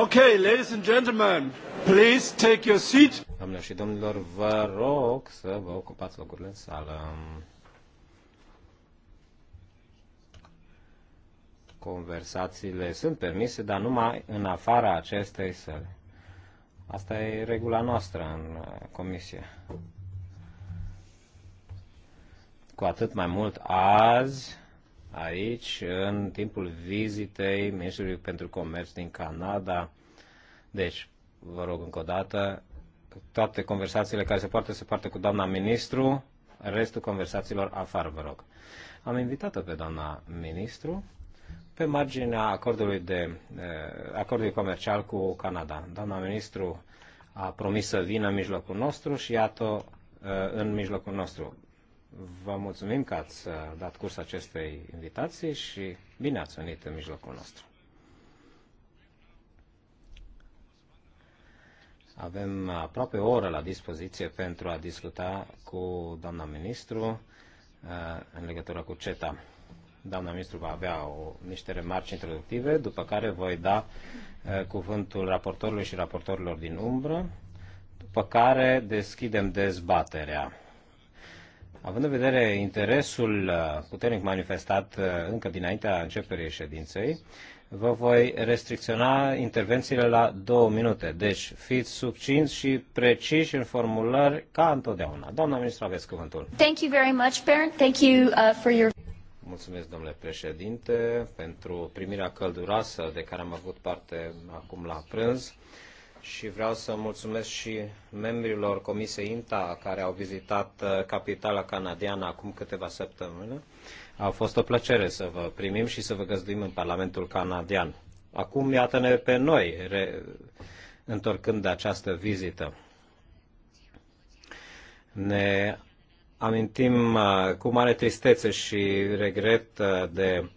Ok, ladies and gentlemen, please take your seat. și domnilor, vă rog să vă ocupați locurile în sală. Conversațiile sunt permise, dar numai în afara acestei sale. Asta e regula noastră în uh, comisie. Cu atât mai mult azi, aici în timpul vizitei Ministrului pentru Comerț din Canada. Deci, vă rog încă o dată, toate conversațiile care se poartă, se poartă cu doamna ministru, restul conversațiilor afară, vă rog. Am invitat-o pe doamna ministru pe marginea acordului, de, eh, acordului comercial cu Canada. Doamna ministru a promis să vină în mijlocul nostru și iată eh, în mijlocul nostru. Vă mulțumim că ați uh, dat curs acestei invitații și bine ați venit în mijlocul nostru. Avem aproape o oră la dispoziție pentru a discuta cu doamna ministru uh, în legătură cu CETA. Doamna ministru va avea o, niște remarci introductive, după care voi da uh, cuvântul raportorului și raportorilor din umbră, după care deschidem dezbaterea. Având în vedere interesul uh, puternic manifestat uh, încă dinaintea începerii ședinței, vă voi restricționa intervențiile la două minute. Deci fiți subcinți și preciși în formulări ca întotdeauna. Doamna ministru, aveți cuvântul. Thank you very much, Baron. Thank you uh, for your... Mulțumesc, domnule președinte, pentru primirea călduroasă de care am avut parte acum la prânz și vreau să mulțumesc și membrilor Comisiei INTA care au vizitat uh, capitala canadiană acum câteva săptămâni. A fost o plăcere să vă primim și să vă găzduim în Parlamentul canadian. Acum iată-ne pe noi, re- întorcând de această vizită. Ne amintim uh, cu mare tristețe și regret uh, de uh,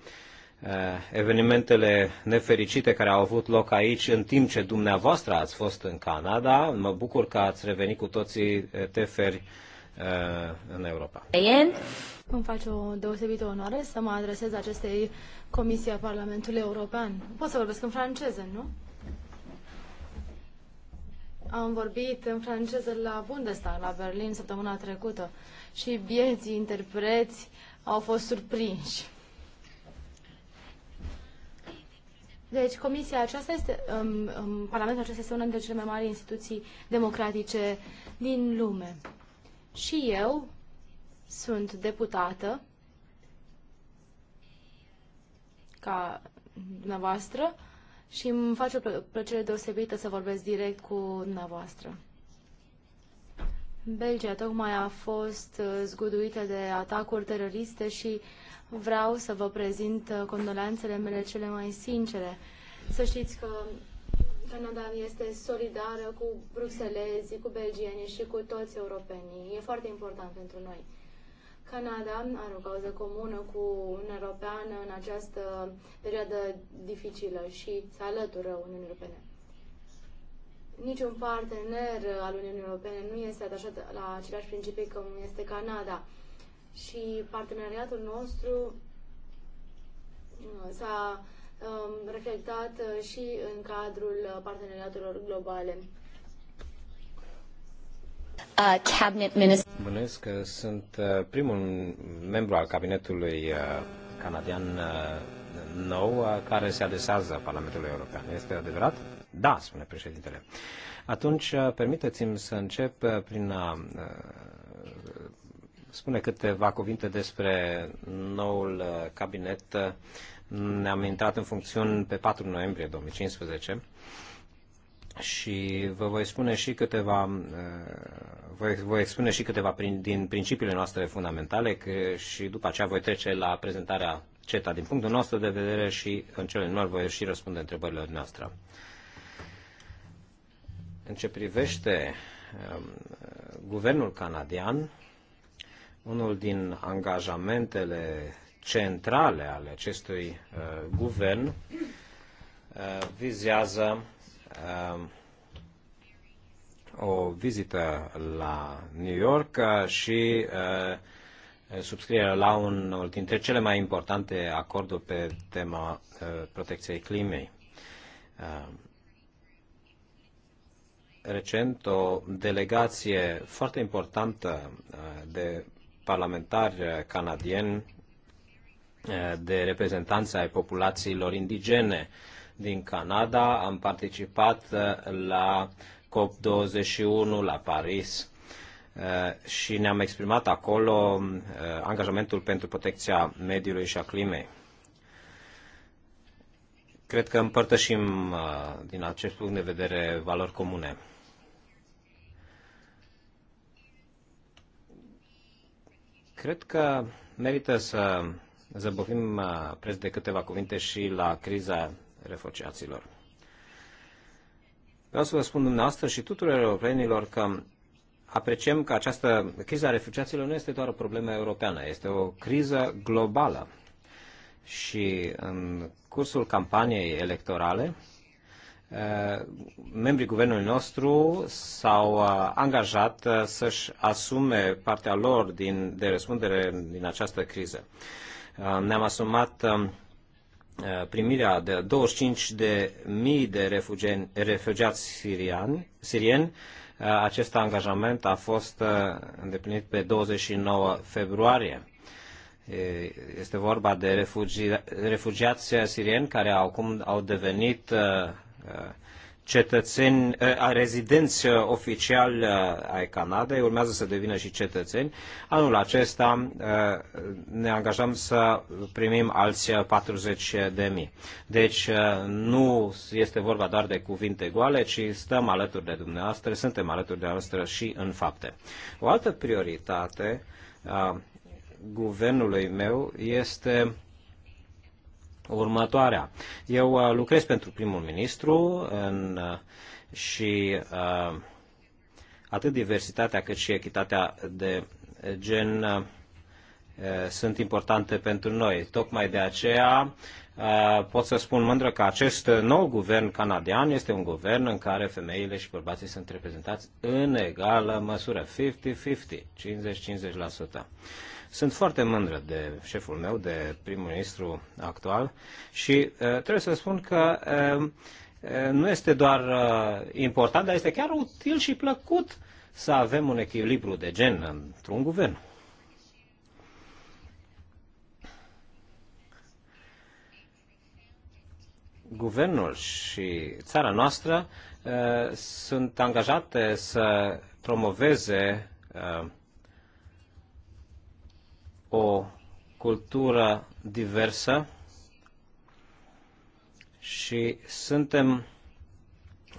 Eh, evenimentele nefericite care au avut loc aici în timp ce dumneavoastră ați fost în Canada. Mă bucur că ați revenit cu toții eh, teferi eh, în Europa. Îmi face o deosebită onoare să mă adresez acestei comisii a Parlamentului European. Pot să vorbesc în franceză, nu? Am vorbit în franceză la Bundestag, la Berlin, săptămâna trecută și bieții interpreți au fost surprinși. Deci, comisia aceasta este, um, um, Parlamentul acesta este una dintre cele mai mari instituții democratice din lume. Și eu sunt deputată, ca dumneavoastră, și îmi face o plăcere deosebită să vorbesc direct cu dumneavoastră. Belgia tocmai a fost uh, zguduită de atacuri teroriste și vreau să vă prezint uh, condolențele mele cele mai sincere. Să știți că Canada este solidară cu bruxelezii, cu belgienii și cu toți europenii. E foarte important pentru noi. Canada are o cauză comună cu Uniunea Europeană în această perioadă dificilă și se alătură Uniunii Europene. Niciun partener al Uniunii Europene nu este atașat la aceleași principii cum este Canada și parteneriatul nostru uh, s-a um, reflectat uh, și în cadrul parteneriatelor globale. Uh, cabinet că sunt primul membru al cabinetului canadian nou care se adesează Parlamentului European. Este adevărat? Da, spune președintele. Atunci, permiteți-mi să încep prin a spune câteva cuvinte despre noul uh, cabinet. Ne-am intrat în funcțiuni pe 4 noiembrie 2015 și vă voi spune și câteva, uh, voi, voi expune și câteva prin, din principiile noastre fundamentale că și după aceea voi trece la prezentarea CETA din punctul nostru de vedere și în cele din urmă voi și răspunde întrebările noastre. În ce privește um, guvernul canadian, unul din angajamentele centrale ale acestui uh, guvern uh, vizează uh, o vizită la New York uh, și uh, subscrierea la unul dintre cele mai importante acorduri pe tema uh, protecției climei. Recent, o delegație foarte importantă de Parlamentar eh, canadien eh, de reprezentanță ai populațiilor indigene din Canada. Am participat eh, la COP21 la Paris și ne-am exprimat acolo angajamentul pentru protecția mediului și a climei. Cred că împărtășim din acest punct de vedere valori comune. Cred că merită să zăbovim uh, preț de câteva cuvinte și la criza refugiaților. Vreau să vă spun dumneavoastră și tuturor europenilor că apreciem că această criza refugiaților nu este doar o problemă europeană, este o criză globală. Și în cursul campaniei electorale, Uh, membrii guvernului nostru s-au uh, angajat uh, să-și asume partea lor din, de răspundere din această criză. Ne-am asumat um, primirea de 25.000 de de refugiați sirian, sirieni. Acest angajament a fost îndeplinit pe 29 februarie. Este vorba de refugiați sirieni care acum au devenit cetățeni, rezidenți oficiali ai Canadei, urmează să devină și cetățeni. Anul acesta ne angajăm să primim alți 40 de mii. Deci nu este vorba doar de cuvinte goale, ci stăm alături de dumneavoastră, suntem alături de dumneavoastră și în fapte. O altă prioritate a guvernului meu este următoarea. Eu uh, lucrez pentru primul ministru în, uh, și uh, atât diversitatea cât și echitatea de gen sunt importante pentru noi. Tocmai de aceea pot să spun mândră că acest nou guvern canadian este un guvern în care femeile și bărbații sunt reprezentați în egală măsură, 50-50, 50-50%. Sunt foarte mândră de șeful meu, de prim-ministru actual și uh, trebuie să spun că uh, uh, nu este doar important, dar este chiar util și plăcut să avem un echilibru de gen într-un guvern. guvernul și țara noastră uh, sunt angajate să promoveze uh, o cultură diversă și suntem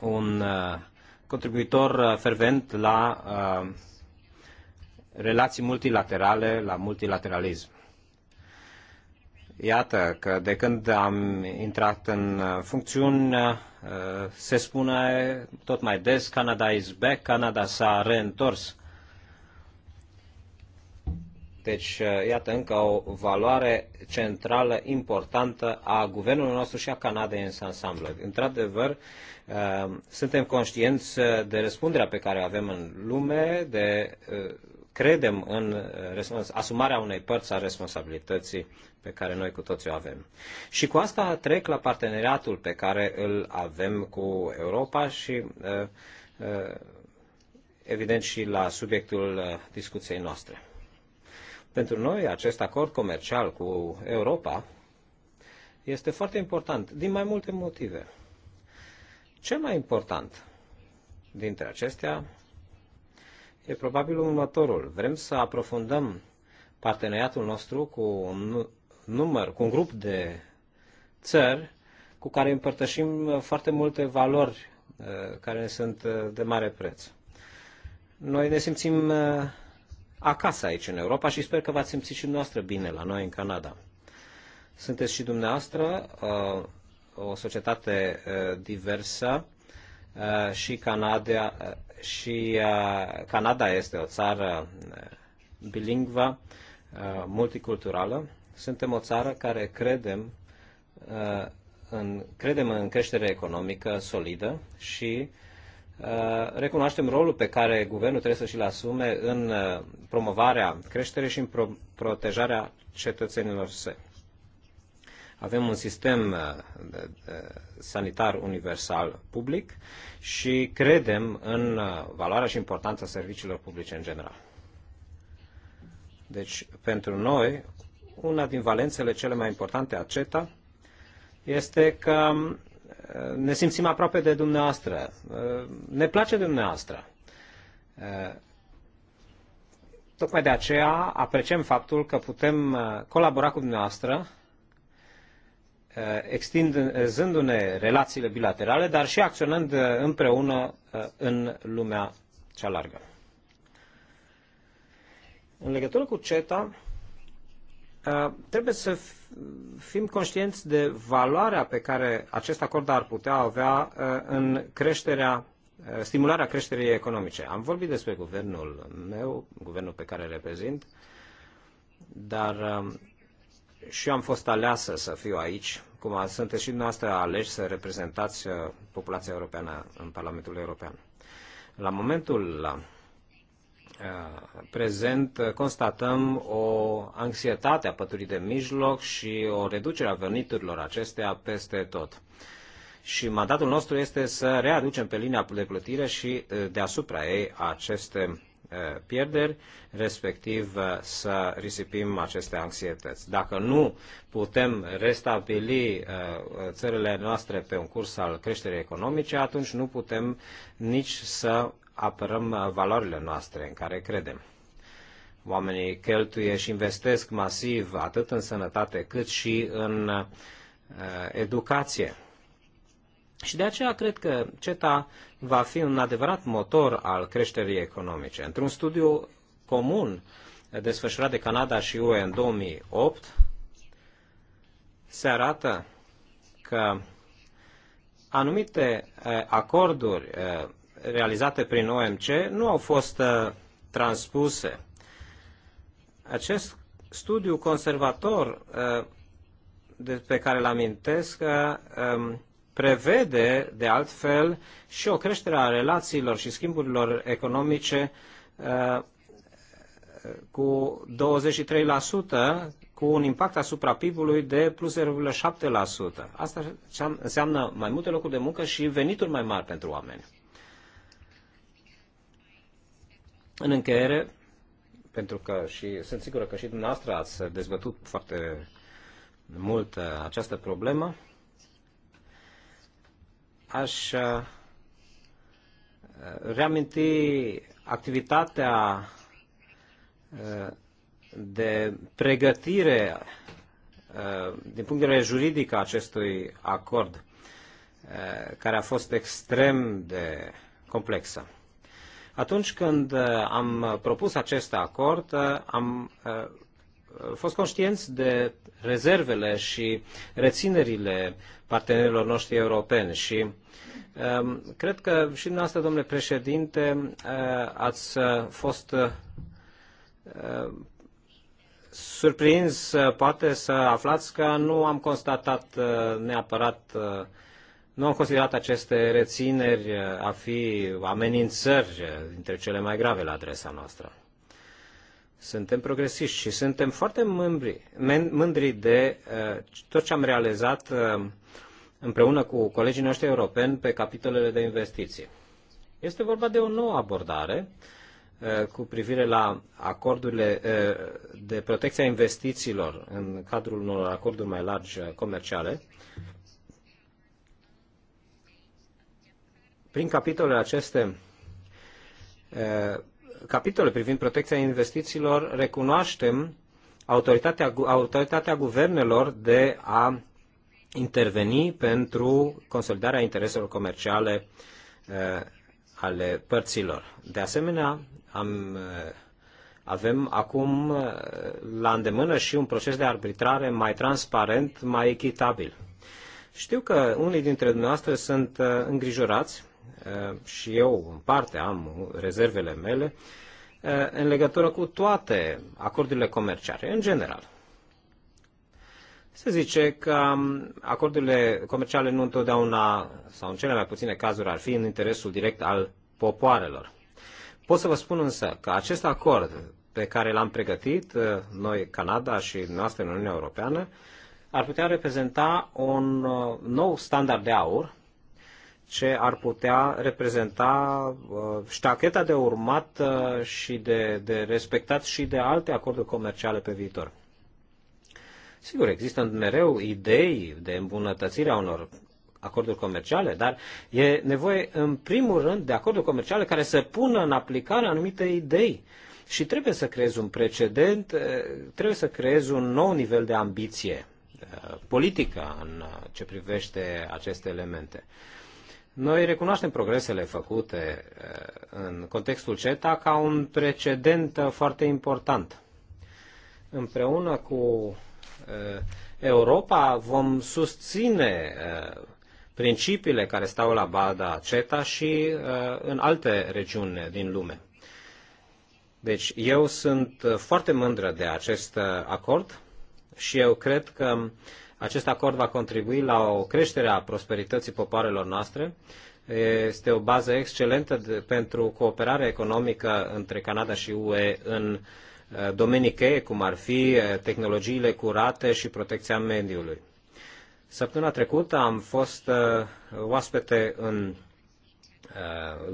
un uh, contribuitor uh, fervent la uh, relații multilaterale, la multilateralism. Iată că de când am intrat în funcțiune, se spune tot mai des Canada is back, Canada s-a reîntors. Deci, uh, iată încă o valoare centrală importantă a guvernului nostru și a Canadei în ansamblu. Într-adevăr, uh, suntem conștienți uh, de răspunderea pe care o avem în lume, de credem în asumarea unei părți a responsabilității pe care noi cu toții o avem. Și cu asta trec la parteneriatul pe care îl avem cu Europa și evident și la subiectul discuției noastre. Pentru noi, acest acord comercial cu Europa este foarte important, din mai multe motive. Cel mai important dintre acestea e probabil următorul. Vrem să aprofundăm parteneriatul nostru cu un număr, cu un grup de țări cu care împărtășim foarte multe valori uh, care ne sunt uh, de mare preț. Noi ne simțim uh, acasă aici în Europa și sper că v-ați simțit și dumneavoastră bine la noi în Canada. Sunteți și dumneavoastră uh, o societate uh, diversă uh, și Canada, și Canada este o țară bilingvă, multiculturală. Suntem o țară care credem în, credem în creștere economică solidă și uh, Uh, recunoaștem rolul pe care guvernul trebuie să și-l asume în uh, promovarea creșterii și în pro protejarea cetățenilor săi. Avem un sistem uh, sanitar universal public și credem în valoarea și importanța serviciilor publice în general. Deci, pentru noi, una din valențele cele mai importante a CETA este că um, ne simțim aproape de dumneavoastră. Ne place dumneavoastră. Tocmai de aceea apreciem faptul că putem uh, colabora cu dumneavoastră, uh, extindându uh, ne relațiile bilaterale, dar și acționând împreună în lumea cea largă. În legătură cu CETA, Uh, trebuie să fim conștienți de valoarea pe care acest acord ar putea avea uh, în creșterea, uh, stimularea creșterii economice. Am vorbit despre guvernul meu, guvernul pe care îl reprezint, dar um, și eu am fost aleasă să fiu aici, cum sunteți și dumneavoastră aleși să reprezentați populația europeană în Parlamentul European. La momentul Uh, prezent uh, constatăm o anxietate a păturii de mijloc și o reducere a veniturilor acestea peste tot. Și mandatul nostru este să readucem pe linia de plătire și uh, deasupra ei aceste pierderi, respectiv să risipim aceste anxietăți. Dacă nu putem restabili țările noastre pe un curs al creșterii economice, atunci nu putem nici să apărăm uh, valorile noastre în care credem. Oamenii cheltuie și investesc masiv atât în sănătate cât și în uh, educație. Și de aceea cred că CETA va fi un adevărat motor al creșterii economice. Într-un studiu comun uh, desfășurat de Canada și UE în 2008, se arată că anumite uh, acorduri realizate prin OMC nu au fost uh, transpuse. Acest studiu conservator uh, pe care îl amintesc uh, um, prevede, de altfel, și o creștere a relațiilor și schimburilor economice cu 23%, cu un impact asupra PIB-ului de plus 0,7%. Asta înseamnă mai multe locuri de muncă și venituri mai mari pentru oameni. În încheiere, pentru că și sunt sigură că și dumneavoastră ați dezbătut foarte mult uh, această problemă, aș uh, reaminti activitatea uh, de pregătire din punct de vedere juridic a acestui acord, care a fost extrem de complexă. Atunci când uh, am propus acest acord, uh, am uh, fost conștienți de rezervele și reținerile partenerilor noștri europeni și um, cred că și dumneavoastră, domnule președinte, ați fost surprins poate să aflați că nu am constatat neapărat nu am considerat aceste rețineri eh, a fi amenințări eh, dintre cele mai grave la adresa noastră. Suntem progresiști și suntem foarte mândri, mândri de eh, tot ce am realizat împreună cu colegii noștri europeni pe capitolele de investiții. Este vorba de o nouă abordare cu privire la acordurile de a investițiilor în cadrul unor acorduri mai largi comerciale, Prin capitolele aceste, capitole privind protecția investițiilor, recunoaștem autoritatea, autoritatea guvernelor de a interveni pentru consolidarea intereselor comerciale ale părților. De asemenea, am, avem acum la îndemână și un proces de arbitrare mai transparent, mai echitabil. Știu că unii dintre dumneavoastră sunt îngrijorați Eh, și eu în parte am rezervele mele eh, în legătură cu toate acordurile comerciale, în general. Se zice că mm, acordurile comerciale nu întotdeauna, sau în cele mai puține cazuri, ar fi în interesul direct al popoarelor. Pot să vă spun însă că acest acord pe care l-am pregătit, eh, noi, Canada și noastră în Uniunea Europeană, ar putea reprezenta un nou standard de aur ce ar putea reprezenta uh, ștacheta de urmat uh, și de, de respectat și de alte acorduri comerciale pe viitor. Sigur, există mereu idei de îmbunătățire a unor acorduri comerciale, dar e nevoie în primul rând de acorduri comerciale care să pună în aplicare anumite idei. Și trebuie să creezi un precedent, uh, trebuie să creezi un nou nivel de ambiție politică în ce privește aceste elemente. Noi recunoaștem progresele făcute eh, în contextul CETA ca un precedent eh, foarte important. Împreună cu eh, Europa vom susține principiile care stau la bada CETA și în alte regiuni din lume. Deci eu sunt foarte mândră de acest acord și eu cred că acest acord va contribui la o creștere a prosperității popoarelor noastre. Este o bază excelentă de, pentru cooperare economică între Canada și UE în eh, domenii cheie, cum ar fi eh, tehnologiile curate și protecția mediului. Săptămâna trecută am fost eh, oaspete în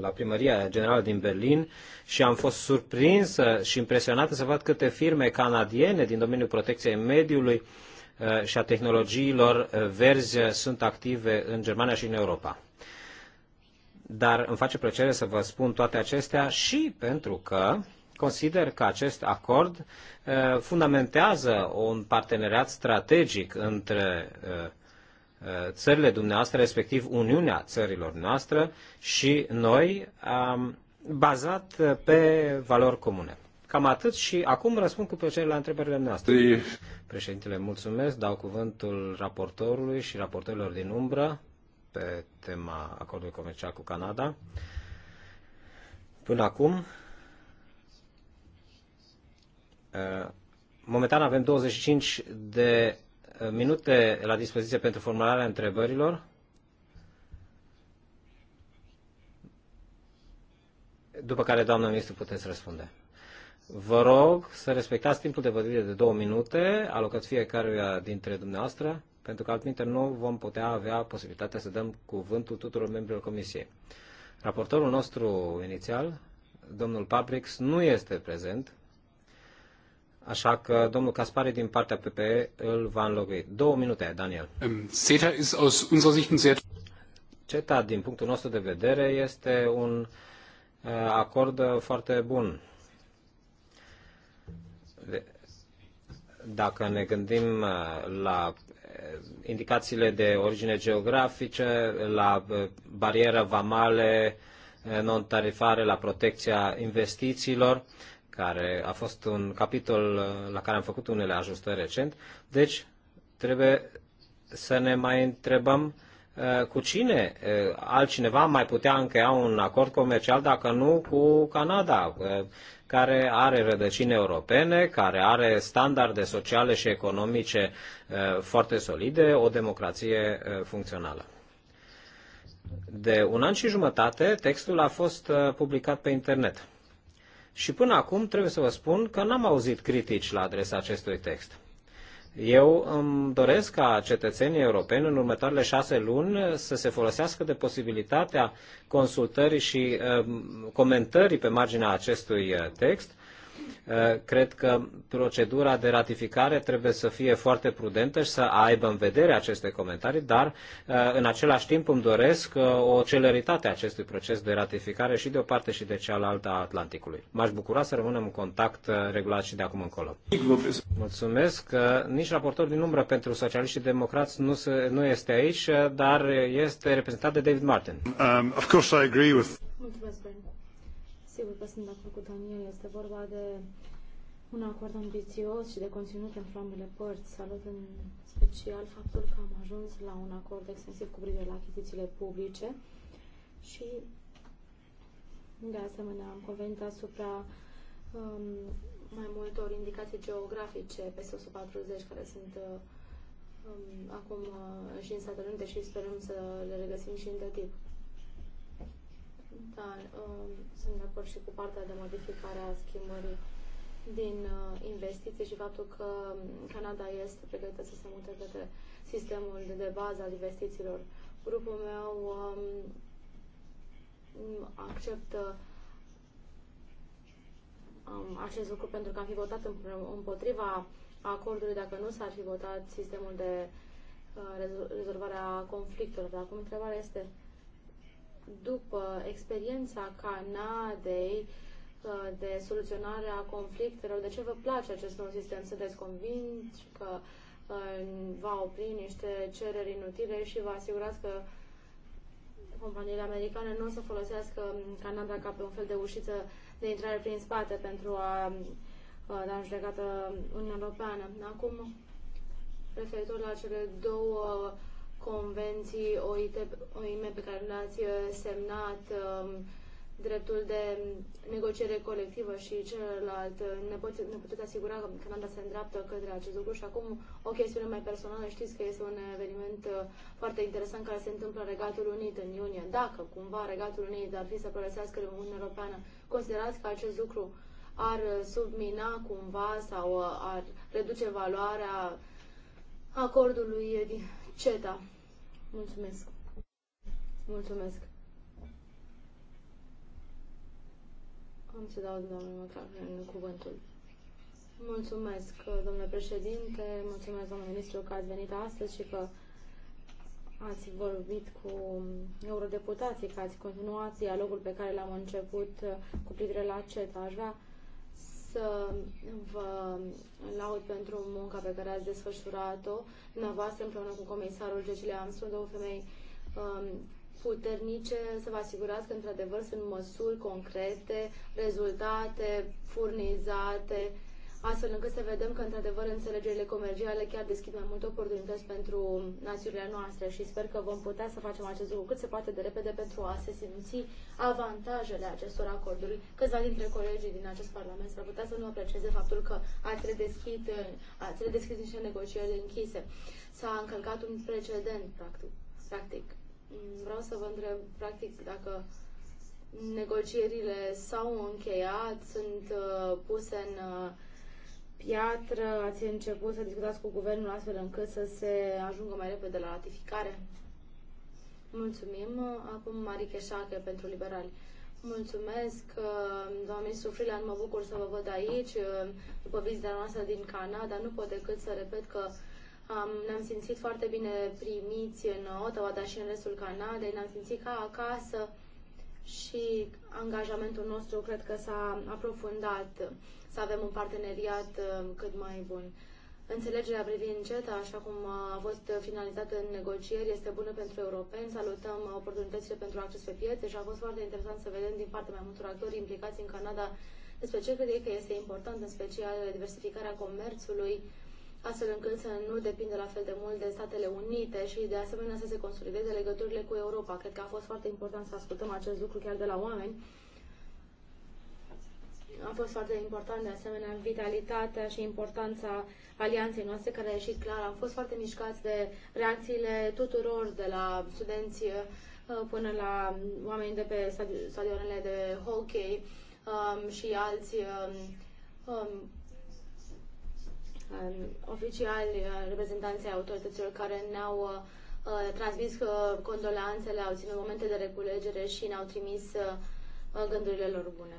la primăria generală din Berlin și am fost surprins și impresionat să văd câte firme canadiene din domeniul protecției mediului Eh, și a tehnologiilor eh, verzi eh, sunt active în Germania și în Europa. Dar îmi face plăcere să vă spun toate acestea și pentru că consider că acest acord fundamentează un parteneriat strategic între țările dumneavoastră, respectiv Uniunea țărilor noastre și noi, bazat pe valori comune. Cam atât și acum răspund cu plăcere la întrebările noastre. Păi- Președintele, mulțumesc. Dau cuvântul raportorului și raportorilor din umbră pe tema acordului comercial cu Canada. Până acum, ă, momentan avem 25 de ă, minute la dispoziție pentru formularea întrebărilor. După care, doamnă ministru, puteți răspunde. Vă rog să respectați timpul de vorbire de două minute, alocat fiecăruia dintre dumneavoastră, pentru că altminte nu vom putea avea posibilitatea să dăm cuvântul tuturor membrilor comisiei. Raportorul nostru inițial, domnul Paprix, nu este prezent, așa că domnul Caspari din partea PPE îl va înlocui. Două minute, Daniel. CETA, is aus unserer Sicht sehr... CETA din punctul nostru de vedere, este un eh, acord foarte bun dacă ne gândim uh, la uh, indicațiile de origine geografice, la uh, bariera vamale non-tarifare, la protecția investițiilor, care a fost un capitol la care am făcut unele ajustări recent. Deci, trebuie să ne mai întrebăm cu cine altcineva mai putea încheia un acord comercial dacă nu cu Canada care are rădăcini europene, care are standarde sociale și economice uh, foarte solide, o democrație uh, funcțională. De un an și jumătate, textul a fost uh, publicat pe internet. Și până acum trebuie să vă spun că n-am auzit critici la adresa acestui text. Eu îmi doresc ca cetățenii europeni în următoarele șase luni să se folosească de posibilitatea consultării și um, comentării pe marginea acestui uh, text Eh, cred că procedura de ratificare trebuie să fie foarte prudentă și să aibă în vedere aceste comentarii, dar eh, în același timp îmi doresc eh, o celeritate a acestui proces de ratificare și de o parte și de cealaltă a Atlanticului. M-aș bucura să rămânem în contact regulat și de acum încolo. Mulțumesc. Nici raportor din umbră pentru socialiști și democrați nu, se, nu este aici, dar este reprezentat de David Martin. Um, of course I agree with... Mulțumesc, Ben. Sigur că sunt de acord cu Daniel. Este vorba de un acord ambițios și de conținut în ambele părți. Salut în special faptul că am ajuns la un acord extensiv cu privire la achizițiile publice și de asemenea am convenit asupra um, mai multor indicații geografice peste 140 care sunt uh, um, acum uh, și în Statele Unite și sperăm să le regăsim și în timp. Da, um, sunt de acord și cu partea de modificare a schimbării din uh, investiții și faptul că um, Canada este pregătită să se mute către sistemul de bază al investițiilor. Grupul meu um, acceptă acest lucru pentru că am fi votat împotriva acordului dacă nu s-ar fi votat sistemul de uh, rezolvare a conflictelor. Dar acum întrebarea este după experiența Canadei uh, de soluționare a conflictelor, de ce vă place acest nou sistem? Sunteți convinși că uh, va opri niște cereri inutile și vă asigurați că companiile americane nu o să folosească Canada ca pe un fel de ușiță de intrare prin spate pentru a uh, da în judecată Uniunea Europeană. Acum, referitor la cele două convenții OIT, OIM pe care le-ați uh, semnat, um, dreptul de negociere colectivă și celălalt. Uh, ne, pot, ne puteți asigura că Canada se îndreaptă către acest lucru și acum o chestiune mai personală. Știți că este un eveniment uh, foarte interesant care se întâmplă Regatul Unit în iunie. Dacă cumva Regatul Unit ar fi să părăsească Uniunea Europeană, considerați că acest lucru ar submina cumva sau ar reduce valoarea acordului din CETA. Mulțumesc. Mulțumesc. Am să dau domnului McLaren cuvântul. Mulțumesc, domnule președinte, mulțumesc, domnule ministru, că ați venit astăzi și că ați vorbit cu eurodeputații, că ați continuat dialogul pe care l-am început cu privire la CETA. Aș vrea să vă laud pentru munca pe care ați desfășurat-o, dumneavoastră împreună cu comisarul Cecilia Armstrong, două femei um, puternice, să vă asigurați că într-adevăr sunt măsuri concrete, rezultate furnizate astfel încât să vedem că, într-adevăr, înțelegerile comerciale chiar deschid mai multe oportunități pentru națiunile noastre și sper că vom putea să facem acest lucru cât se poate de repede pentru a se simți avantajele acestor acorduri. Câțiva dintre colegii din acest Parlament s-ar putea să nu aprecieze faptul că ați redeschis, ați redeschis niște negocieri închise. S-a încălcat un precedent, practic. practic. Vreau să vă întreb, practic, dacă negocierile s-au încheiat, sunt uh, puse în uh, piatră ați început să discutați cu guvernul astfel încât să se ajungă mai repede la ratificare? Mulțumim. Acum Marie Cheșache pentru Liberali. Mulțumesc, uh, doamne ministru Freeland, mă bucur să vă văd aici, uh, după vizita noastră din Canada. Nu pot decât să repet că am, ne-am simțit foarte bine primiți în Ottawa, dar și în restul Canadei. Ne-am simțit ca acasă și angajamentul nostru cred că s-a aprofundat să avem un parteneriat um, cât mai bun. Înțelegerea privind CETA, așa cum a fost finalizată în negocieri, este bună pentru europeni. Salutăm oportunitățile pentru acces pe piețe și a fost foarte interesant să vedem din partea mai multor actori implicați în Canada despre ce cred că este important, în special diversificarea comerțului, astfel încât să nu depindă la fel de mult de Statele Unite și de asemenea să se consolideze legăturile cu Europa. Cred că a fost foarte important să ascultăm acest lucru chiar de la oameni a fost foarte important, de asemenea, vitalitatea și importanța alianței noastre, care a ieșit clar. Am fost foarte mișcați de reacțiile tuturor, de la studenți uh, până la oamenii de pe stadionele de hockey um, și alți um, um, um oficiali, uh, reprezentanții autorităților care ne-au uh, transmis uh, condoleanțele, au ținut momente de reculegere și ne-au trimis uh, gândurile lor bune.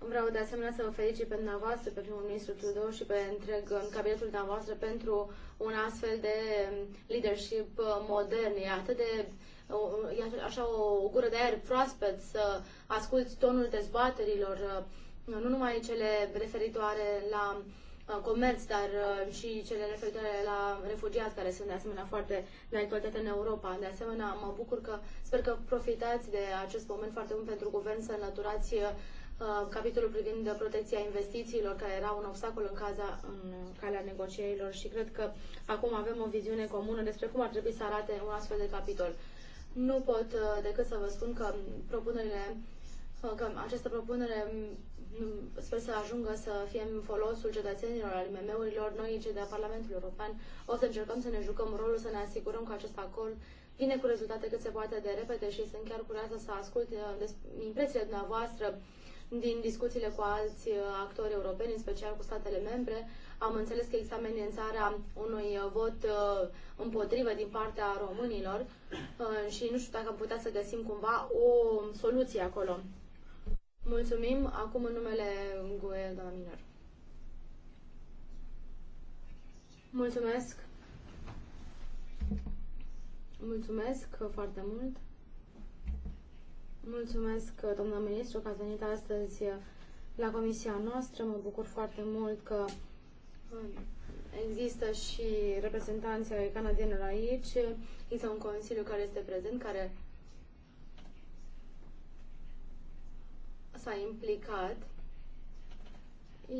Vreau de asemenea să vă felicit pe dumneavoastră, pe primul ministru Trudeau și pe întreg în cabinetul dumneavoastră pentru un astfel de leadership uh, modern. E atât de uh, e așa o gură de aer proaspăt să asculți tonul dezbaterilor, uh, nu numai cele referitoare la comerț, dar și cele referitoare la refugiați, care sunt de asemenea foarte de actualitate în Europa. De asemenea, mă bucur că sper că profitați de acest moment foarte bun pentru guvern să înlăturați Uh, capitolul privind protecția investițiilor, care era un obstacol în, caza, în calea negocierilor și cred că acum avem o viziune comună despre cum ar trebui să arate un astfel de capitol. Nu pot uh, decât să vă spun că propunerile, uh, că această propunere mm, sper să ajungă să fie în folosul cetățenilor, al MM-urilor, noi cei de la Parlamentul European o să încercăm să ne jucăm rolul, să ne asigurăm că acest acord vine cu rezultate cât se poate de repede și sunt chiar curioasă să ascult impresiile dumneavoastră din discuțiile cu alți uh, actori europeni, în special cu statele membre, am înțeles că există amenințarea unui uh, vot uh, împotrivă din partea românilor și nu știu dacă am putea să găsim cumva o soluție acolo. Mulțumim. Acum în numele GUE, doamna Minor. Mulțumesc. Mulțumesc foarte mult. Mulțumesc, doamna ministru, că ați venit astăzi la comisia noastră. Mă bucur foarte mult că um, există și reprezentanții canadienilor aici. Există un consiliu care este prezent, care s-a implicat.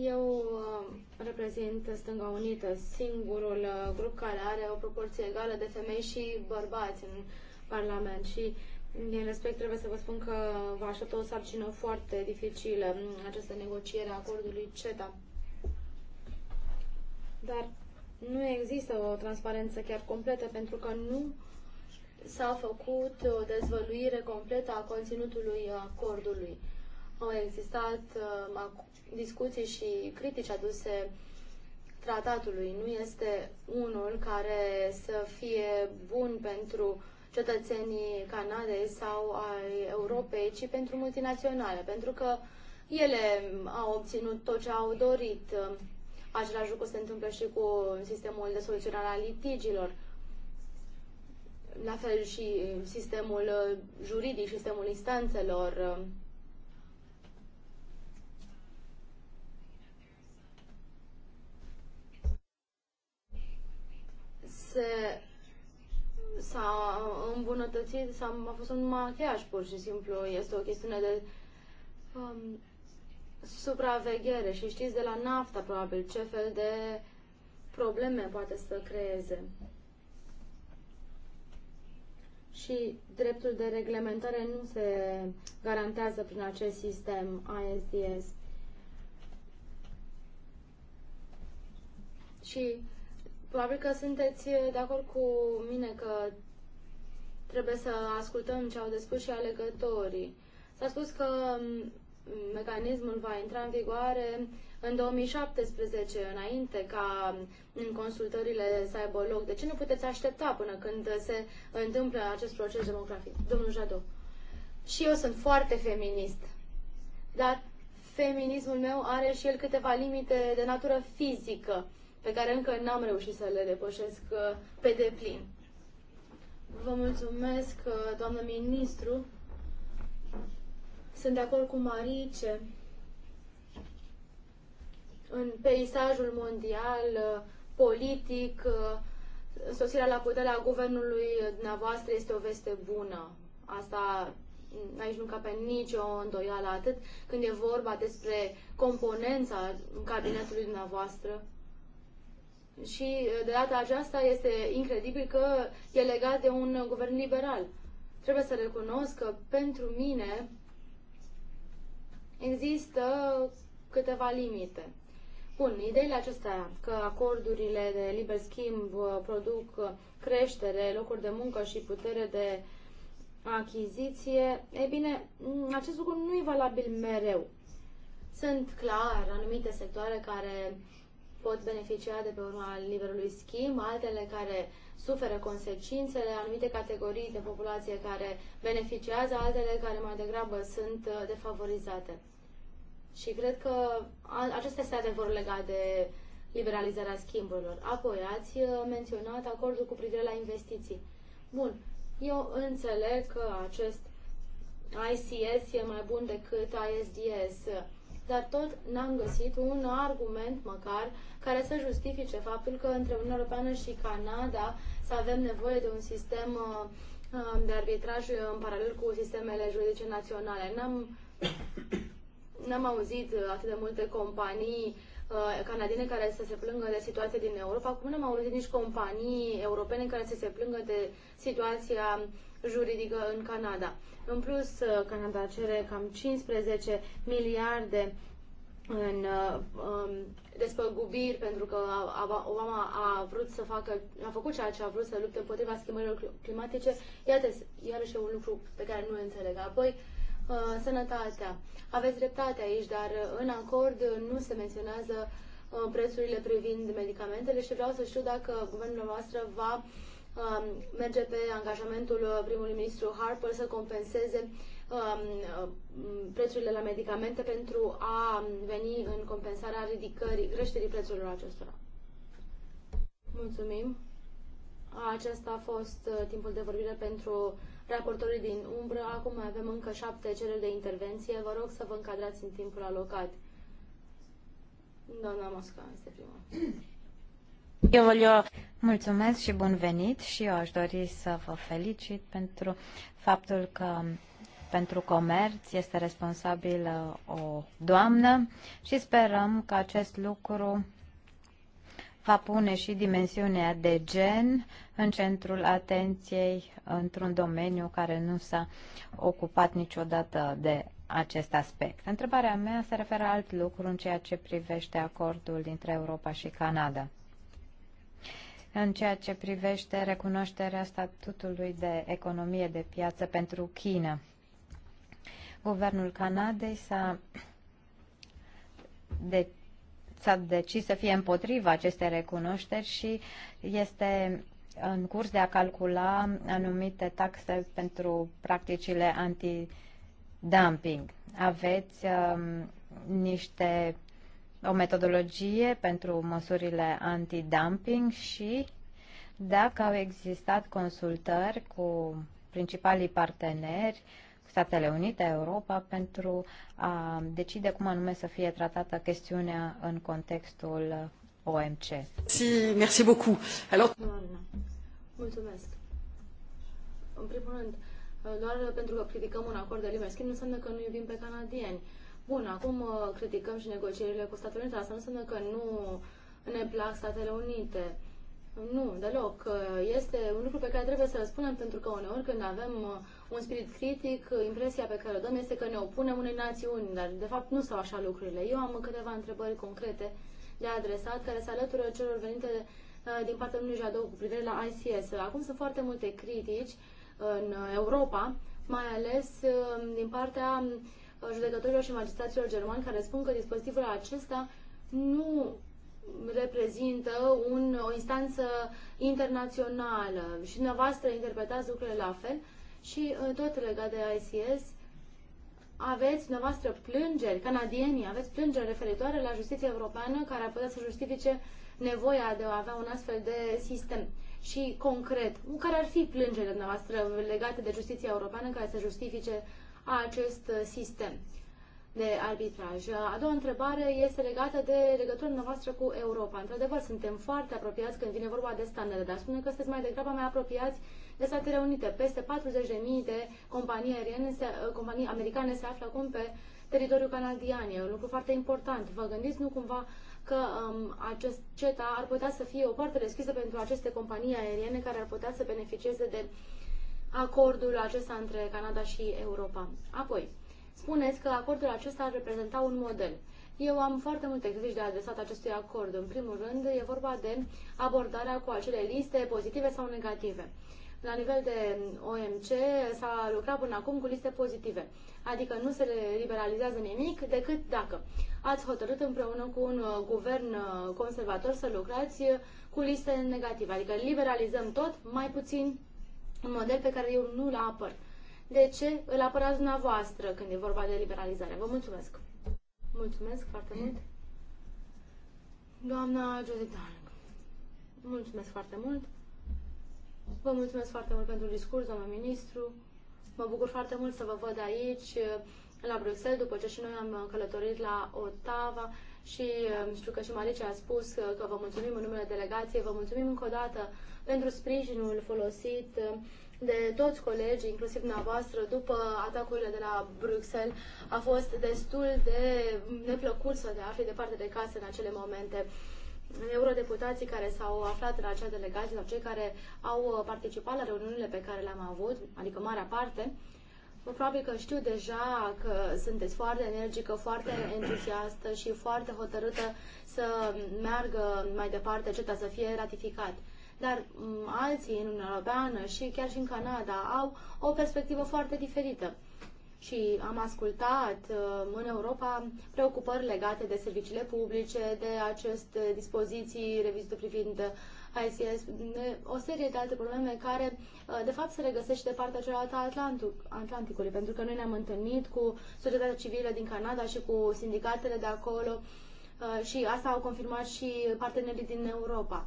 Eu um, reprezint Stânga Unită, singurul uh, grup care are o proporție egală de femei și bărbați în Parlament și din respect trebuie să vă spun că vă așteaptă o sarcină foarte dificilă în această negociere a acordului CETA. Dar nu există o transparență chiar completă pentru că nu s-a făcut o dezvăluire completă a conținutului acordului. Au existat uh, discuții și critici aduse tratatului. Nu este unul care să fie bun pentru uh, cetățenii Canadei sau ai Europei, ci pentru multinaționale, pentru că ele au obținut tot ce au dorit. Același lucru se întâmplă și cu sistemul de soluționare a litigilor. La fel și sistemul juridic, sistemul instanțelor. Se s-a îmbunătățit, s-a, a fost un machiaj pur și simplu, este o chestiune de um, supraveghere și știți de la nafta probabil ce fel de probleme poate să creeze. Și dreptul de reglementare nu se garantează prin acest sistem ISDS. Și Probabil că sunteți de acord cu mine că trebuie să ascultăm ce au de spus și alegătorii. S-a spus că mecanismul va intra în vigoare în 2017, înainte ca în consultările să aibă loc. De ce nu puteți aștepta până când se întâmplă acest proces demografic? Domnul Jadot. Și eu sunt foarte feminist, dar feminismul meu are și el câteva limite de natură fizică pe care încă n-am reușit să le depășesc uh, pe deplin. Vă mulțumesc, uh, doamnă ministru. Sunt de acord cu Marice. În peisajul mondial, uh, politic, sosirea la puterea guvernului dumneavoastră este o veste bună. Asta mm, aici nu cape nicio îndoială atât când e vorba despre componența cabinetului dumneavoastră și uh, de data aceasta este incredibil că e legat de un uh, guvern liberal. Trebuie să recunosc că pentru mine există câteva limite. Bun, ideile acestea că acordurile de liber schimb uh, produc creștere, locuri de muncă și putere de achiziție, e bine, mm, acest lucru nu e valabil mereu. Sunt clar anumite sectoare care pot beneficia de pe urma liberului schimb, altele care suferă consecințele, anumite categorii de populație care beneficiază, altele care mai degrabă sunt uh, defavorizate. Și cred că acesta este adevărul legat de liberalizarea schimburilor. Apoi, ați uh, menționat acordul cu privire la investiții. Bun, eu înțeleg că acest ICS e mai bun decât ISDS dar tot n-am găsit un argument măcar care să justifice faptul că între Uniunea Europeană și Canada să avem nevoie de un sistem uh, uh, de arbitraj în paralel cu sistemele juridice naționale. N-am, n-am auzit atât de multe companii uh, canadiene care să se plângă de situația din Europa. Acum n-am auzit nici companii europene care să se plângă de situația uh, juridică în Canada. În plus, uh, Canada cere cam 15 miliarde în uh, um, despăgubiri pentru că Obama a vrut să facă, a făcut ceea ce a vrut să lupte împotriva schimbărilor climatice. Iată, iarăși e un lucru pe care nu înțeleg. Apoi, uh, sănătatea. Aveți dreptate aici, dar uh, în acord nu se menționează uh, prețurile privind medicamentele și vreau să știu dacă guvernul noastră va uh, Um, merge pe angajamentul uh, primului ministru Harper să compenseze um, uh, prețurile la medicamente pentru a veni în compensarea ridicării, creșterii prețurilor acestora. Mulțumim. Acesta a fost uh, timpul de vorbire pentru raportorii din umbră. Acum mai avem încă șapte cereri de intervenție. Vă rog să vă încadrați în timpul alocat. Doamna Mosca este prima. Eu voglio... Mulțumesc și bun venit și eu aș dori să vă felicit pentru faptul că pentru comerț este responsabilă uh, o doamnă și sperăm că acest lucru va pune și dimensiunea de gen în centrul atenției într-un domeniu care nu s-a ocupat niciodată de acest aspect. Întrebarea mea se referă alt lucru în ceea ce privește acordul dintre Europa și Canada în ceea ce privește recunoașterea statutului de economie de piață pentru China. Guvernul Canadei s-a de s-a decis să fie împotriva acestei recunoșteri și este în curs de a calcula anumite taxe pentru practicile anti-dumping. Aveți um, niște o metodologie pentru măsurile anti-dumping și dacă au existat consultări cu principalii parteneri, Statele Unite, Europa, pentru a decide cum anume să fie tratată chestiunea în contextul OMC. Si, merci beaucoup. Alors... Mulțumesc. În primul rând, doar pentru că criticăm un acord de liber schimb, înseamnă că nu iubim pe canadieni. Bun, acum uh, criticăm și negocierile cu Statele Unite, asta nu înseamnă că nu ne plac Statele Unite. Nu, deloc. Uh, este un lucru pe care trebuie să-l spunem, pentru că uneori când avem uh, un spirit critic, impresia pe care o dăm este că ne opunem unei națiuni, dar de fapt nu stau așa lucrurile. Eu am câteva întrebări concrete de adresat, care se alătură celor venite din partea lui Jadou cu privire la ICS. Acum sunt foarte multe critici în Europa, mai ales din partea judecătorilor și magistraților germani care spun că dispozitivul acesta nu reprezintă un, o instanță internațională și dumneavoastră interpretați lucrurile la fel și uh, tot legat de ICS aveți dumneavoastră plângeri, canadienii, aveți plângeri referitoare la justiția europeană care ar putea să justifice nevoia de a avea un astfel de sistem. Și concret, care ar fi plângerile dumneavoastră legate de justiția europeană care să justifice a acest sistem de arbitraj. A doua întrebare este legată de legătura noastră cu Europa. Într-adevăr, suntem foarte apropiați când vine vorba de standarde, dar spune că sunteți mai degrabă mai apropiați de Statele Unite. Peste 40.000 de companii aeriene, companii americane se află acum pe teritoriul canadian. E un lucru foarte important. Vă gândiți nu cumva că um, acest CETA ar putea să fie o parte deschisă pentru aceste companii aeriene care ar putea să beneficieze de uh, acordul acesta între Canada și Europa. Apoi, spuneți că acordul acesta ar reprezenta un model. Eu am foarte multe critici de adresat acestui acord. În primul rând, e vorba de abordarea cu acele liste pozitive sau negative. La nivel de OMC s-a lucrat până acum cu liste pozitive, adică nu se liberalizează nimic decât dacă ați hotărât împreună cu un uh, guvern uh, conservator să lucrați cu liste negative, adică liberalizăm tot, mai puțin un model pe care eu nu-l apăr. De ce îl apărați dumneavoastră când e vorba de liberalizare? Vă mulțumesc! Mulțumesc foarte mult! Doamna Josetan, mulțumesc foarte mult! Vă mulțumesc foarte mult pentru discurs, doamna ministru. Mă bucur foarte mult să vă văd aici, la Bruxelles, după ce și noi am călătorit la Ottawa și uh, știu că și Marice a spus uh, că vă mulțumim în numele delegației, vă mulțumim încă o dată pentru sprijinul folosit uh, de toți colegii, inclusiv dumneavoastră, după atacurile de la Bruxelles. A fost destul de neplăcut să ne afli departe de casă în acele momente eurodeputații care s-au aflat în acea delegație sau cei care au uh, participat la reuniunile pe care le-am avut, adică marea parte, probabil că știu deja că sunteți foarte energică, foarte entuziastă și foarte hotărâtă să meargă mai departe CETA, să fie ratificat dar mm, alții în Uniunea Europeană și chiar și în Canada au o perspectivă foarte diferită. Și am ascultat uh, în Europa preocupări legate de serviciile publice, de aceste dispoziții revizite privind uh, ICS, o serie de alte probleme care, uh, de fapt, se regăsesc de partea cealaltă a Atlantic, Atlanticului, pentru că noi ne-am întâlnit cu societatea civilă din Canada și cu sindicatele de acolo și asta au confirmat și partenerii din Europa.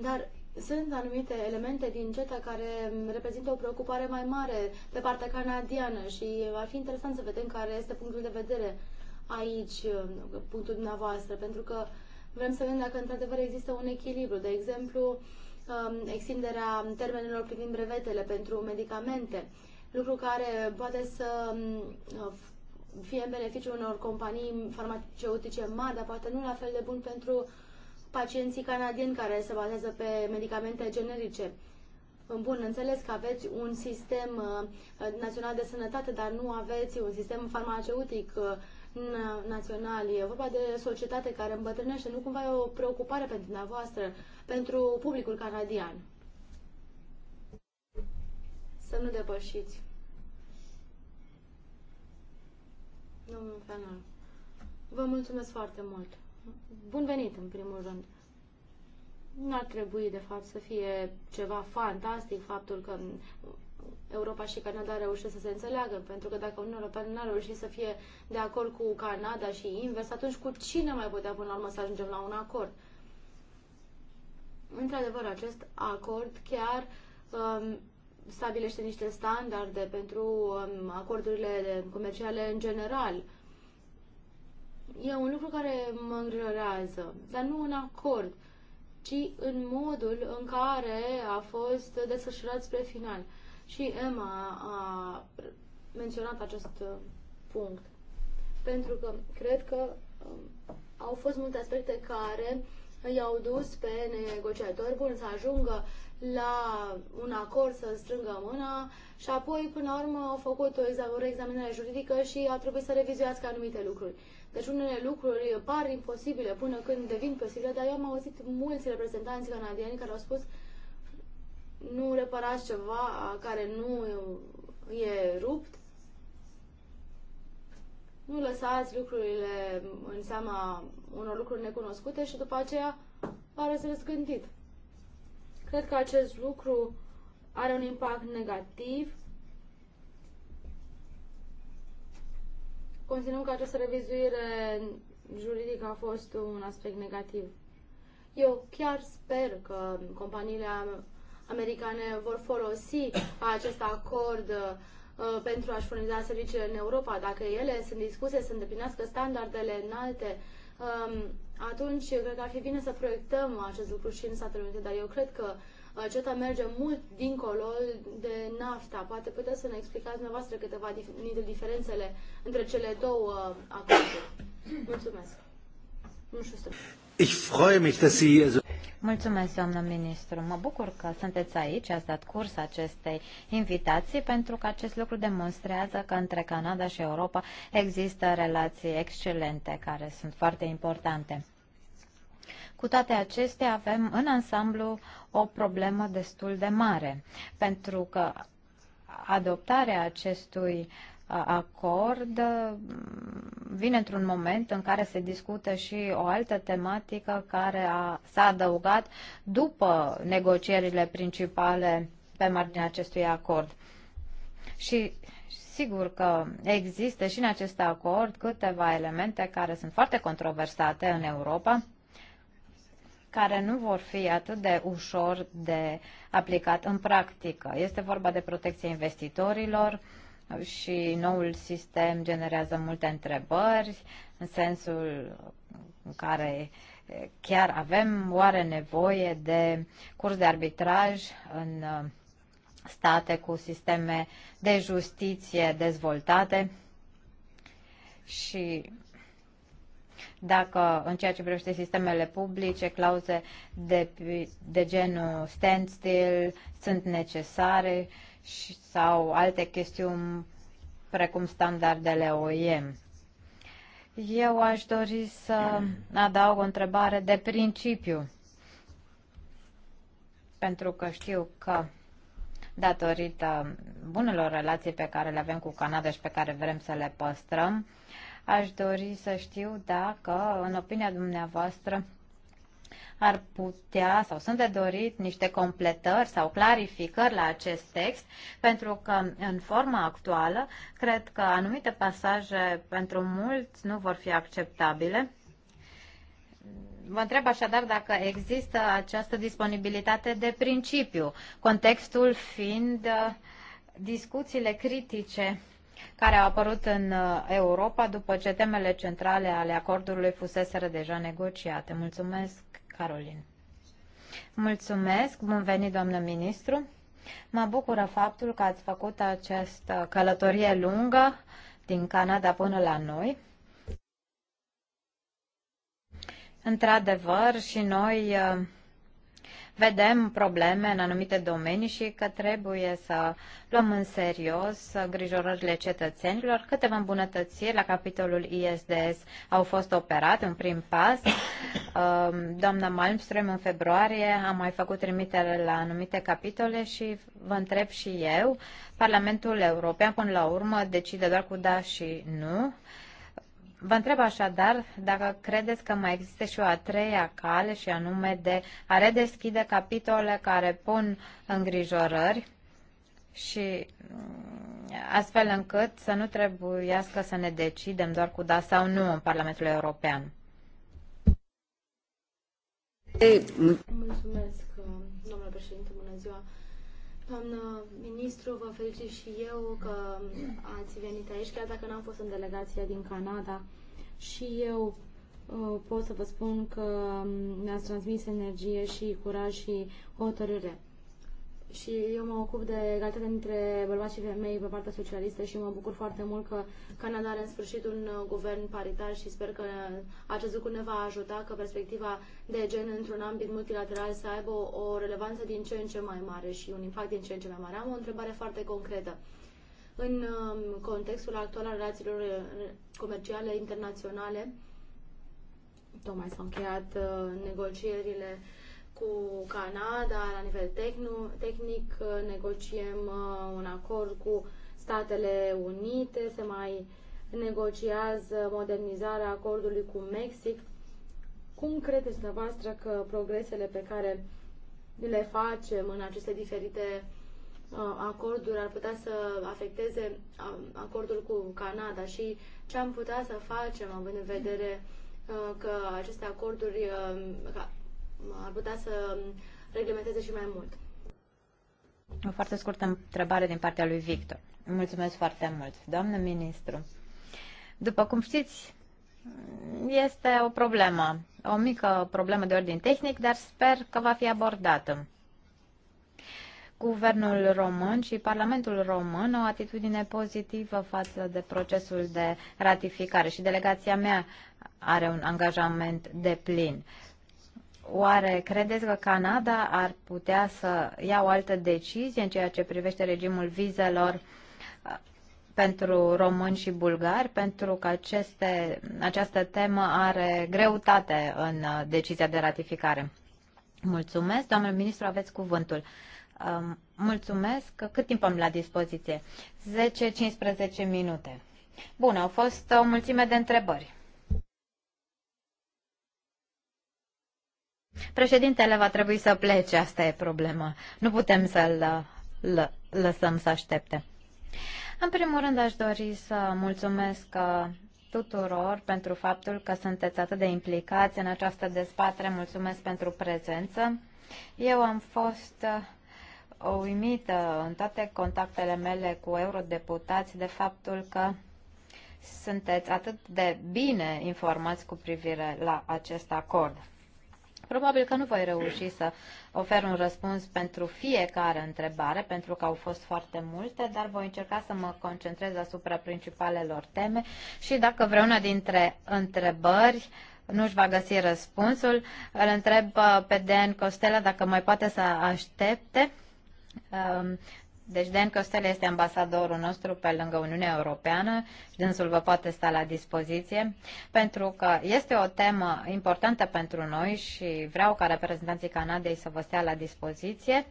Dar sunt anumite elemente din CETA care reprezintă o preocupare mai mare pe partea canadiană și ar fi interesant să vedem care este punctul de vedere aici, punctul dumneavoastră, pentru că vrem să vedem dacă într-adevăr există un echilibru. De exemplu, um, extinderea termenelor privind brevetele pentru medicamente, lucru care poate să um, fie în beneficiu unor companii farmaceutice mari, dar poate nu la fel de bun pentru pacienții canadieni care se bazează pe medicamente generice. Bun, înțeles că aveți un sistem uh, național de sănătate, dar nu aveți un sistem farmaceutic uh, național. E vorba de societate care îmbătrânește. Nu cumva e o preocupare pentru dumneavoastră, pentru publicul canadian? Să nu depășiți. Domnul Fenol, vă mulțumesc foarte mult bun venit, în primul rând. Nu ar trebui, de fapt, să fie ceva fantastic faptul că Europa și Canada reușesc să se înțeleagă, pentru că dacă Uniunea Europeană nu a reușit să fie de acord cu Canada și invers, atunci cu cine mai putea până la urmă să ajungem la un acord? Într-adevăr, acest acord chiar um, stabilește niște standarde pentru um, acordurile comerciale în general. Uh, e un lucru care mă îngrijorează, dar nu în acord, ci în modul în care a fost desfășurat spre final. Și Emma a menționat acest uh, punct, pentru că cred că um, au fost multe aspecte care i-au dus pe negociatori bun să ajungă la un acord, să strângă mâna și apoi, până la urmă, au făcut o, examinare juridică și a trebuit să revizuiască anumite lucruri. Deci unele lucruri par imposibile până când devin posibile, dar eu am auzit mulți reprezentanți canadieni care au spus nu reparați ceva care nu e rupt, nu lăsați lucrurile în seama unor lucruri necunoscute și după aceea pare să răscândit. Cred că acest lucru are un impact negativ Considerăm că această revizuire juridică a fost un aspect negativ. Eu chiar sper că companiile americane vor folosi acest acord uh, pentru a-și furniza serviciile în Europa. Dacă ele sunt dispuse să îndeplinească standardele înalte, um, atunci cred că ar fi bine să proiectăm acest lucru și în Statele Unite, dar eu cred că CETA merge mult dincolo de NAFTA. Poate puteți să ne explicați dumneavoastră câteva dintre diferențele între cele două acorduri. Mulțumesc. Nu știu. Ich freue mich, dass Sie Mulțumesc, doamnă ministru. Mă bucur că sunteți aici, ați dat curs acestei invitații, pentru că acest lucru demonstrează că între Canada și Europa există relații excelente, care sunt foarte importante. Cu toate acestea, avem în ansamblu o problemă destul de mare, pentru că adoptarea acestui acord vine într-un moment în care se discută și o altă tematică care a, s-a adăugat după negocierile principale pe marginea acestui acord. Și sigur că există și în acest acord câteva elemente care sunt foarte controversate în Europa, care nu vor fi atât de ușor de aplicat în practică. Este vorba de protecția investitorilor și noul sistem generează multe întrebări în sensul în care chiar avem oare nevoie de curs de arbitraj în uh, state cu sisteme de justiție dezvoltate și dacă în ceea ce privește sistemele publice, clauze de, de genul standstill sunt necesare și, sau alte chestiuni precum standardele OIM. Eu aș dori să adaug o întrebare de principiu, pentru că știu că datorită bunelor relații pe care le avem cu Canada și pe care vrem să le păstrăm, Aș dori să știu dacă, în opinia dumneavoastră, ar putea sau sunt de dorit niște completări sau clarificări la acest text, pentru că în forma actuală cred că anumite pasaje pentru mulți nu vor fi acceptabile. Vă întreb așadar dacă există această disponibilitate de principiu, contextul fiind uh, discuțiile critice care au apărut în uh, Europa după ce temele centrale ale acordului fuseseră deja negociate. Mulțumesc, Carolin. Mulțumesc, bun venit, doamnă ministru. Mă bucură faptul că ați făcut această călătorie lungă din Canada până la noi. Într-adevăr, și noi uh, vedem probleme în anumite domenii și că trebuie să luăm în serios grijorările cetățenilor. Câteva îmbunătățiri la capitolul ISDS au fost operate, un prim pas. Um, doamna Malmström în februarie a mai făcut trimitere la anumite capitole și vă întreb și eu, Parlamentul European până la urmă decide doar cu da și nu Vă întreb așadar dacă credeți că mai există și o a treia cale și anume de a redeschide capitole care pun îngrijorări și mm, astfel încât să nu trebuiască să ne decidem doar cu da sau nu în Parlamentul European. Mulțumesc, uh, domnule președinte, bună ziua. Doamnă ministru, vă felicit și eu că ați venit aici, chiar dacă n-am fost în delegația din Canada. Și eu uh, pot să vă spun că mi-ați transmis energie și curaj și hotărâre și eu mă ocup de egalitate dintre bărbați și femei pe partea socialistă și mă bucur foarte mult că Canada are în sfârșit un uh, guvern paritar și sper că uh, acest lucru ne va ajuta că perspectiva de gen într-un ambit multilateral să aibă o, o relevanță din ce în ce mai mare și un impact din ce în ce mai mare. Am o întrebare foarte concretă. În um, contextul actual al relațiilor uh, comerciale internaționale, tocmai s-au încheiat negocierile uh, cu Canada la nivel tehnic, negociem uh, un acord cu Statele Unite, se mai negociază modernizarea acordului cu Mexic. Cum credeți dumneavoastră că progresele pe care le facem în aceste diferite uh, acorduri ar putea să afecteze uh, acordul cu Canada și ce am putea să facem având în vedere că aceste acorduri ar putea să reglementeze și mai mult. O foarte scurtă întrebare din partea lui Victor. Mulțumesc foarte mult. Doamnă ministru, după cum știți, este o problemă, o mică problemă de ordin tehnic, dar sper că va fi abordată. Guvernul român și Parlamentul român au o atitudine pozitivă față de procesul de ratificare și delegația mea are un angajament de plin. Oare credeți că Canada ar putea să ia o altă decizie în ceea ce privește regimul vizelor uh, pentru români și bulgari, pentru că aceste, această temă are greutate în uh, decizia de ratificare? Mulțumesc, domnule ministru, aveți cuvântul. Um, mulțumesc. Cât timp am la dispoziție? 10-15 minute. Bun, au fost o mulțime de întrebări. Președintele va trebui să plece, asta e problema. Nu putem să-l lăsăm să aștepte. În primul rând aș dori să mulțumesc uh, tuturor pentru faptul că sunteți atât de implicați în această dezbatere. Mulțumesc pentru prezență. Eu am fost uh, uimită în toate contactele mele cu eurodeputați de faptul că sunteți atât de bine informați cu privire la acest acord. Probabil că nu voi reuși să ofer un răspuns pentru fiecare întrebare, pentru că au fost foarte multe, dar voi încerca să mă concentrez asupra principalelor teme și dacă vreuna dintre întrebări nu își va găsi răspunsul, îl întreb uh, pe Dan Costela dacă mai poate să aștepte um, deci Dan Costel este ambasadorul nostru pe lângă Uniunea Europeană și dânsul vă poate sta la dispoziție pentru că este o temă importantă pentru noi și vreau ca reprezentanții Canadei să vă stea la dispoziție.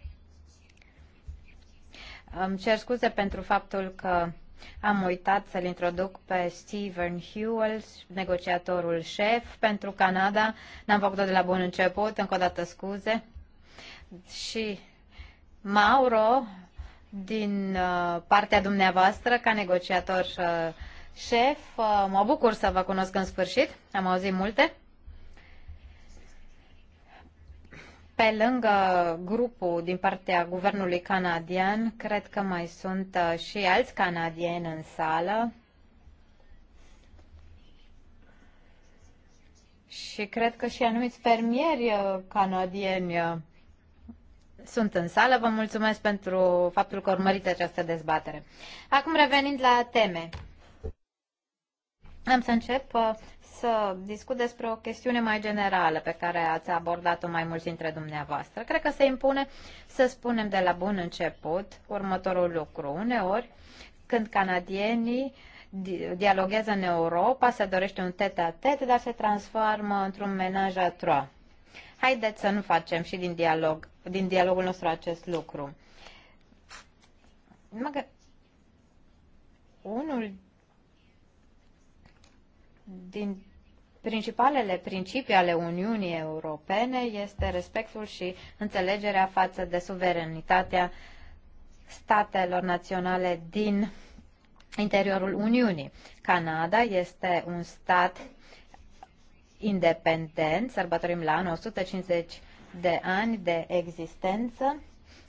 Îmi cer scuze pentru faptul că am uitat să-l introduc pe Stephen Hewell, negociatorul șef pentru Canada. N-am făcut-o de la bun început, încă o dată scuze. Și Mauro, din uh, partea dumneavoastră ca negociator uh, șef. Uh, mă bucur să vă cunosc în sfârșit. Am auzit multe. Pe lângă grupul din partea guvernului canadian, cred că mai sunt și alți canadieni în sală. Și cred că și anumiți fermieri canadieni sunt în sală. Vă mulțumesc pentru faptul că urmăriți această dezbatere. Acum revenind la teme. Am să încep uh, să discut despre o chestiune mai generală pe care ați abordat-o mai mulți dintre dumneavoastră. Cred că se impune să spunem de la bun început următorul lucru. Uneori, când canadienii dialoghează în Europa, se dorește un tete a tete dar se transformă într-un menaj a trois. Haideți să nu facem și din, dialog, din dialogul nostru acest lucru. Mă unul din principalele principii ale Uniunii Europene este respectul și înțelegerea față de suveranitatea statelor naționale din interiorul Uniunii. Canada este un stat independent, sărbătorim la anul 150 de ani de existență,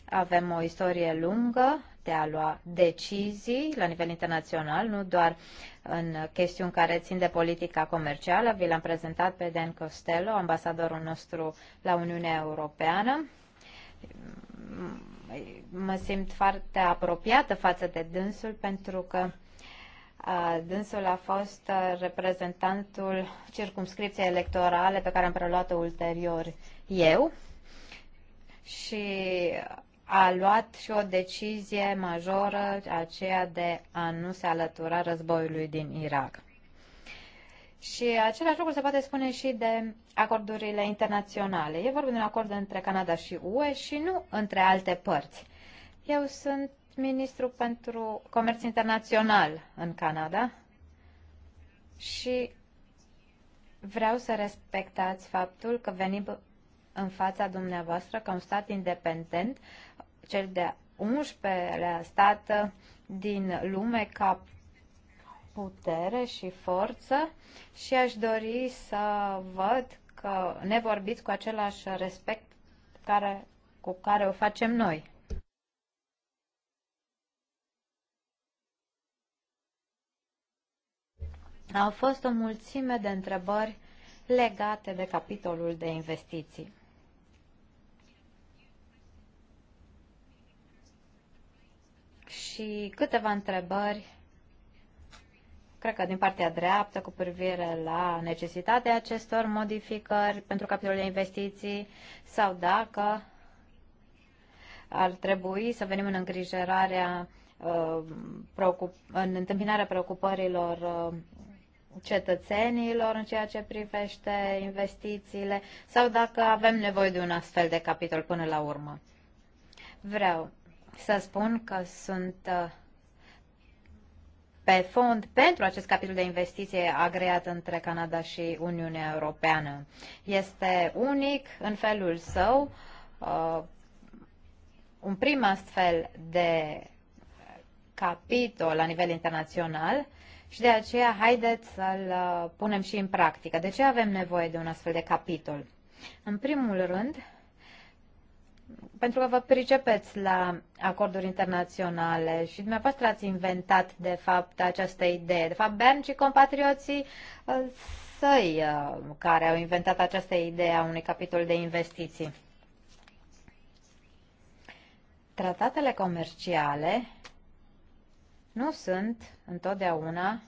avem o istorie lungă de a lua decizii la nivel internațional, nu doar în chestiuni care țin de politica comercială. Vi l-am prezentat pe Dan Costello, ambasadorul nostru la Uniunea Europeană. Mă simt foarte apropiată față de dânsul pentru că Dânsul a fost reprezentantul circumscripției electorale pe care am preluat-o ulterior eu și a luat și o decizie majoră, aceea de a nu se alătura războiului din Irak. Și același lucru se poate spune și de acordurile internaționale. E vorba de un acord între Canada și UE și nu între alte părți. Eu sunt ministru pentru comerț internațional în Canada și vreau să respectați faptul că venim în fața dumneavoastră ca un stat independent, cel de 11-lea stat din lume ca putere și forță și aș dori să văd că ne vorbiți cu același respect care, cu care o facem noi. Au fost o mulțime de întrebări legate de capitolul de investiții. Și câteva întrebări, cred că din partea dreaptă, cu privire la necesitatea acestor modificări pentru capitolul de investiții sau dacă ar trebui să venim în îngrijorarea uh, în întâmpinarea preocupărilor uh, cetățenilor în ceea ce privește investițiile sau dacă avem nevoie de un astfel de capitol până la urmă. Vreau să spun că sunt uh, pe fond pentru acest capitol de investiție agreat între Canada și Uniunea Europeană. Este unic în felul său. Uh, un prim astfel de capitol la nivel internațional și de aceea haideți să-l uh, punem și în practică. De ce avem nevoie de un astfel de capitol? În primul rând, pentru că vă pricepeți la acorduri internaționale și dumneavoastră ați inventat, de fapt, această idee. De fapt, Bern și compatrioții uh, săi uh, care au inventat această idee a unui capitol de investiții. Tratatele comerciale nu sunt întotdeauna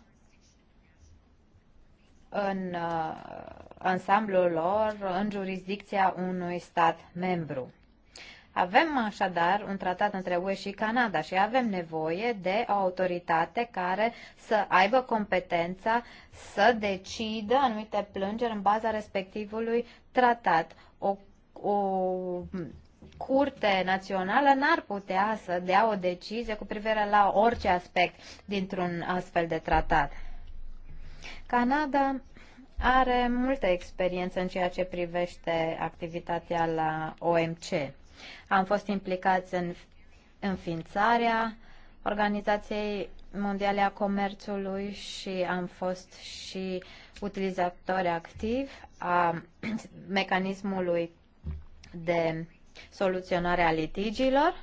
în uh, ansamblul lor în jurisdicția unui stat membru. Avem așadar un tratat între UE și Canada și avem nevoie de o autoritate care să aibă competența să decidă anumite plângeri în baza respectivului tratat. O, o curte națională n-ar putea să dea o decizie cu privire la orice aspect dintr-un astfel de tratat. Canada are multă experiență în ceea ce privește activitatea la OMC. Am fost implicați în înființarea Organizației Mondiale a Comerțului și am fost și utilizatori activ a mecanismului de soluționarea litigiilor.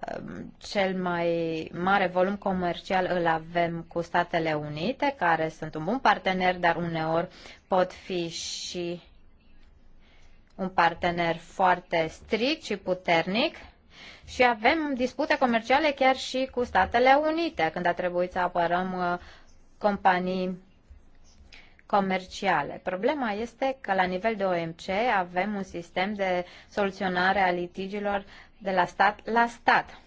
Ehm, cel mai mare volum comercial îl avem cu Statele Unite, care sunt un bun partener, dar uneori pot fi și un partener foarte strict și puternic și avem dispute comerciale chiar și cu Statele Unite, când a trebuit să apărăm uh, companii comerciale. Problema este că la nivel de OMC avem un sistem de soluționare a litigilor de la stat la stat.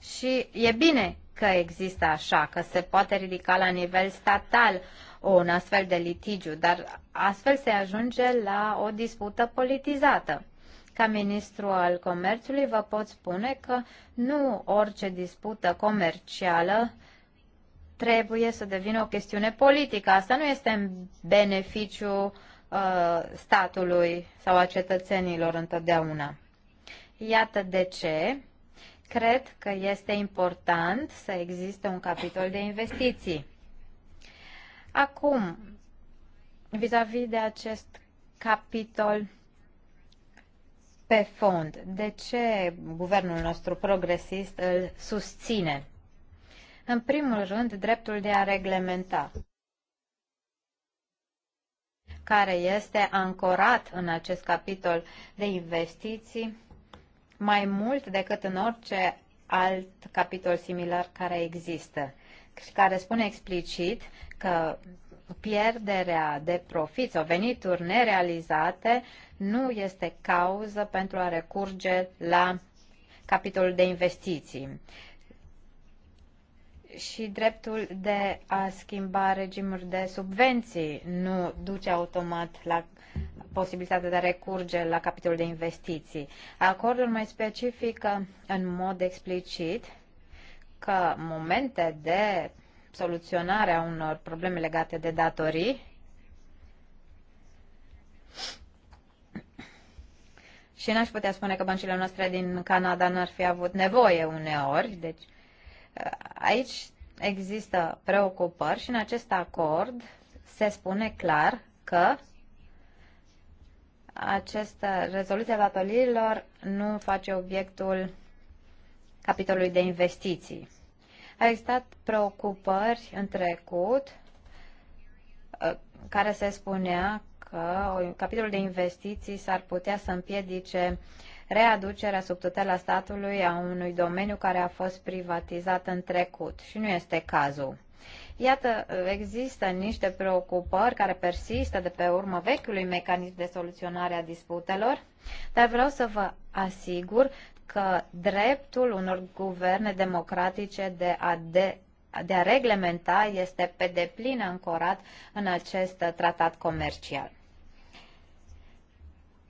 Și e bine că există așa, că se poate ridica la nivel statal un astfel de litigiu, dar astfel se ajunge la o dispută politizată. Ca ministru al comerțului vă pot spune că nu orice dispută comercială trebuie să devină o chestiune politică. Asta nu este în beneficiu uh, statului sau a cetățenilor întotdeauna. Iată de ce cred că este important să existe un capitol de investiții. Acum, vis-a-vis -vis de acest capitol pe fond, de ce guvernul nostru progresist îl susține? În primul rând, dreptul de a reglementa, care este ancorat în acest capitol de investiții mai mult decât în orice alt capitol similar care există și care spune explicit că pierderea de profit sau venituri nerealizate nu este cauză pentru a recurge la capitolul de investiții și dreptul de a schimba regimuri de subvenții nu duce automat la posibilitatea de a recurge la capitolul de investiții. Acordul mai specifică în mod explicit că momente de soluționare a unor probleme legate de datorii și n-aș putea spune că băncile noastre din Canada n-ar fi avut nevoie uneori, deci aici există preocupări și în acest acord se spune clar că această rezoluție datoriilor nu face obiectul capitolului de investiții. A existat preocupări în trecut ă, care se spunea că capitolul de investiții s-ar putea să împiedice uh, readucerea sub tutela statului a unui domeniu care a fost privatizat în trecut și nu este cazul. Iată, există niște preocupări care persistă de pe urmă vechiului mecanism de soluționare a disputelor, dar vreau să vă asigur că dreptul unor guverne democratice de a, de, de a reglementa este pe deplin ancorat în acest tratat comercial.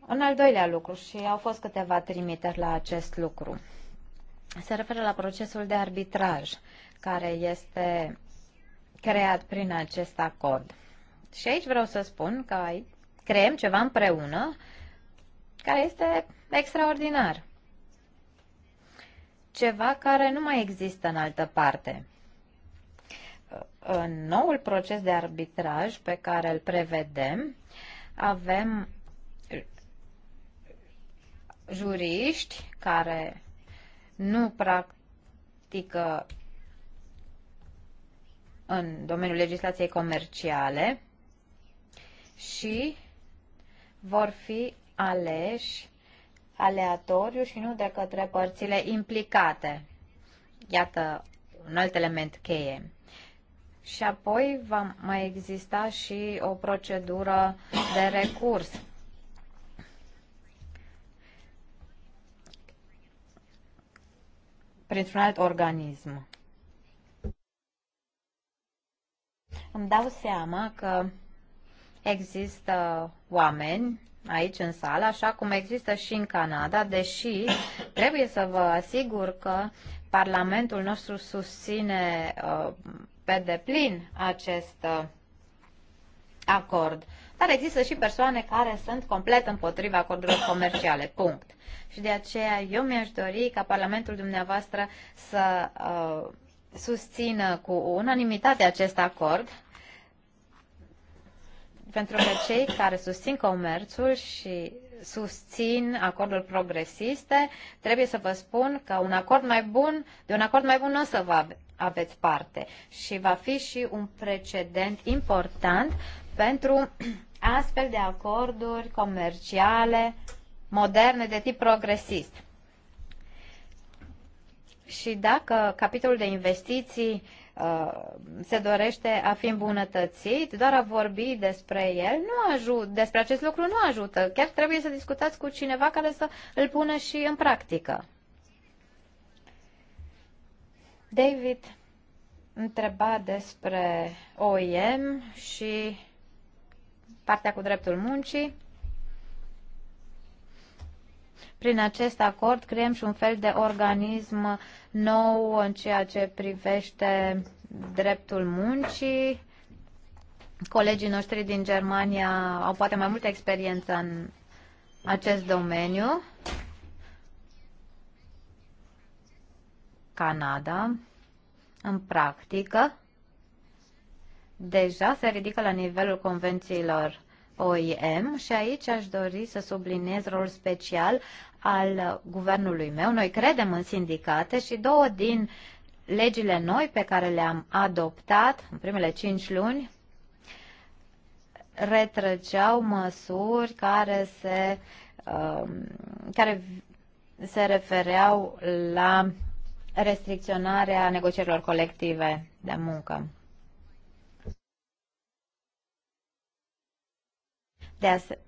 Un al doilea lucru, și au fost câteva trimiteri la acest lucru, se referă la procesul de arbitraj care este creat prin acest acord. Și aici vreau să spun că creăm ceva împreună care este extraordinar. Ceva care nu mai există în altă parte. În noul proces de arbitraj pe care îl prevedem, avem juriști care nu practică în domeniul legislației comerciale și vor fi aleși aleatoriu și nu de către părțile implicate. Iată un alt element cheie. Și apoi va mai exista și o procedură de recurs printr-un alt organism. Îmi dau seama că există oameni aici în sală, așa cum există și în Canada, deși trebuie să vă asigur că Parlamentul nostru susține uh, pe deplin acest uh, acord. Dar există și persoane care sunt complet împotriva acordurilor comerciale. Punct și de aceea eu mi-aș dori ca Parlamentul dumneavoastră să uh, susțină cu unanimitate acest acord, pentru că cei care susțin comerțul și susțin acordul progresiste, trebuie să vă spun că un acord mai bun, de un acord mai bun nu o să vă aveți parte și va fi și un precedent important pentru astfel de acorduri comerciale moderne de tip progresist. Și dacă capitolul de investiții uh, se dorește a fi îmbunătățit, doar a vorbi despre el nu ajută, despre acest lucru nu ajută. Chiar trebuie să discutați cu cineva care să îl pună și în practică. David întreba despre OIM și partea cu dreptul muncii. Prin acest acord creăm și un fel de organism nou în ceea ce privește dreptul muncii. Colegii noștri din Germania au poate mai multă experiență în acest domeniu. Canada, în practică, deja se ridică la nivelul convențiilor OIM și aici aș dori să subliniez rolul special al guvernului meu. Noi credem în sindicate și două din legile noi pe care le-am adoptat în primele cinci luni retrăgeau măsuri care se, um, care se refereau la restricționarea negocierilor colective de muncă. De, asemenea,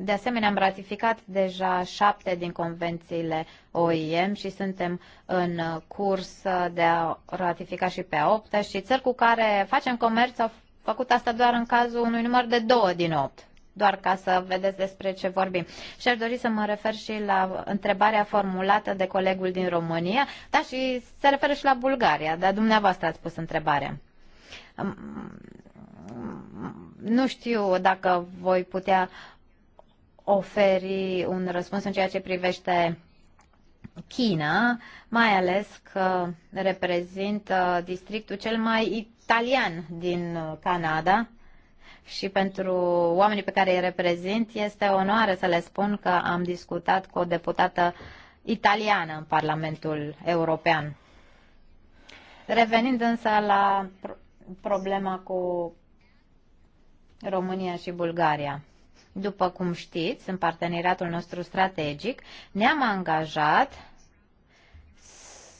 de asemenea, am ratificat deja șapte din convențiile OIM și suntem în curs de a ratifica și pe a opta și țări cu care facem comerț au făcut asta doar în cazul unui număr de două din opt doar ca să vedeți despre ce vorbim. Și aș dori să mă refer și la întrebarea formulată de colegul din România, dar și se referă și la Bulgaria, dar dumneavoastră ați pus întrebarea. Nu știu dacă voi putea oferi un răspuns în ceea ce privește China, mai ales că reprezintă districtul cel mai italian din Canada și pentru oamenii pe care îi reprezint este onoare să le spun că am discutat cu o deputată italiană în Parlamentul European. Revenind însă la problema cu România și Bulgaria. După cum știți, în parteneriatul nostru strategic ne-am angajat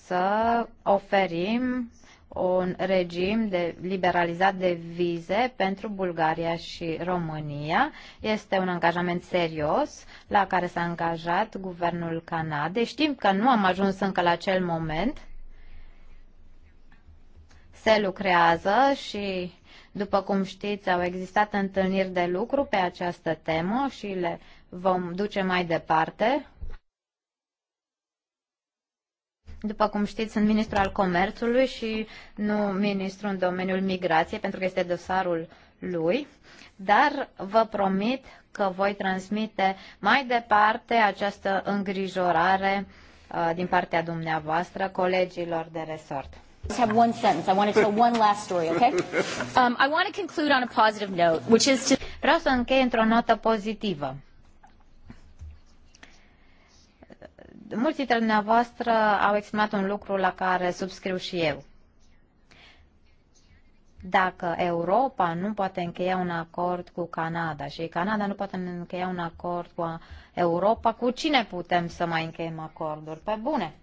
să oferim un regim de liberalizat de vize pentru Bulgaria și România. Este un angajament serios la care s-a angajat guvernul Canadei. Știm că nu am ajuns încă la acel moment. Se lucrează și după cum știți, au existat întâlniri de lucru pe această temă și le vom duce mai departe. După cum știți, sunt ministru al comerțului și nu ministru în domeniul migrației, pentru că este dosarul lui, dar vă promit că voi transmite mai departe această îngrijorare uh, din partea dumneavoastră colegilor de resort just have one sentence. I want to tell one last story, okay? Um, I want to conclude on a positive note, which is to... Vreau să închei într-o notă pozitivă. Mulți dintre dumneavoastră au exprimat un lucru la care subscriu și eu. Dacă Europa nu poate încheia un acord cu Canada și Canada nu poate încheia un acord cu Europa, cu cine putem să mai încheiem acorduri? Pe bune!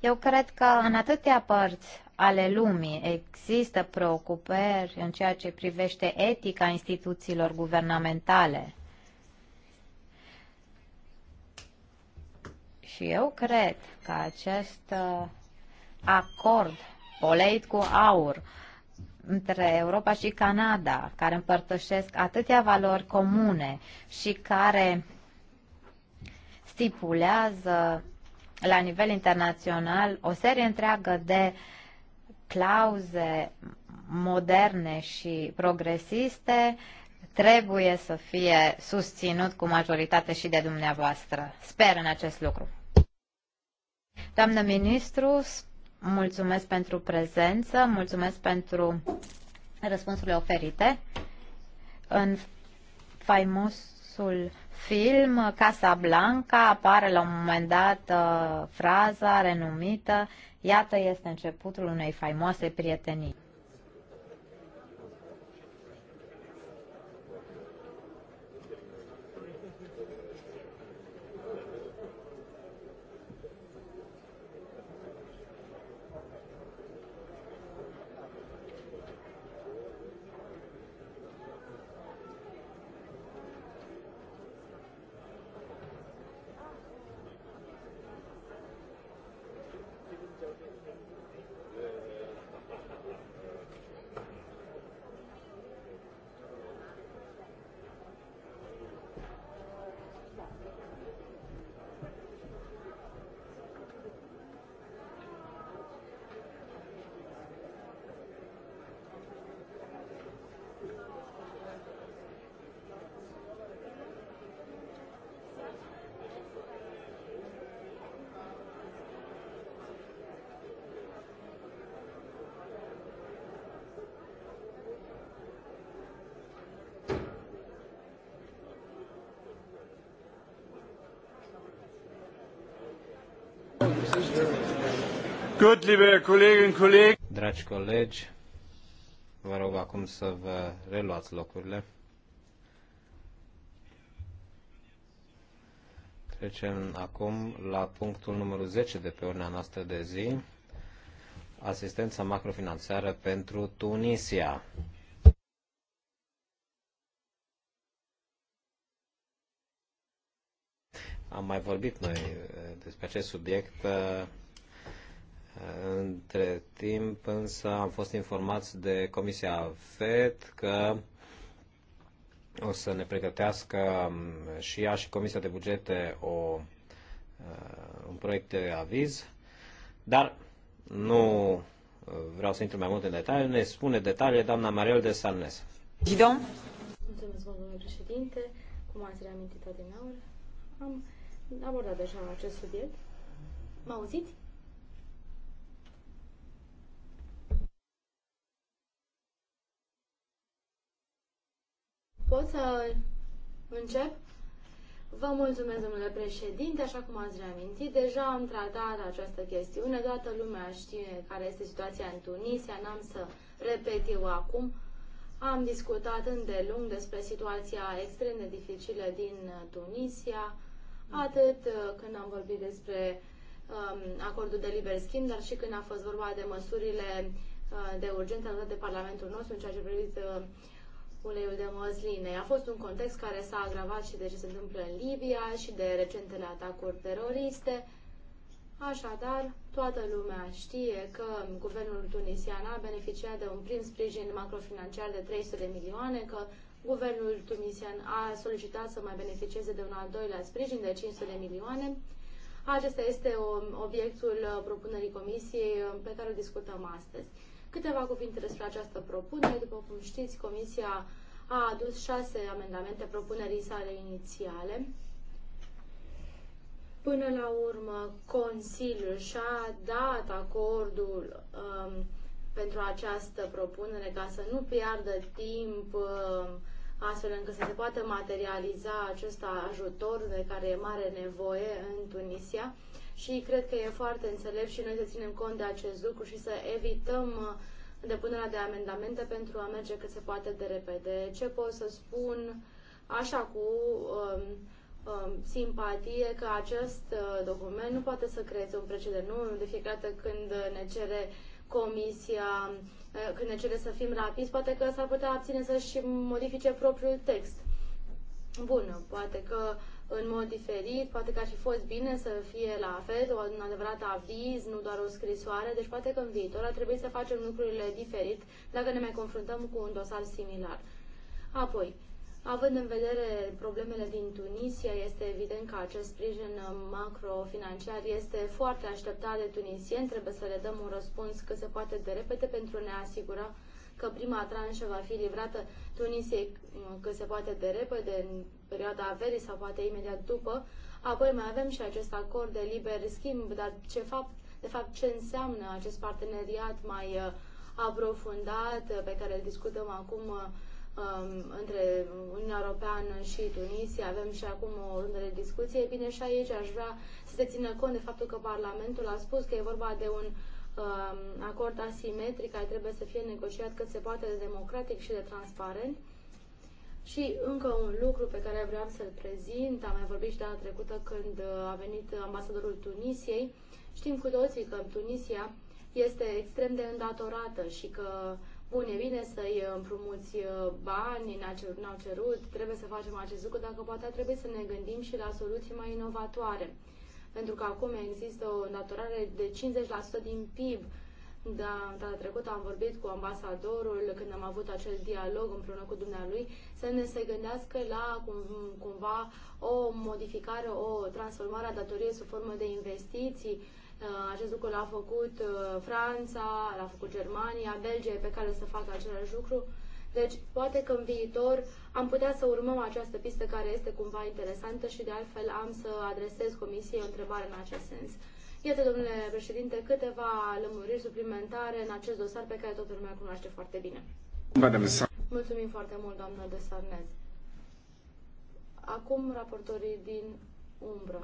Eu cred că în atâtea părți ale lumii există preocupări în ceea ce privește etica instituțiilor guvernamentale. Și eu cred că acest uh, acord poleit cu aur între Europa și Canada, care împărtășesc atâtea valori comune și care stipulează la nivel internațional o serie întreagă de clauze moderne și progresiste trebuie să fie susținut cu majoritate și de dumneavoastră. Sper în acest lucru. Doamnă ministru, mulțumesc pentru prezență, mulțumesc pentru răspunsurile oferite. În faimosul film Casa Blanca apare la un moment dat uh, fraza renumită Iată este începutul unei faimoase prietenii. Gut, liebe Kolleginnen Kollegen. Dragi colegi, vă rog acum să vă reluați locurile. Trecem acum la punctul numărul 10 de pe ordinea noastră de zi, asistența macrofinanțară pentru Tunisia. Am mai vorbit noi despre acest subiect. Uh, între timp însă am fost informați de Comisia FED că o să ne pregătească um, și ea și Comisia de Bugete o, uh, un proiect de aviz, dar nu uh, vreau să intru mai mult în detalii. Ne spune detaliile doamna Mariel de Sarnes. Mulțumesc, domnule președinte. Cum ați reamintit adineaur, am abordat deja acest subiect. Mă auziți? Pot să încep? Vă mulțumesc, domnule președinte, așa cum ați reamintit, deja am tratat această chestiune, toată lumea știe care este situația în Tunisia, n-am să repet eu acum. Am discutat îndelung despre situația extrem de dificilă din Tunisia, atât uh, când am vorbit despre um, acordul de liber schimb, dar și când a fost vorba de măsurile uh, de urgență de Parlamentul nostru în ceea ce privește uh, uleiul de măsline. A fost un context care s-a agravat și de ce se întâmplă în Libia și de recentele atacuri teroriste. Așadar, toată lumea știe că guvernul tunisian a beneficiat de un prim sprijin macrofinanciar de 300 de milioane, că Guvernul tunisian a solicitat să mai beneficieze de un al doilea sprijin de 500 de milioane. Acesta este obiectul uh, propunerii comisiei uh, pe care o discutăm astăzi. Câteva cuvinte despre această propunere. După cum știți, comisia a adus șase amendamente propunerii sale inițiale. Până la urmă, Consiliul și-a dat acordul um, pentru această propunere ca să nu piardă timp um, astfel încât să se poată materializa acest ajutor de care e mare nevoie în Tunisia și cred că e foarte înțelept și noi să ținem cont de acest lucru și să evităm uh, depunerea de amendamente pentru a merge cât se poate de repede. Ce pot să spun așa cu um, um, simpatie că acest uh, document nu poate să creeze un precedent. Nu de fiecare dată când ne cere uh, Comisia, eh, când ne cere să fim rapizi, poate că s-ar putea abține să-și modifice propriul text. Bun, poate că în mod diferit, poate că ar fi fost bine să fie la fel, un adevărat aviz, nu doar o scrisoare, deci poate că în viitor ar trebui să facem lucrurile diferit dacă ne mai confruntăm cu un dosar similar. Apoi, Având în vedere problemele din Tunisia, este evident că acest sprijin macrofinanciar este foarte așteptat de tunisieni. Trebuie să le dăm un răspuns cât se poate de repede pentru a ne asigura că prima tranșă va fi livrată Tunisiei cât se poate de repede, în perioada averii sau poate imediat după. Apoi mai avem și acest acord de liber schimb, dar ce fapt, de fapt ce înseamnă acest parteneriat mai uh, aprofundat uh, pe care îl discutăm acum uh, Um, între Uniunea Europeană și Tunisia, avem și acum o rândă de discuție, e bine și aici aș vrea să se țină cont de faptul că Parlamentul a spus că e vorba de un um, acord asimetric care trebuie să fie negociat cât se poate de democratic și de transparent. Și încă un lucru pe care vreau să-l prezint, am mai vorbit și data trecută când uh, a venit ambasadorul Tunisiei. Știm cu toții că Tunisia este extrem de îndatorată și că bun, e bine să-i uh, împrumuți uh, bani, n-au cerut, trebuie să facem acest lucru, dacă poate trebuie să ne gândim și la soluții mai inovatoare. Pentru că acum există o datorare de 50% din PIB. Da, data trecută am vorbit cu ambasadorul când am avut acel dialog împreună cu dumnealui să ne se gândească la cum, cumva o modificare, o transformare a datoriei sub formă de investiții Uh, acest lucru l-a făcut uh, Franța, l-a făcut Germania, Belgia pe care să facă același lucru. Deci, poate că în viitor am putea să urmăm această pistă care este cumva interesantă și de altfel am să adresez Comisiei o întrebare în acest sens. Iată, domnule președinte, câteva lămuriri suplimentare în acest dosar pe care toată lumea cunoaște foarte bine. Mulțumim foarte mult, doamnă de Sarnez. Acum, raportorii din umbră.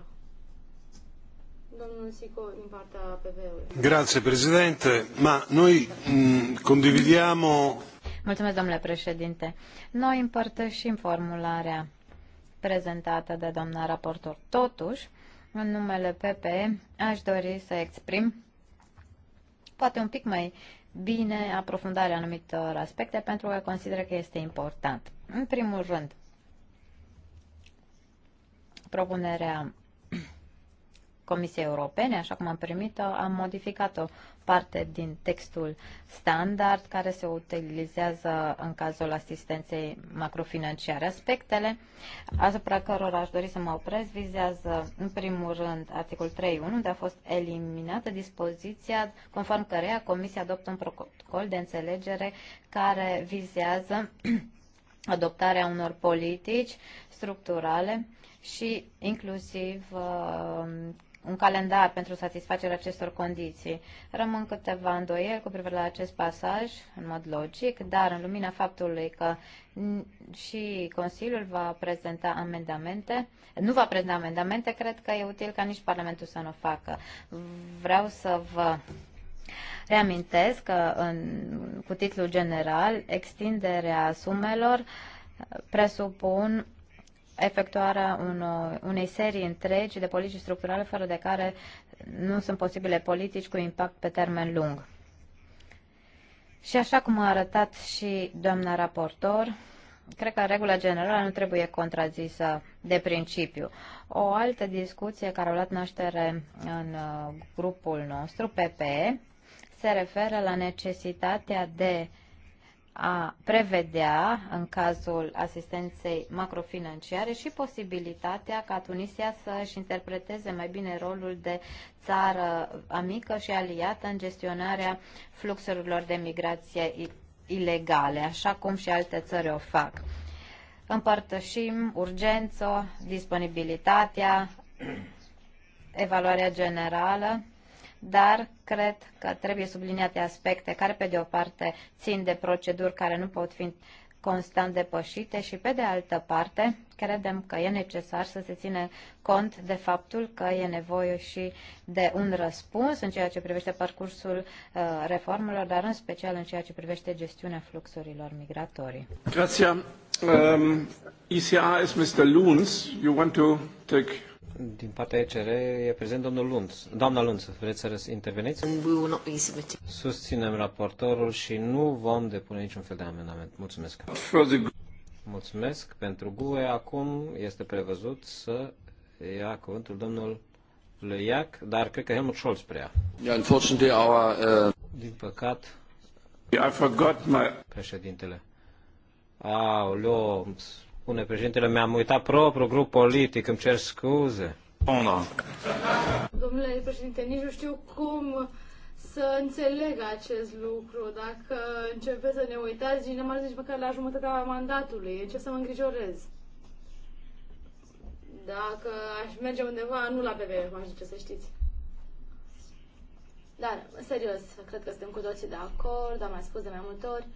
Grazie, Presidente. Ma noi mh, mm, condividiamo... Mulțumesc, domnule președinte. Noi împărtășim formularea prezentată de doamna raportor. Totuși, în numele PPE, aș dori să exprim poate un pic mai bine aprofundarea anumitor aspecte pentru că consider că este important. În primul rând, propunerea Comisiei Europene, așa cum am primit-o, am modificat o parte din textul standard care se utilizează în cazul asistenței macrofinanciare. Aspectele asupra cărora aș dori să mă opresc vizează, în primul rând, articolul 3.1, unde a fost eliminată dispoziția conform căreia Comisia adoptă un protocol de înțelegere care vizează adoptarea unor politici structurale și inclusiv uh, un calendar pentru satisfacerea acestor condiții. Rămân câteva îndoieli cu privire la acest pasaj, în mod logic, dar în lumina faptului că și Consiliul va prezenta amendamente, nu va prezenta amendamente, cred că e util ca nici Parlamentul să nu facă. Vreau să vă reamintesc că în, cu titlul general, extinderea sumelor presupun efectuarea uh, unei serii întregi de politici structurale fără de care nu sunt posibile politici cu impact pe termen lung. Și așa cum a arătat și doamna raportor, cred că regula generală nu trebuie contrazisă de principiu. O altă discuție care a luat naștere în uh, grupul nostru, PPE, se referă la necesitatea de uh, a prevedea, în cazul asistenței macrofinanciare, și posibilitatea ca Tunisia să-și interpreteze mai bine rolul de țară amică și aliată în gestionarea fluxurilor de migrație ilegale, așa cum și alte țări o fac. Împărtășim urgența, disponibilitatea, evaluarea generală dar cred că trebuie subliniate aspecte care, pe de o parte, țin de proceduri care nu pot fi constant depășite și, pe de altă parte, credem că e necesar să se ține cont de faptul că e nevoie și de un răspuns în ceea ce privește parcursul uh, reformelor, dar în special în ceea ce privește gestiunea fluxurilor migratorii. Grazie. Um, ECR is Mr. Loons. You want to take din partea ECR e prezent domnul Lund. Doamna Lund, vreți să interveniți? Susținem raportorul și nu vom depune niciun fel de amendament. Mulțumesc. Mulțumesc pentru GUE. Acum este prevăzut să ia cuvântul domnul Leiac, dar cred că Helmut Scholz prea. our, uh, Din păcat, I forgot my... președintele. Aoleo, Spune președintele, mi-am uitat propriul grup politic, îmi cer scuze. Domnule președinte, nici nu știu cum să înțeleg acest lucru. Dacă începeți să ne uitați, cine mai zici măcar la jumătatea mandatului, ce să mă îngrijorez? Dacă aș merge undeva, nu la PV, m-aș duce, să știți. Dar, serios, cred că suntem cu toții de acord, am mai spus de mai multe ori,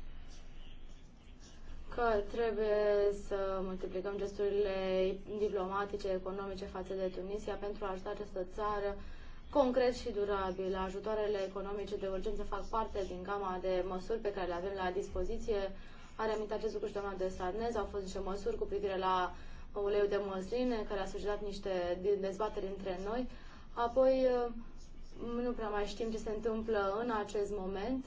că trebuie să multiplicăm gesturile diplomatice, economice față de Tunisia pentru a ajuta această țară concret și durabil. Ajutoarele economice de urgență fac parte din gama de măsuri pe care le avem la dispoziție. Are amintit acest lucru și doamna de Sarnez. Au fost niște măsuri cu privire la uleiul de măsline, care a sugerat niște dezbateri între noi. Apoi, nu prea mai știm ce se întâmplă în acest moment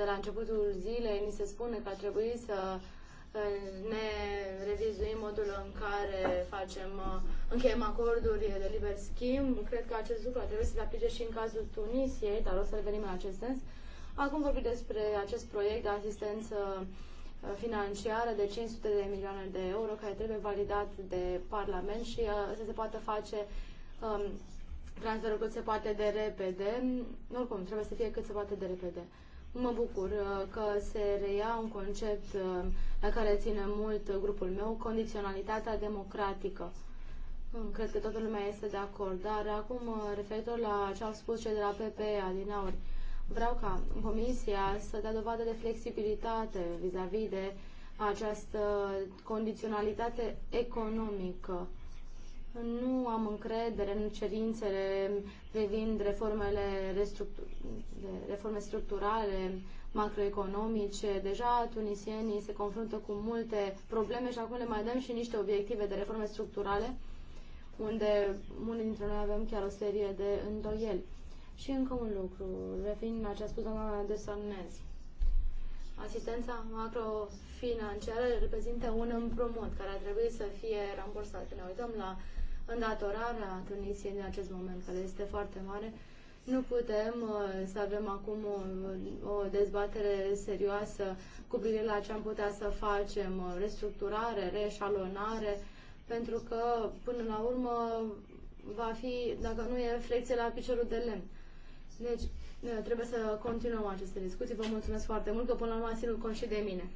de la începutul zilei ni se spune că ar trebui să ne revizuim modul în care facem, uh, încheiem acorduri de liber schimb. Cred că acest lucru ar trebui să se aplice și în cazul Tunisiei, dar o să revenim în acest sens. Acum vorbim despre acest proiect de asistență uh, financiară de 500 de milioane de euro care trebuie validat de Parlament și uh, să se poată face um, transferul cât se poate de repede. Oricum, trebuie să fie cât se poate de repede. Mă bucur uh, că se reia un concept uh, la care ține mult uh, grupul meu, condiționalitatea democratică. Mm, cred că toată lumea este de acord, dar acum referitor la ce au spus cei de la PPE adinauri, vreau ca Comisia să dea dovadă de flexibilitate vis-a-vis -vis de această condiționalitate economică nu am încredere în cerințele privind reformele, de reforme structurale, macroeconomice. Deja tunisienii se confruntă cu multe probleme și acum le mai dăm și niște obiective de reforme structurale, unde unii dintre noi avem chiar o serie de îndoieli. Și încă un lucru, revin la ce a spus doamna de Sarnez. Asistența macrofinanciară reprezintă un împrumut care ar trebui să fie rambursat. Când ne uităm la îndatorarea Tunisiei în acest moment, care este foarte mare, nu putem uh, să avem acum o, o dezbatere serioasă cu privire la ce am putea să facem, uh, restructurare, reșalonare, pentru că, până la urmă, va fi, dacă nu e flecție la piciorul de lemn. Deci, uh, trebuie să continuăm aceste discuții. Vă mulțumesc foarte mult, că până la urmă ați ținut cont și de mine.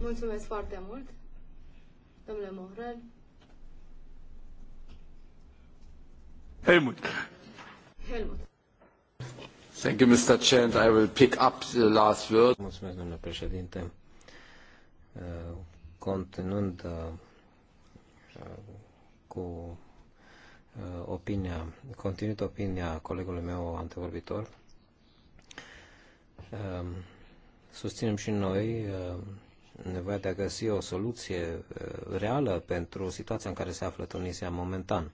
Mulțumesc foarte mult, domnule Morel. Helmut. Helmut. Thank you, Mr. Chant. I will pick up the last word. Mulțumesc, domnule președinte. Uh, continuând uh, uh, cu opinia, continuând opinia colegului meu antevorbitor, susținem și noi nevoia de a găsi o soluție reală pentru situația în care se află Tunisia momentan.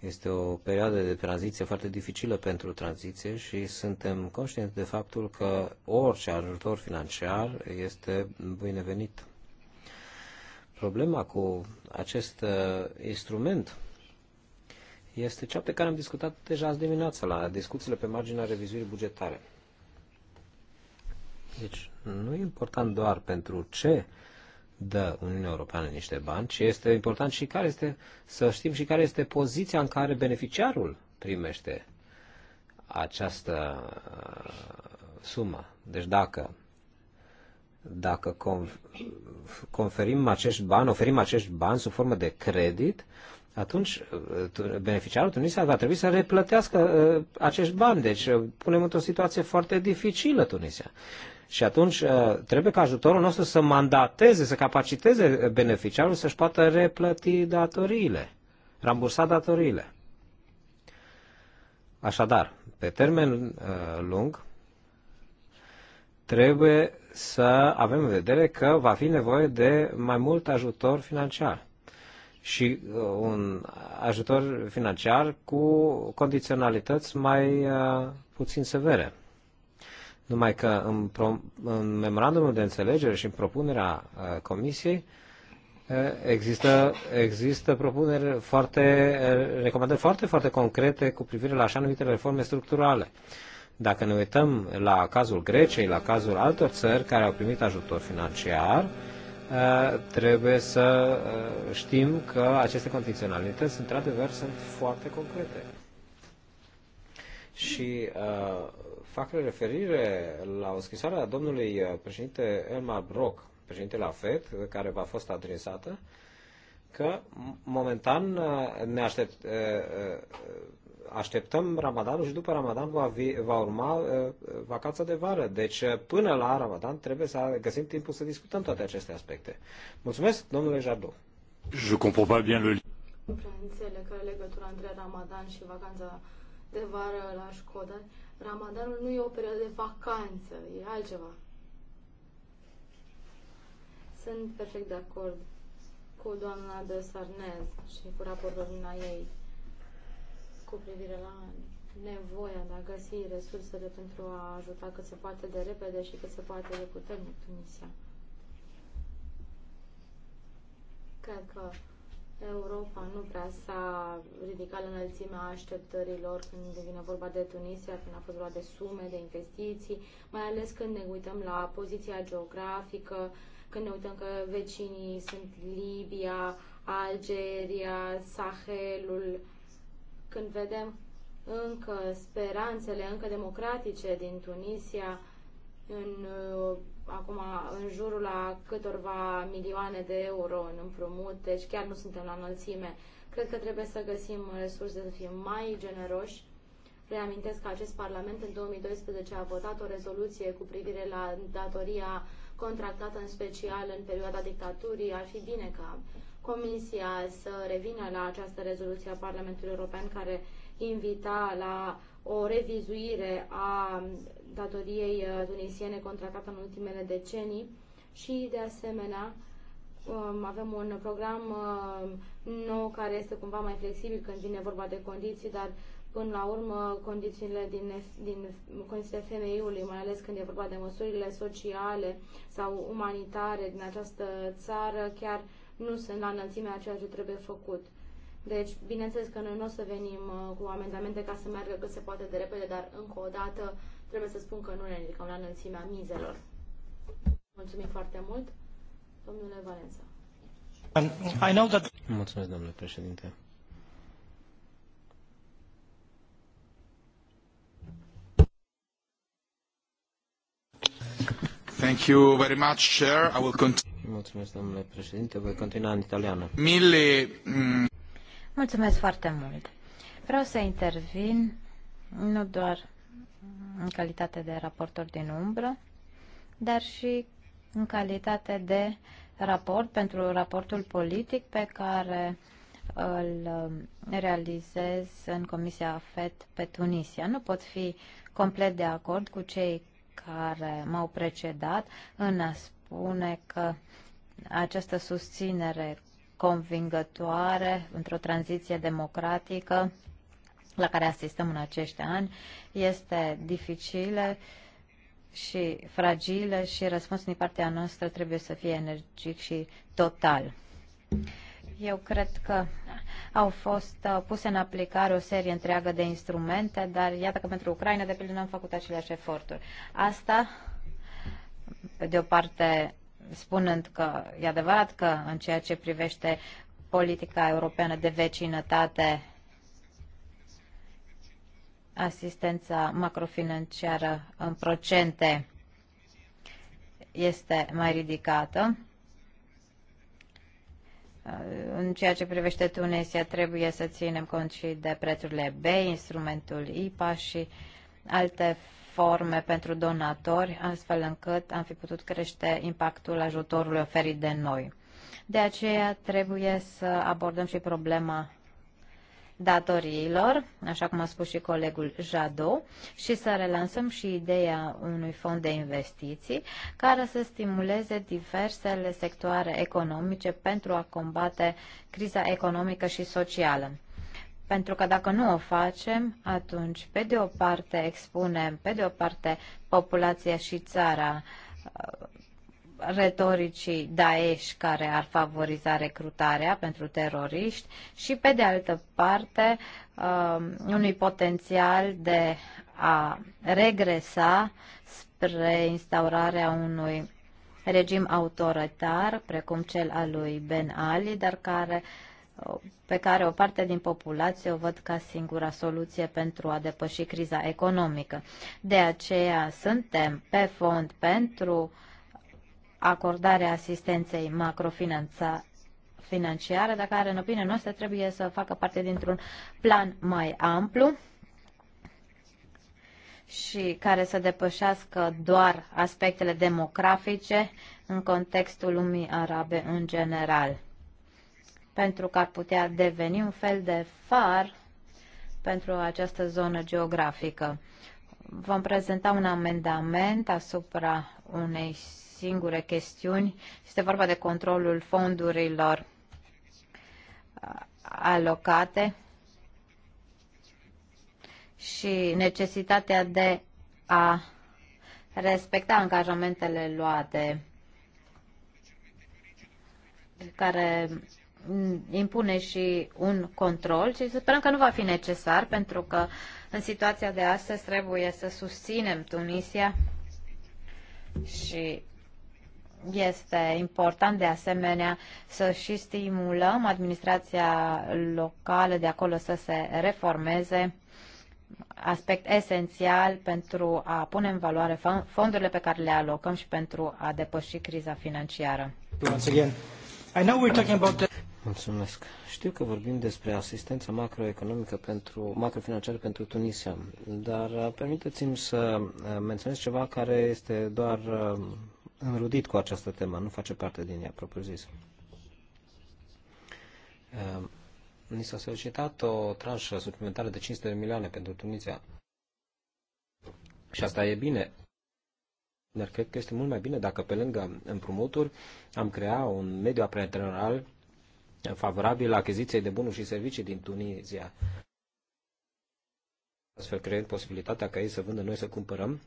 Este o perioadă de tranziție foarte dificilă pentru tranziție și suntem conștienți de faptul că orice ajutor financiar este binevenit. Problema cu acest uh, instrument este cea pe care am discutat deja azi dimineața la discuțiile pe marginea revizuirii bugetare. Deci, nu e important doar pentru ce uh, dă Uniunea Europeană niște bani, ci este important și care este, să știm și care este poziția în care beneficiarul primește această uh, sumă. Deci dacă, dacă conferim acești bani, oferim acești bani sub formă de credit, atunci uh, beneficiarul Tunisia va trebui să replătească uh, acești bani. Deci punem într-o situație foarte dificilă Tunisia. Și atunci uh, trebuie ca ajutorul nostru să mandateze, să capaciteze beneficiarul să-și poată replăti datoriile, rambursa datoriile. Așadar, pe termen uh, lung, trebuie să avem în vedere că va fi nevoie de mai mult ajutor financiar și uh, un ajutor financiar cu condiționalități mai puțin severe. Numai că în, pro, în memorandumul de înțelegere și în propunerea uh, Comisiei uh, există, există propuneri foarte, uh, recomandări foarte, foarte concrete cu privire la așa numitele reforme structurale. Dacă ne uităm la cazul Greciei, la cazul altor țări care au primit ajutor financiar, trebuie să știm că aceste condiționalități, într-adevăr, sunt foarte concrete. Și fac referire la o scrisoare a domnului uh, președinte Elmar Brock, președintele AFET, care v-a fost adresată, că momentan uh, ne aștept, uh, așteptăm Ramadanul și după Ramadan va, vi, va urma vacanța de vară. Deci până la Ramadan trebuie să găsim timpul să discutăm toate aceste aspecte. Mulțumesc, domnule Jardou. Je comprends pas bien le... înțeleg că legătura între Ramadan și vacanța de vară la școală Ramadanul nu e o perioadă de vacanță, e altceva. Sunt perfect de acord cu doamna de Sarnez și cu raportul ei cu privire la nevoia de a găsi resursele pentru a ajuta cât se poate de repede și cât se poate de puternic Tunisia. Cred că Europa nu prea s-a ridicat la înălțimea așteptărilor când vine vorba de Tunisia, când a fost vorba de sume, de investiții, mai ales când ne uităm la poziția geografică, când ne uităm că vecinii sunt Libia, Algeria, Sahelul, când vedem încă speranțele încă democratice din Tunisia, în uh, acum în jurul la câtorva milioane de euro în împrumut, deci chiar nu suntem la înălțime. Cred că trebuie să găsim resurse să fim mai generoși. Reamintesc că acest Parlament în 2012 a votat o rezoluție cu privire la datoria contractată în special în perioada dictaturii. Ar fi bine ca Comisia să revină la această rezoluție a Parlamentului European care invita la o revizuire a datoriei uh, tunisiene contractată în ultimele decenii și, de asemenea, um, avem un program uh, nou care este cumva mai flexibil când vine vorba de condiții, dar până la urmă condițiile din, din condițiile femeiului, mai ales când e vorba de măsurile sociale sau umanitare din această țară, chiar nu sunt la înălțimea ceea ce trebuie făcut. Deci, bineînțeles că noi nu o să venim uh, cu amendamente ca să meargă cât se poate de repede, dar încă o dată trebuie să spun că nu ne ridicăm la înălțimea mizelor. Mulțumim foarte mult, domnule Valența. I know that... Mulțumesc, domnule președinte. Thank you very much, Chair. I will continue. Mulțumesc, domnule președinte. Voi continua în italiană. Mille mm, Mulțumesc foarte mult. Vreau să intervin nu doar în calitate de raportor din umbră, dar și în calitate de raport pentru raportul politic pe care îl um, realizez în Comisia FED pe Tunisia. Nu pot fi complet de acord cu cei care m-au precedat în a spune că această susținere convingătoare într-o tranziție democratică la care asistăm în acești ani este dificilă și fragilă și răspunsul din partea noastră trebuie să fie energic și total. Eu cred că au fost uh, puse în aplicare o serie întreagă de instrumente, dar iată că pentru Ucraina, de pildă, nu am făcut aceleași eforturi. Asta, pe de o parte, spunând că e adevărat că în ceea ce privește politica europeană de vecinătate, asistența macrofinanciară în procente este mai ridicată. În ceea ce privește Tunisia, trebuie să ținem cont și de prețurile B, instrumentul IPA și alte forme pentru donatori, astfel încât am fi putut crește impactul ajutorului oferit de noi. De aceea trebuie să abordăm și problema datoriilor, așa cum a spus și colegul Jado, și să relansăm și ideea unui fond de investiții care să stimuleze diversele sectoare economice pentru a combate criza economică și socială. Pentru că dacă nu o facem, atunci pe de o parte expunem, pe de o parte populația și țara uh, retoricii Daesh care ar favoriza recrutarea pentru teroriști și pe de altă parte uh, unui potențial de a regresa spre instaurarea unui regim autoritar, precum cel al lui Ben Ali, dar care pe care o parte din populație o văd ca singura soluție pentru a depăși criza economică. De aceea suntem pe fond pentru acordarea asistenței macrofinanțare financiară, dar care, în opinia noastră, trebuie să facă parte dintr-un plan mai amplu și care să depășească doar aspectele demografice în contextul lumii arabe în general pentru că ar putea deveni un fel de far pentru această zonă geografică. Vom prezenta un amendament asupra unei singure chestiuni. Este vorba de controlul fondurilor uh, alocate și necesitatea de a respecta angajamentele luate care impune și un control și sperăm că nu va fi necesar pentru că în situația de astăzi trebuie să susținem Tunisia și este important de asemenea să și stimulăm administrația locală de acolo să se reformeze aspect esențial pentru a pune în valoare fondurile pe care le alocăm și pentru a depăși criza financiară. Once again, I know we're talking about the... Mulțumesc. Știu că vorbim despre asistența macroeconomică pentru, macrofinanciară pentru Tunisia, dar uh, permiteți-mi să uh, menționez ceva care este doar uh, înrudit cu această temă, nu face parte din ea propriu-zis. Ni s-a solicitat o tranșă suplimentară de 500 de milioane pentru Tunisia. Și asta e bine, dar cred că este mult mai bine dacă pe lângă împrumuturi am crea un mediu aprentorial favorabil achiziției de bunuri și servicii din Tunisia, astfel creând posibilitatea ca ei să vândă, noi să cumpărăm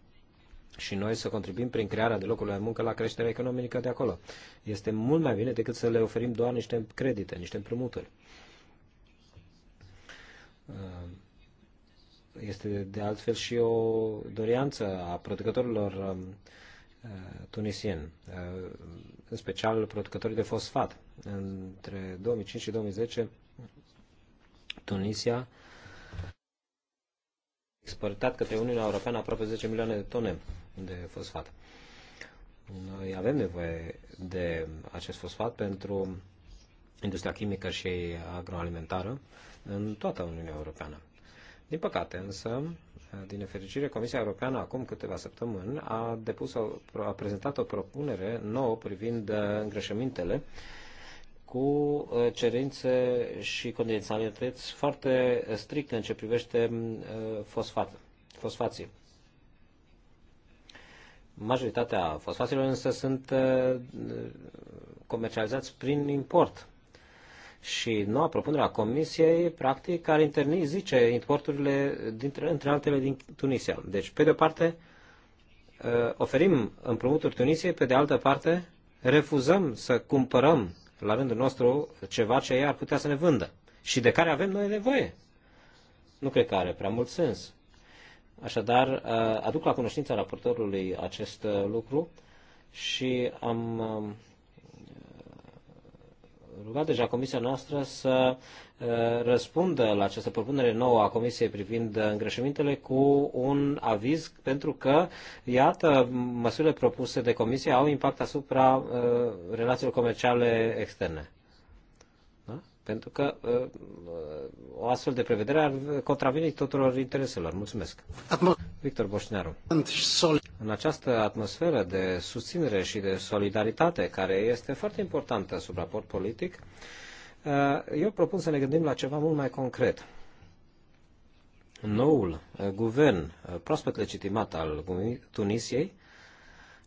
și noi să contribuim prin crearea de locuri de muncă la creșterea economică de acolo. Este mult mai bine decât să le oferim doar niște credite, niște împrumuturi. Uh, este de altfel și o doreanță a producătorilor um, uh, tunisieni. Uh, în special producătorii de fosfat. Între 2005 și 2010, Tunisia exportat către Uniunea Europeană aproape 10 milioane de tone de fosfat. Noi avem nevoie de acest fosfat pentru industria chimică și agroalimentară în toată Uniunea Europeană. Din păcate, însă, din nefericire, Comisia Europeană acum câteva săptămâni a, depus o, a prezentat o propunere nouă privind uh, îngrășămintele cu uh, cerințe și condiționalități foarte stricte în ce privește uh, fosfat, fosfații. Majoritatea fosfaților însă sunt comercializați prin import. Și noua propunere a Comisiei, practic, ar interni, zice, importurile, dintre, între altele, din Tunisia. Deci, pe de-o parte, uh, oferim împrumuturi Tunisiei, pe de altă parte, refuzăm să cumpărăm la rândul nostru ceva ce ei ar putea să ne vândă și de care avem noi nevoie. Nu cred că are prea mult sens. Așadar, uh, aduc la cunoștința raportorului acest uh, lucru și am um, rugat deja comisia noastră să uh, răspundă la această propunere nouă a comisiei privind îngrășămintele cu un aviz, pentru că, iată, măsurile propuse de comisie au impact asupra uh, relațiilor comerciale externe. Da? Pentru că uh, o astfel de prevedere ar contraveni tuturor intereselor. Mulțumesc. Atmos. Victor Boșnearu. În această atmosferă de susținere și de solidaritate, care este foarte importantă sub raport politic, uh, eu propun să ne gândim la ceva mult mai concret. Noul uh, guvern uh, proaspăt legitimat al Tunisiei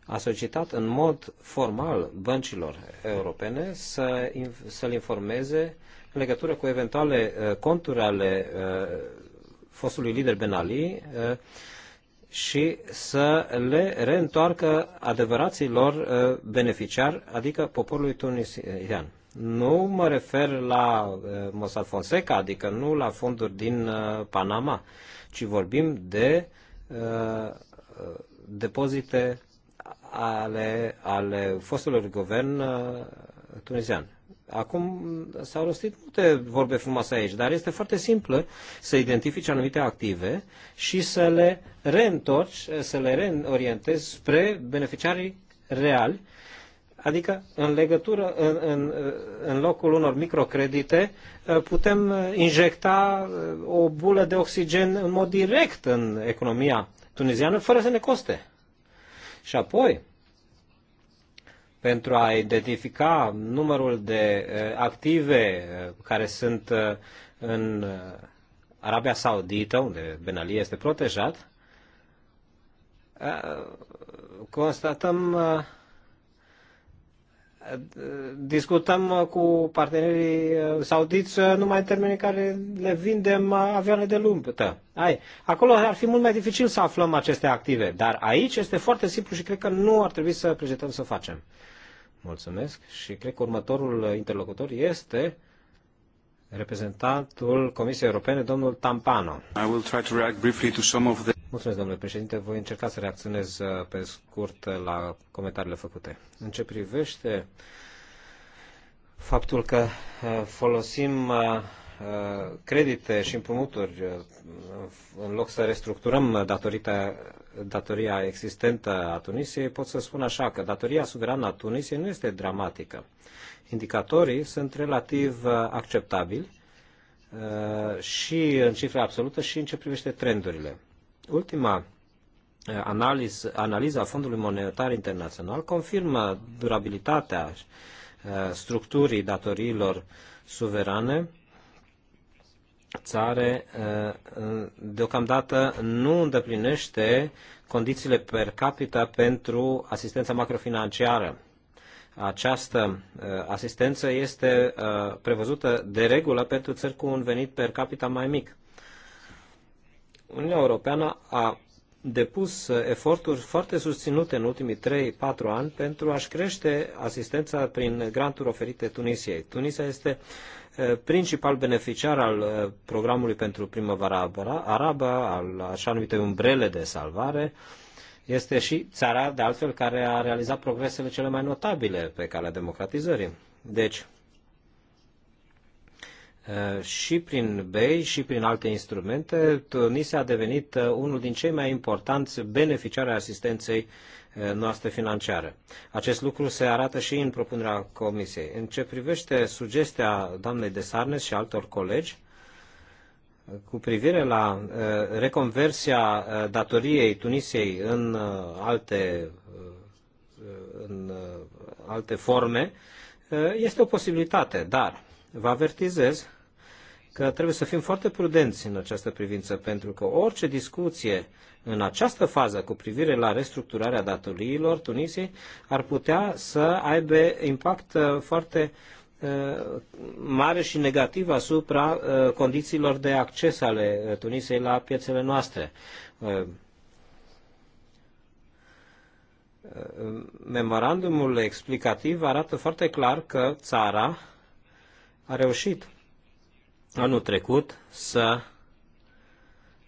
a solicitat în mod formal băncilor europene să, să-l informeze în legătură cu eventuale conturi ale fostului lider Ben Ali și să le reîntoarcă lor uh, beneficiari, adică poporului tunisian. Nu mă refer la uh, Mossad Fonseca, adică nu la fonduri din uh, Panama, ci vorbim de depozite ale, ale fostului guvern tunisian. Acum s-au rostit multe vorbe frumoase aici, dar este foarte simplă să identifici anumite active și să le reîntorci, să le reorientezi spre beneficiarii reali, adică în legătură, în, în, în locul unor microcredite, putem injecta o bulă de oxigen în mod direct în economia tuneziană, fără să ne coste. Și apoi, pentru a identifica numărul de eh, active eh, care sunt eh, în Arabia Saudită, unde Ben Ali este protejat, constatăm discutăm cu partenerii saudiți numai în termenii care le vindem avioane de luptă. Da. Ai, acolo ar fi mult mai dificil să aflăm aceste active, dar aici este foarte simplu și cred că nu ar trebui să prezentăm să facem. Mulțumesc și cred că următorul interlocutor este reprezentantul Comisiei Europene, domnul Tampano. I will try to react briefly to some of the... Mulțumesc, domnule președinte. Voi încerca să reacționez uh, pe scurt uh, la comentariile făcute. În ce privește faptul că uh, folosim credite și împrumuturi uh, în loc să restructurăm datorita, datoria existentă a Tunisiei, pot să spun așa că datoria suverană a Tunisiei nu este dramatică. Indicatorii sunt relativ uh, acceptabili uh, și în cifre absolută și în ce privește trendurile. Ultima analiză a Fondului Monetar Internațional confirmă durabilitatea structurii datoriilor suverane țare uh, uh, deocamdată nu îndeplinește condițiile per capita pentru asistența macrofinanciară. Această uh, asistență este prevăzută de regulă pentru țări cu un venit per capita mai mic. Uniunea Europeană a depus eforturi foarte susținute în ultimii 3-4 ani pentru a-și crește asistența prin granturi oferite Tunisiei. Tunisia este uh, Eh, principal beneficiar al eh, programului pentru primăvara arabă, al așa numitei umbrele de salvare, este și țara, de altfel, care a realizat progresele cele mai notabile pe calea democratizării. Deci, eh, și prin BEI și prin alte instrumente, Tunisia a devenit unul din cei mai importanți beneficiari ai asistenței Eh, noastre financiare. Acest lucru se arată și în propunerea Comisiei. În ce privește sugestia doamnei de Sarnes și altor colegi, cu privire la eh, reconversia eh, datoriei Tunisiei în alte, în alte forme, este o posibilitate, dar vă avertizez că trebuie să fim foarte prudenți în această privință, pentru că orice discuție în această fază cu privire la restructurarea datoriilor Tunisiei ar putea să aibă impact uh, foarte uh, mare și negativ asupra uh, condițiilor de acces ale Tunisiei la piețele noastre. Memorandumul explicativ arată foarte clar că țara a reușit anul trecut să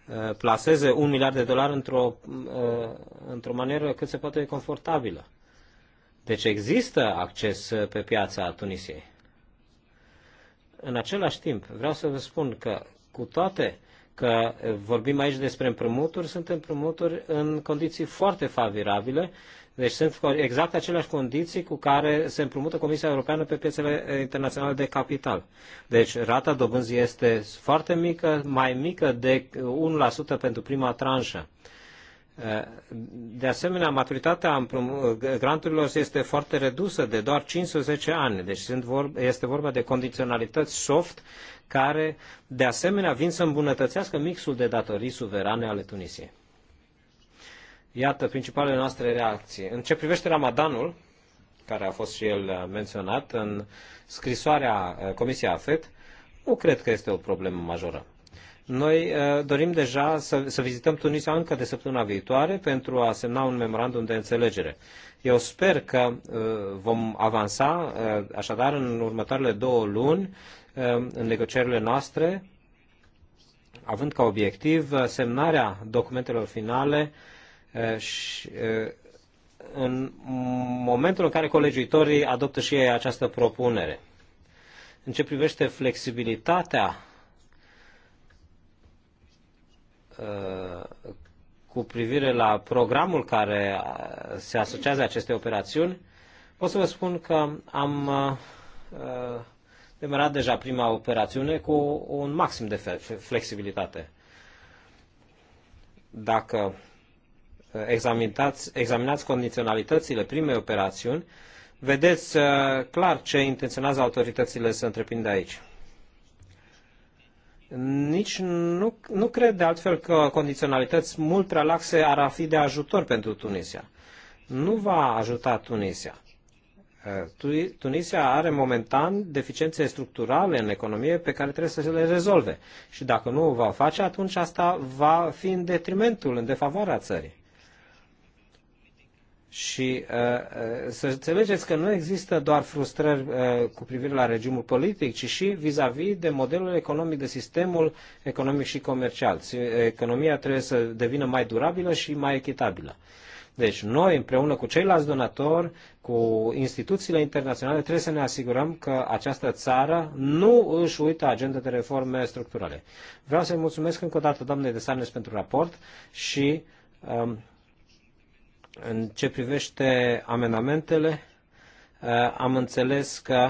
Uh, plaseze un miliard de dolari într-o, uh, într-o manieră cât se poate confortabilă. Deci există acces uh, pe piața Tunisiei. În același timp, vreau să vă spun că cu toate că vorbim aici despre împrumuturi, sunt împrumuturi în condiții foarte favorabile deci sunt exact aceleași condiții cu care se împrumută Comisia Europeană pe piețele eh, internaționale de capital. Deci rata dobânzii este foarte mică, mai mică de 1% pentru prima tranșă. Eh, de asemenea, maturitatea eh, granturilor este foarte redusă, de doar 15 ani. Deci este vorba de condiționalități soft care, de asemenea, vin să îmbunătățească mixul de datorii suverane ale Tunisiei. Iată principalele noastre reacții. În ce privește Ramadanul, care a fost și el uh, menționat în scrisoarea uh, Comisiei AFET, nu cred că este o problemă majoră. Noi uh, dorim deja să, să vizităm Tunisia încă de săptămâna viitoare pentru a semna un memorandum de înțelegere. Eu sper că vom avansa, așadar, în următoarele două luni, în negocierile noastre, având ca obiectiv semnarea documentelor finale uh, și în momentul în care colegiuitorii adoptă și ei această propunere. În ce privește flexibilitatea cu privire la programul care se asociază aceste operațiuni, pot să vă spun că am demarat deja prima operațiune cu un maxim de flexibilitate. Dacă examinați, condiționalitățile primei operațiuni, vedeți uh, clar ce intenționează autoritățile să întreprindă aici. Nici nu, nu cred de altfel că condiționalități mult prea laxe ar fi de ajutor pentru Tunisia. Nu va ajuta Tunisia. Uh, Tunisia are momentan deficiențe structurale în economie pe care trebuie să le rezolve. Și dacă nu o va face, atunci asta va fi în detrimentul, în defavoarea țării. Și uh, uh, să înțelegeți că nu există doar frustrări uh, cu privire la regimul politic, ci și vis-a-vis -vis de modelul economic, de sistemul economic și comercial. Economia trebuie să devină mai durabilă și mai echitabilă. Deci noi, împreună cu ceilalți donatori, cu instituțiile internaționale, trebuie să ne asigurăm că această țară nu își uită agenda de reforme structurale. Vreau să-i mulțumesc încă o dată, doamnei de Sarnes, pentru raport și um, în ce privește amenamentele, eh, am înțeles că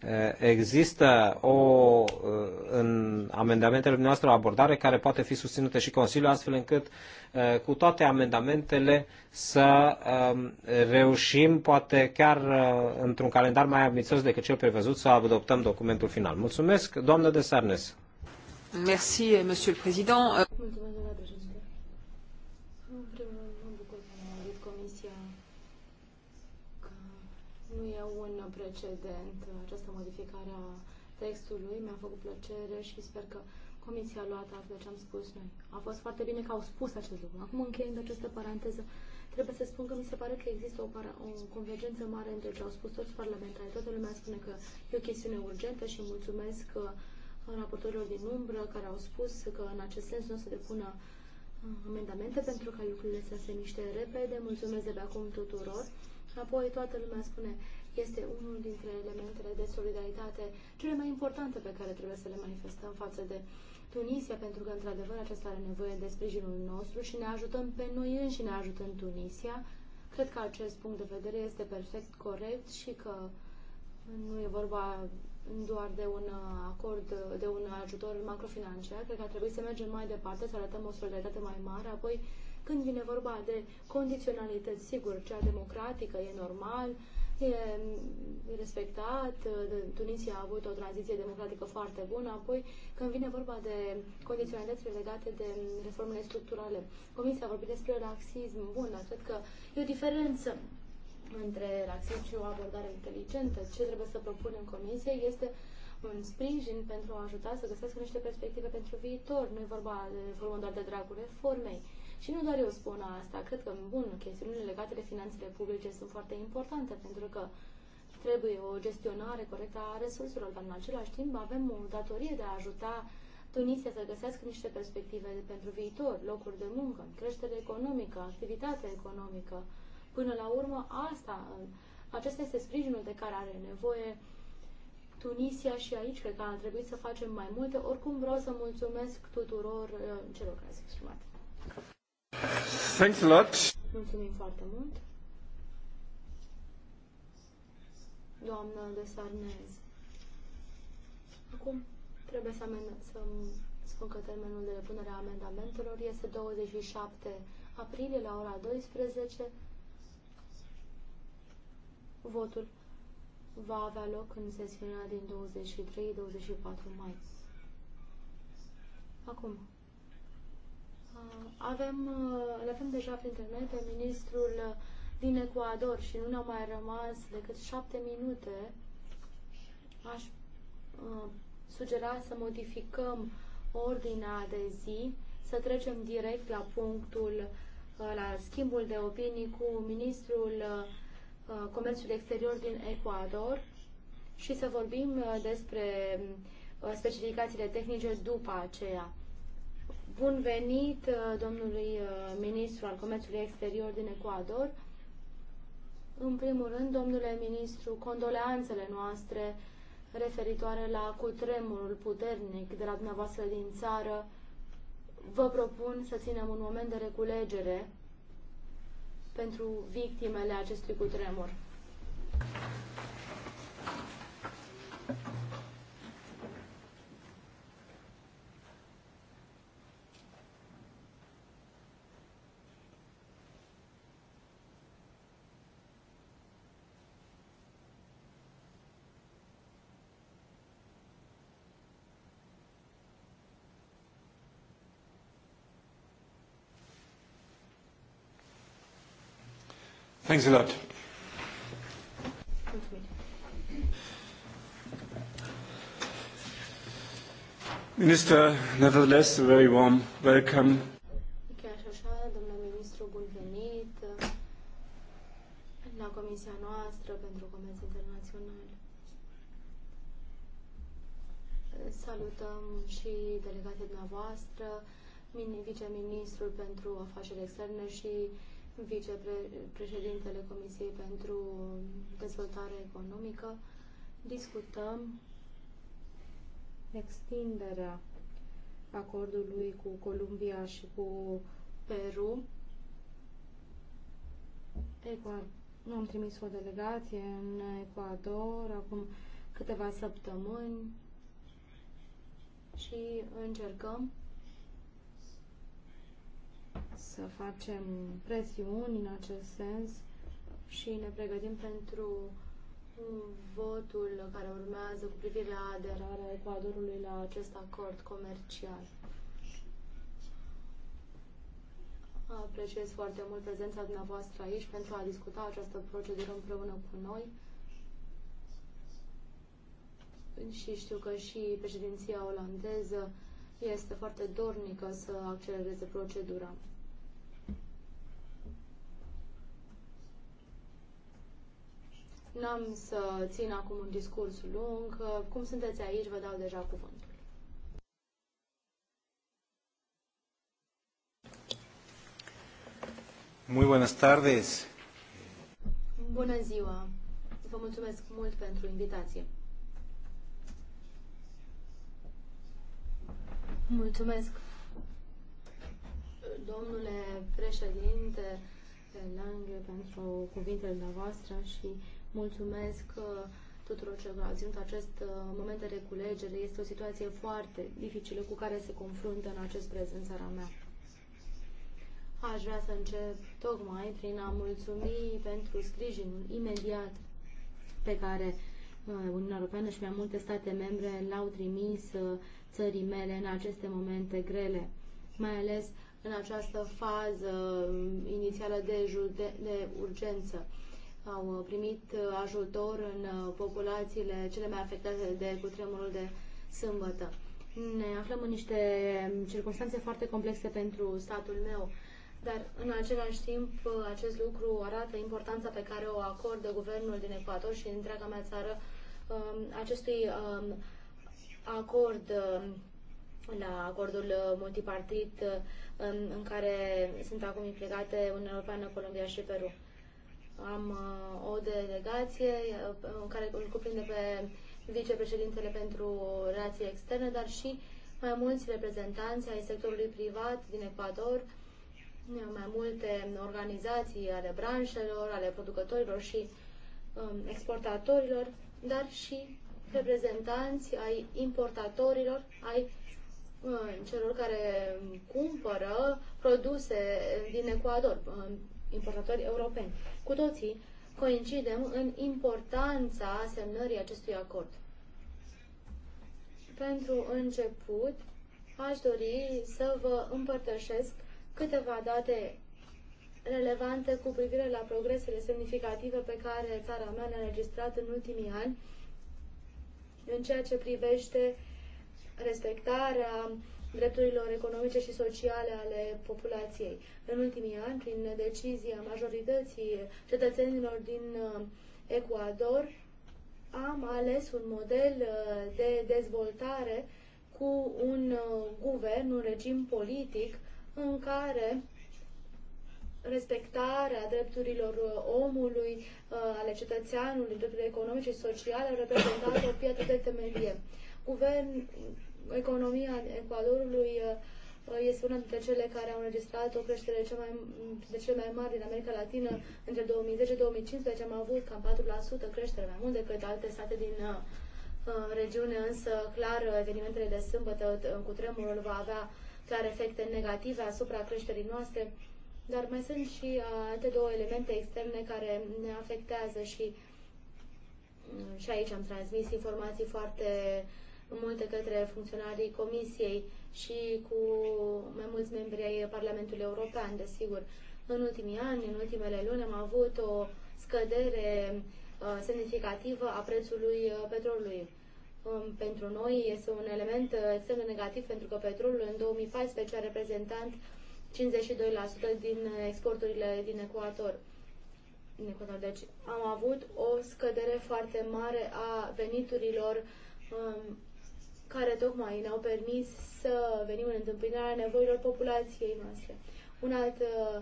eh, există o, eh, în amendamentele noastre o abordare care poate fi susținută și Consiliul, astfel încât cu toate amendamentele să ehm, reușim, poate chiar într-un calendar mai ambițios decât cel prevăzut, să adoptăm documentul final. Mulțumesc, doamnă de Sarnes. Merci, monsieur le président. nu e un precedent. Această modificare a textului mi-a făcut plăcere și sper că Comisia a luat ce am spus noi. A fost foarte bine că au spus acest lucru. Acum încheiind această paranteză, trebuie să spun că mi se pare că există o, o convergență mare între ce au spus toți parlamentarii. Toată lumea spune că e o chestiune urgentă și mulțumesc că uh, raportorilor din umbră care au spus că în acest sens nu o să depună uh, amendamente pentru ca lucrurile să se miște repede. Mulțumesc de pe acum tuturor. Apoi toată lumea spune, este unul dintre elementele de solidaritate cele mai importante pe care trebuie să le manifestăm față de Tunisia, pentru că, într-adevăr, acesta are nevoie de sprijinul nostru și ne ajutăm pe noi înși, ne ajutăm Tunisia. Cred că acest punct de vedere este perfect corect și că nu e vorba doar de un acord, de un ajutor macrofinanciar. Cred că ar trebui să mergem mai departe, să arătăm o solidaritate mai mare, apoi când vine vorba de condiționalități, sigur, cea democratică e normal, e respectat, Tunisia a avut o tranziție democratică foarte bună, apoi când vine vorba de condiționalitățile legate de reformele structurale, Comisia a vorbit despre laxism, bun, dar cred că e o diferență între laxism și o abordare inteligentă. Ce trebuie să propunem Comisiei este un sprijin pentru a ajuta să găsească niște perspective pentru viitor. Nu e vorba de doar de dragul reformei. Și nu doar eu spun asta, cred că, bun, chestiunile legate de finanțele publice sunt foarte importante pentru că trebuie o gestionare corectă a resurselor, dar în același timp avem o datorie de a ajuta Tunisia să găsească niște perspective pentru viitor, locuri de muncă, creștere economică, activitate economică. Până la urmă, asta, acesta este sprijinul de care are nevoie Tunisia și aici cred că ar trebui să facem mai multe. Oricum vreau să mulțumesc tuturor eh, celor care s-au exprimat. Thanks a lot. Mulțumim foarte mult. Doamna de Sarnez. Acum trebuie să, amen- să spun că termenul de depunere a amendamentelor este 27 aprilie la ora 12. Votul va avea loc în sesiunea din 23-24 mai. Acum, Uh, avem, îl uh, avem deja pe internet pe ministrul uh, din Ecuador și nu ne-au mai rămas decât șapte minute. Aș uh, sugera să modificăm ordinea de zi, să trecem direct la punctul, uh, la schimbul de opinii cu ministrul uh, Comerțului Exterior din Ecuador și să vorbim despre specificațiile tehnice după aceea Bun venit uh, domnului uh, ministru al Comerțului Exterior din Ecuador. În primul rând, domnule ministru, condoleanțele noastre referitoare la cutremurul puternic de la dumneavoastră din țară. Vă propun să ținem un moment de reculegere pentru victimele acestui cutremur. Thanks a lot. Minister, nevertheless, a very warm welcome. venit pentru Salutăm și delegația dumneavoastră, viceministrul pentru afaceri externe și vicepreședintele Comisiei pentru Dezvoltare Economică, discutăm extinderea acordului cu Columbia și cu Peru. nu Am trimis o delegație în Ecuador acum câteva săptămâni și încercăm să facem presiuni în acest sens și ne pregătim pentru votul care urmează cu privire la aderarea Ecuadorului la acest acord comercial. Apreciez foarte mult prezența dumneavoastră aici pentru a discuta această procedură împreună cu noi și știu că și președinția olandeză este foarte dornică să accelereze procedura. N-am să țin acum un discurs lung. Cum sunteți aici, vă dau deja cuvântul. Muy buenas tardes. Bună ziua. Vă mulțumesc mult pentru invitație. Mulțumesc, domnule președinte Lange, pentru cuvintele dumneavoastră și Mulțumesc uh, tuturor celor care au ținut acest uh, moment de reculegere. Este o situație foarte dificilă cu care se confruntă în acest prezent țara mea. Aș vrea să încep tocmai prin a mulțumi pentru sprijinul imediat pe care uh, Uniunea Europeană și mai multe state membre l-au trimis țării mele în aceste momente grele, mai ales în această fază um, inițială de, jude- de urgență au uh, primit uh, ajutor în uh, populațiile cele mai afectate de cutremurul de sâmbătă. Ne aflăm în niște um, circunstanțe foarte complexe pentru statul meu, dar în același timp acest lucru arată importanța pe care o acordă guvernul din Ecuador și întreaga mea țară um, acestui um, acord la acordul multipartit în care sunt acum implicate Uniunea Europeană, Columbia și Peru. Am uh, o delegație uh, care îl cuprinde pe vicepreședintele pentru relații externe, dar și mai mulți reprezentanți ai sectorului privat din Ecuador, mai multe organizații ale branșelor, ale producătorilor și um, exportatorilor, dar și reprezentanți ai importatorilor, ai um, celor care cumpără produse din Ecuador, um, importatori europeni. Cu toții coincidem în importanța semnării acestui acord. Pentru început, aș dori să vă împărtășesc câteva date relevante cu privire la progresele semnificative pe care țara mea le-a înregistrat în ultimii ani în ceea ce privește respectarea drepturilor economice și sociale ale populației. În ultimii ani, prin decizia majorității cetățenilor din uh, Ecuador, am ales un model uh, de dezvoltare cu un uh, guvern, un regim politic în care respectarea drepturilor omului, ale cetățeanului, drepturile economice și sociale au o piatră de temelie. Guvern, economia Ecuadorului uh, este una dintre cele care au înregistrat o creștere cea mai, de cele mai mari din America Latină. Între 2010-2015 am avut cam 4% creștere, mai mult decât alte state din uh, uh, regiune, însă, clar, evenimentele de sâmbătă cu tremurul va avea clar efecte negative asupra creșterii noastre, dar mai sunt și alte două elemente externe care ne afectează și mm, și aici am transmis informații foarte uh, multe către funcționarii Comisiei și cu mai mulți membri ai Parlamentului European, desigur. În ultimii ani, în ultimele luni, am avut o scădere uh, semnificativă a prețului uh, petrolului. Um, pentru noi este un element uh, extrem de negativ pentru că petrolul în 2014 a reprezentat 52% din exporturile din Ecuador. Deci am avut o scădere foarte mare a veniturilor um, care tocmai ne-au permis să venim în întâmpinarea nevoilor populației noastre. Un alt uh,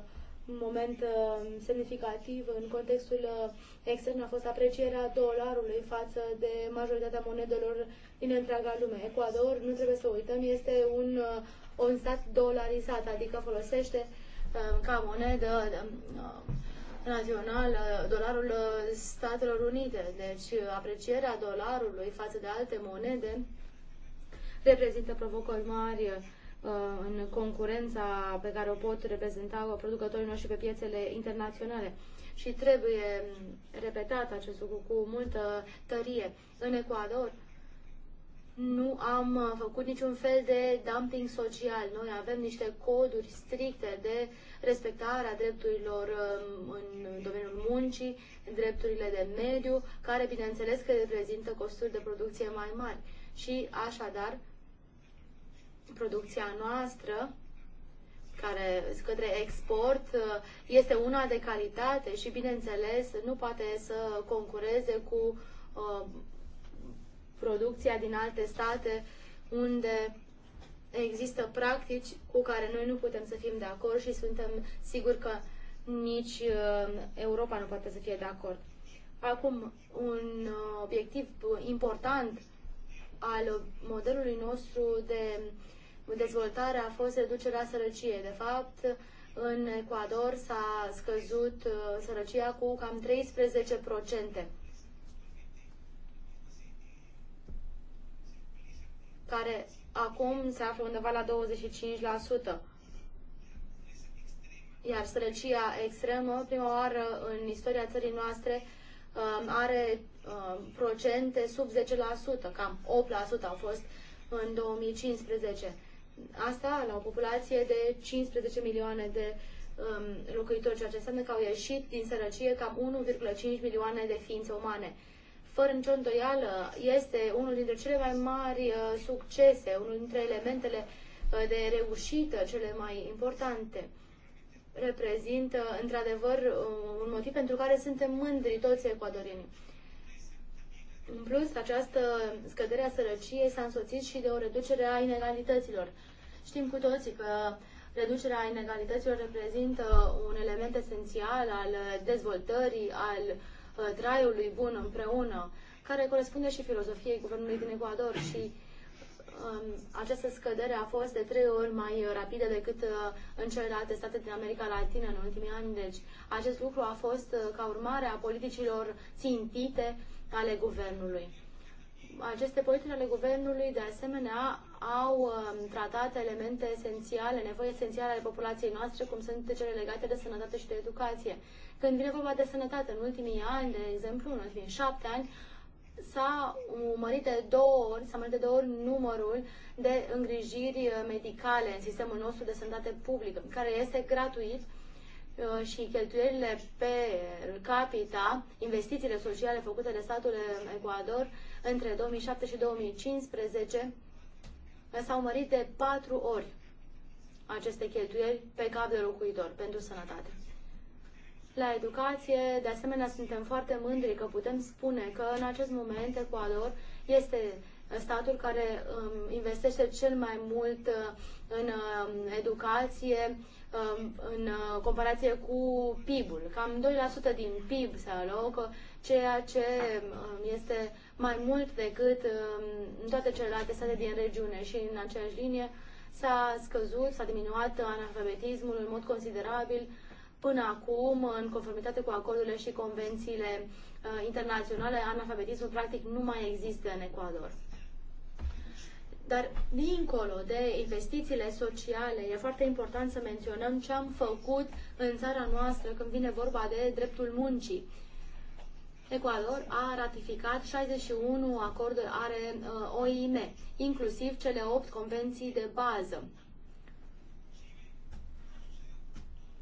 moment uh, semnificativ în contextul uh, extern a fost aprecierea dolarului față de majoritatea monedelor din întreaga lume. Ecuador, nu trebuie să uităm, este un, un stat dolarizat, adică folosește ca monedă națională dolarul Statelor Unite. Deci aprecierea dolarului față de alte monede reprezintă provocări mari uh, în concurența pe care o pot reprezenta producătorii noștri pe piețele internaționale. Și trebuie repetat acest lucru cu multă tărie. În Ecuador nu am făcut niciun fel de dumping social. Noi avem niște coduri stricte de respectare a drepturilor um, în domeniul muncii, drepturile de mediu, care bineînțeles că reprezintă costuri de producție mai mari. Și așadar, producția noastră care către export uh, este una de calitate și, bineînțeles, nu poate să concureze cu uh, producția din alte state unde există practici cu care noi nu putem să fim de acord și suntem siguri că nici uh, Europa nu poate să fie de acord. Acum, un obiectiv important al modelului nostru de uh, dezvoltare a fost reducerea sărăciei. De fapt, în Ecuador s-a scăzut uh, sărăcia cu cam 13%. care acum se află undeva la 25%. Iar sărăcia extremă, prima oară în istoria țării noastre, um, are um, procente sub 10%, cam 8% au fost în 2015 asta la o populație de 15 milioane de um, locuitori, ceea ce înseamnă că au ieșit din sărăcie cam 1,5 milioane de ființe umane. Fără nicio îndoială, este unul dintre cele mai mari uh, succese, unul dintre elementele uh, de reușită cele mai importante. Reprezintă, într-adevăr, uh, un motiv pentru care suntem mândri toți ecuadorienii. În plus, această scădere a sărăciei s-a însoțit și de o reducere a inegalităților. Știm cu toții că reducerea inegalităților reprezintă un element esențial al dezvoltării, al uh, traiului bun împreună, care corespunde și filozofiei guvernului din Ecuador și um, această scădere a fost de trei ori mai rapidă decât uh, în celelalte state din America Latină în ultimii ani. Deci acest lucru a fost uh, ca urmare a politicilor țintite ale guvernului. Aceste politici ale guvernului, de asemenea, au um, tratat elemente esențiale, nevoi esențiale ale populației noastre, cum sunt cele legate de sănătate și de educație. Când vine vorba de sănătate, în ultimii ani, de exemplu, în ultimii șapte ani, s-a mărit de două ori, s-a mărit de două ori numărul de îngrijiri uh, medicale în sistemul nostru de sănătate publică, care este gratuit uh, și cheltuielile pe uh, capita, investițiile sociale făcute de statul Ecuador între 2007 și 2015 s-au mărit de patru ori aceste cheltuieli pe cap de locuitor pentru sănătate. La educație, de asemenea, suntem foarte mândri că putem spune că în acest moment Ecuador este statul care um, investește cel mai mult uh, în um, educație um, în uh, comparație cu PIB-ul. Cam 2% din PIB se alocă, ceea ce este mai mult decât um, în toate celelalte state din regiune și în aceeași linie s-a scăzut, s-a diminuat analfabetismul în mod considerabil până acum, în conformitate cu acordurile și convențiile uh, internaționale, analfabetismul practic nu mai există în Ecuador. Dar, dincolo de investițiile sociale, e foarte important să menționăm ce am făcut în țara noastră când vine vorba de dreptul muncii Ecuador a ratificat 61 acorduri are uh, OIM, inclusiv cele 8 convenții de bază.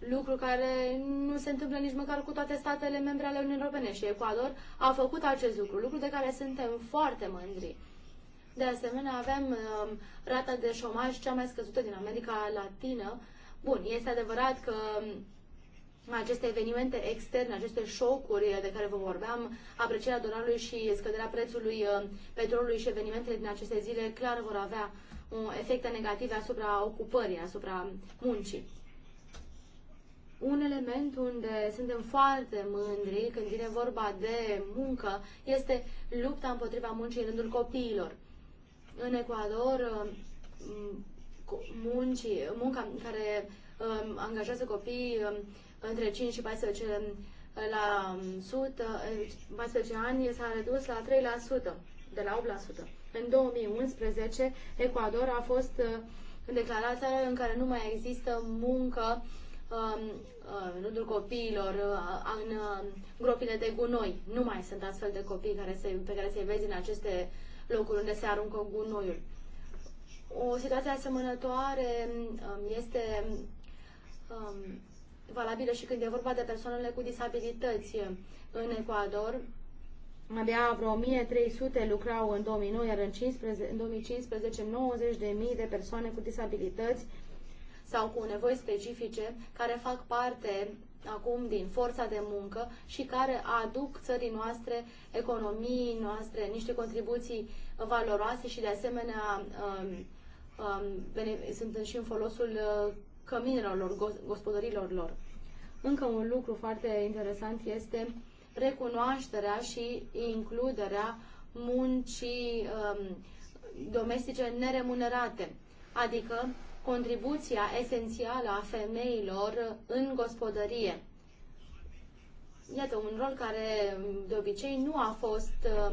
Lucru care nu se întâmplă nici măcar cu toate statele membre ale Uniunii Europene și Ecuador a făcut acest lucru, lucru de care suntem foarte mândri. De asemenea, avem uh, rata de șomaj cea mai scăzută din America Latină. Bun, este adevărat că uh, aceste evenimente externe, aceste șocuri de care vă vorbeam, aprecierea dolarului și scăderea prețului uh, petrolului și evenimentele din aceste zile clar vor avea efecte negative asupra ocupării, asupra muncii. Un element unde suntem foarte mândri când vine vorba de muncă este lupta împotriva muncii în rândul copiilor. În Ecuador, uh, muncii, munca care uh, angajează copiii um, între 5 și 14 la 100, mm, 14 ani s-a redus la 3%, de la 8%. În 2011, Ecuador a fost uh, declarat țară în care nu mai există muncă um, uh, în rândul copiilor, uh, în gropile de gunoi. Nu mai sunt astfel de copii care se, pe care se vezi în aceste locuri unde se aruncă gunoiul. O situație asemănătoare um, este um, valabilă și când e vorba de persoanele cu disabilități în Ecuador. Abia vreo 1300 lucrau în 2009, iar în, 15, în 2015 90.000 de persoane cu disabilități sau cu nevoi specifice care fac parte acum din forța de muncă și care aduc țării noastre, economiei noastre, niște contribuții valoroase și de asemenea um, um, sunt și în folosul uh, căminelor lor, gospodărilor lor. Încă un lucru foarte interesant este recunoașterea și includerea muncii um, domestice neremunerate, adică contribuția esențială a femeilor în gospodărie. Iată, un rol care de obicei nu a fost um,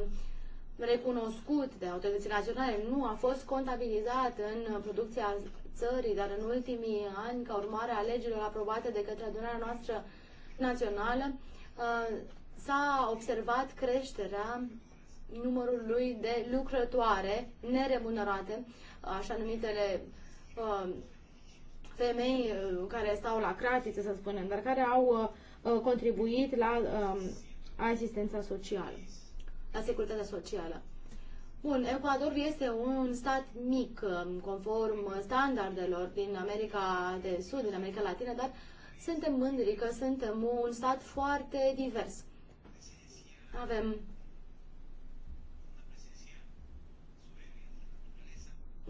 recunoscut de autoritățile naționale, nu a fost contabilizat în producția țării, dar în ultimii ani, ca urmare a legilor aprobate de către adunarea noastră națională, uh, s-a observat creșterea numărului de lucrătoare neremunerate, așa numitele uh, femei uh, care stau la cratiță, să spunem, dar care au contribuit la um, asistența socială, la securitatea socială. Bun, Ecuador este un stat mic, um, conform standardelor din America de Sud, din America Latină, dar suntem mândri că suntem un stat foarte divers. Avem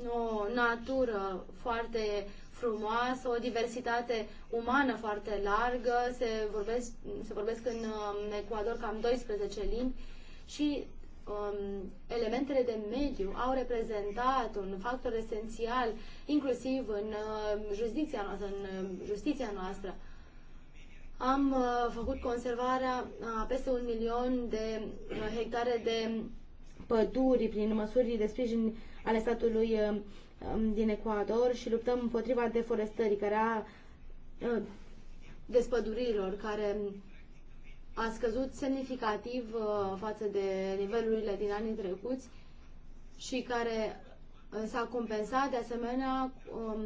o natură foarte frumoasă, o diversitate umană foarte largă, se vorbesc, se vorbesc în um, Ecuador cam 12 limbi și um, elementele de mediu au reprezentat un factor esențial, inclusiv în uh, justiția noastră. În, uh, justiția noastră. Am uh, făcut conservarea a peste un milion de uh, hectare de păduri prin măsuri de sprijin ale statului uh, din Ecuador și luptăm împotriva deforestării, care a uh, despădurilor, care a scăzut semnificativ uh, față de nivelurile din anii trecuți și care uh, s-a compensat de asemenea um,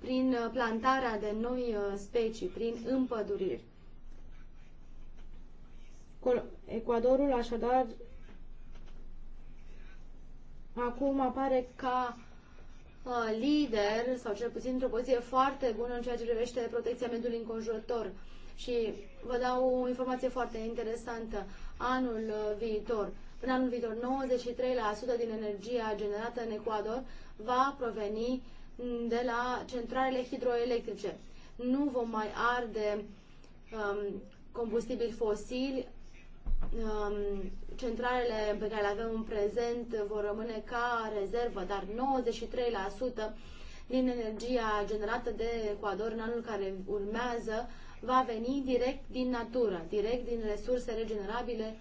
prin uh, plantarea de noi specii, prin împăduriri. Ecuadorul așadar acum apare ca lider sau cel puțin într-o poziție foarte bună în ceea ce privește protecția mediului înconjurător. Și vă dau o informație foarte interesantă. Anul uh, viitor, în anul viitor, 93% din energia generată în Ecuador va proveni de la centralele hidroelectrice. Nu vom mai arde um, combustibili fosili, um, centralele pe care le avem în prezent vor rămâne ca rezervă, dar 93% din energia generată de Ecuador în anul care urmează va veni direct din natură, direct din resurse regenerabile,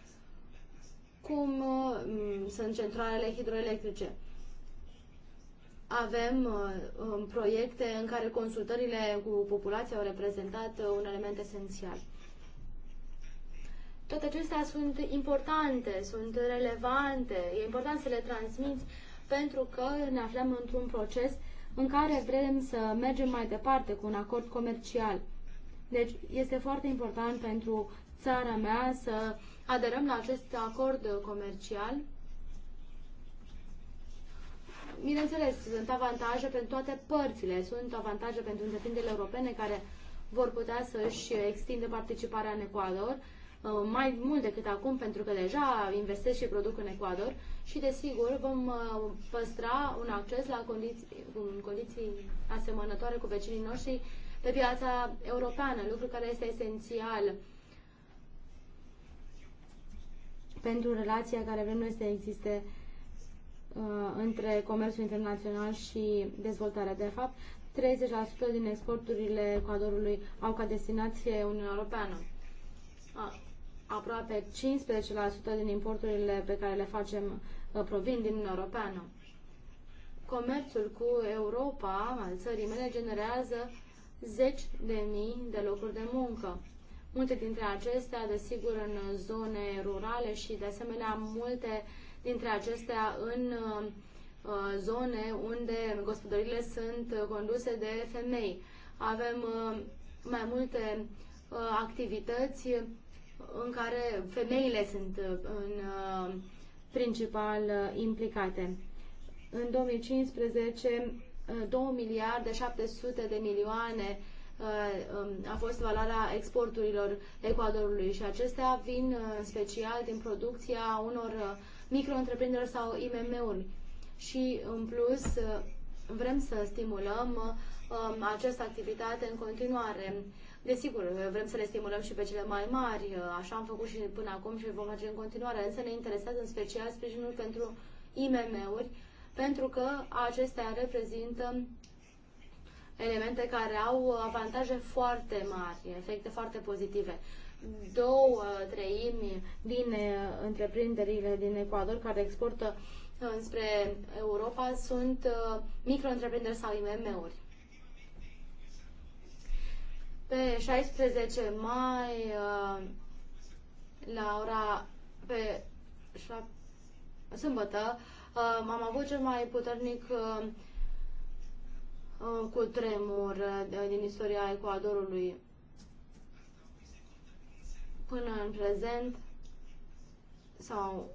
cum uh, sunt centralele hidroelectrice. Avem uh, um, proiecte în care consultările cu populația au reprezentat uh, un element esențial. Toate acestea sunt importante, sunt relevante, e important să le transmiți pentru că ne aflăm într-un proces în care vrem să mergem mai departe cu un acord comercial. Deci este foarte important pentru țara mea să aderăm la acest acord comercial. Bineînțeles, sunt avantaje pentru toate părțile. Sunt avantaje pentru întreprinderile europene care vor putea să-și extindă participarea în Ecuador uh, mai mult decât acum, pentru că deja investesc și produc în Ecuador și, desigur, vom uh, păstra un acces la condiții, în condiții asemănătoare cu vecinii noștri pe piața europeană, lucru care este esențial pentru relația care vrem noi să existe uh, între comerțul internațional și dezvoltarea. De fapt, 30% din exporturile Ecuadorului au ca destinație Uniunea Europeană. A, aproape 15% din importurile pe care le facem uh, provin din Uniunea Europeană. Comerțul cu Europa, al țării mele, generează zeci de mii de locuri de muncă. Multe dintre acestea, desigur, în zone rurale și, de asemenea, multe dintre acestea în uh, zone unde gospodările sunt conduse de femei. Avem uh, mai multe uh, activități în care femeile sunt în principal implicate. În 2015 2 miliarde 700 de milioane uh, um, a fost valoarea exporturilor Ecuadorului și acestea vin uh, în special din producția unor uh, micro-întreprinderi sau IMM-uri. Și în plus vrem să stimulăm um, această activitate în continuare. Desigur, vrem să le stimulăm și pe cele mai mari, așa am făcut și până acum și vom face în continuare, însă ne interesează în special sprijinul pentru IMM-uri, pentru că acestea reprezintă elemente care au avantaje foarte mari, efecte foarte pozitive. Două treimi din uh, întreprinderile din Ecuador care exportă uh, înspre Europa sunt uh, micro sau IMM-uri. Pe 16 mai, la ora pe sâmbătă, Ă, am avut cel mai puternic ă, ă, cu tremur din istoria Ecuadorului până în prezent s-au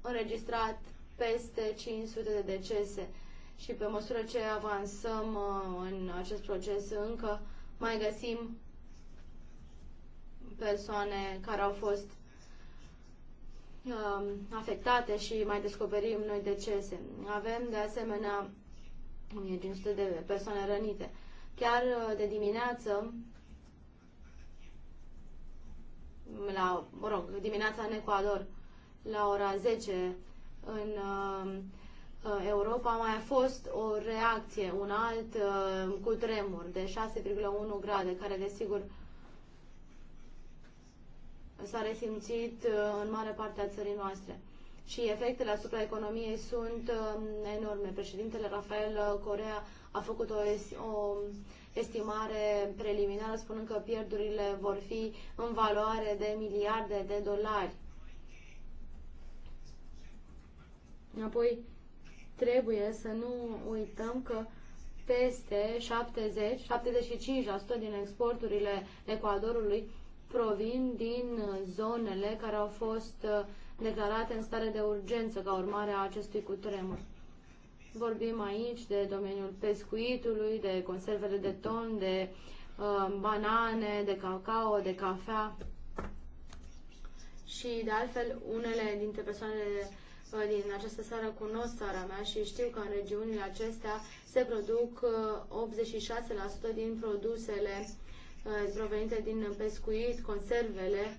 înregistrat peste 500 de decese și pe măsură ce avansăm în acest proces încă mai găsim persoane care au fost Um, afectate și mai descoperim noi decese. Avem de asemenea 1500 de persoane rănite. Chiar uh, de dimineață, la, mă rog, dimineața în Ecuador, la ora 10 în um, uh, Europa mai a fost o reacție, un alt uh, tremur de 6,1 grade, care desigur s-a resimțit uh, în mare parte a țării noastre. Și efectele asupra economiei sunt um, enorme. Președintele Rafael uh, Corea a făcut o, o estimare preliminară spunând că pierdurile vor fi în valoare de miliarde de dolari. Apoi, trebuie să nu uităm că peste 70, 75% din exporturile Ecuadorului provin din uh, zonele care au fost uh, declarate în stare de urgență ca urmare a acestui cutremur. Vorbim aici de domeniul pescuitului, de conservele de ton, de uh, banane, de cacao, de cafea. Și de altfel, unele dintre persoanele uh, din această seară cunosc țara mea și știu că în regiunile acestea se produc uh, 86% din produsele provenite uh, din pescuit, conservele,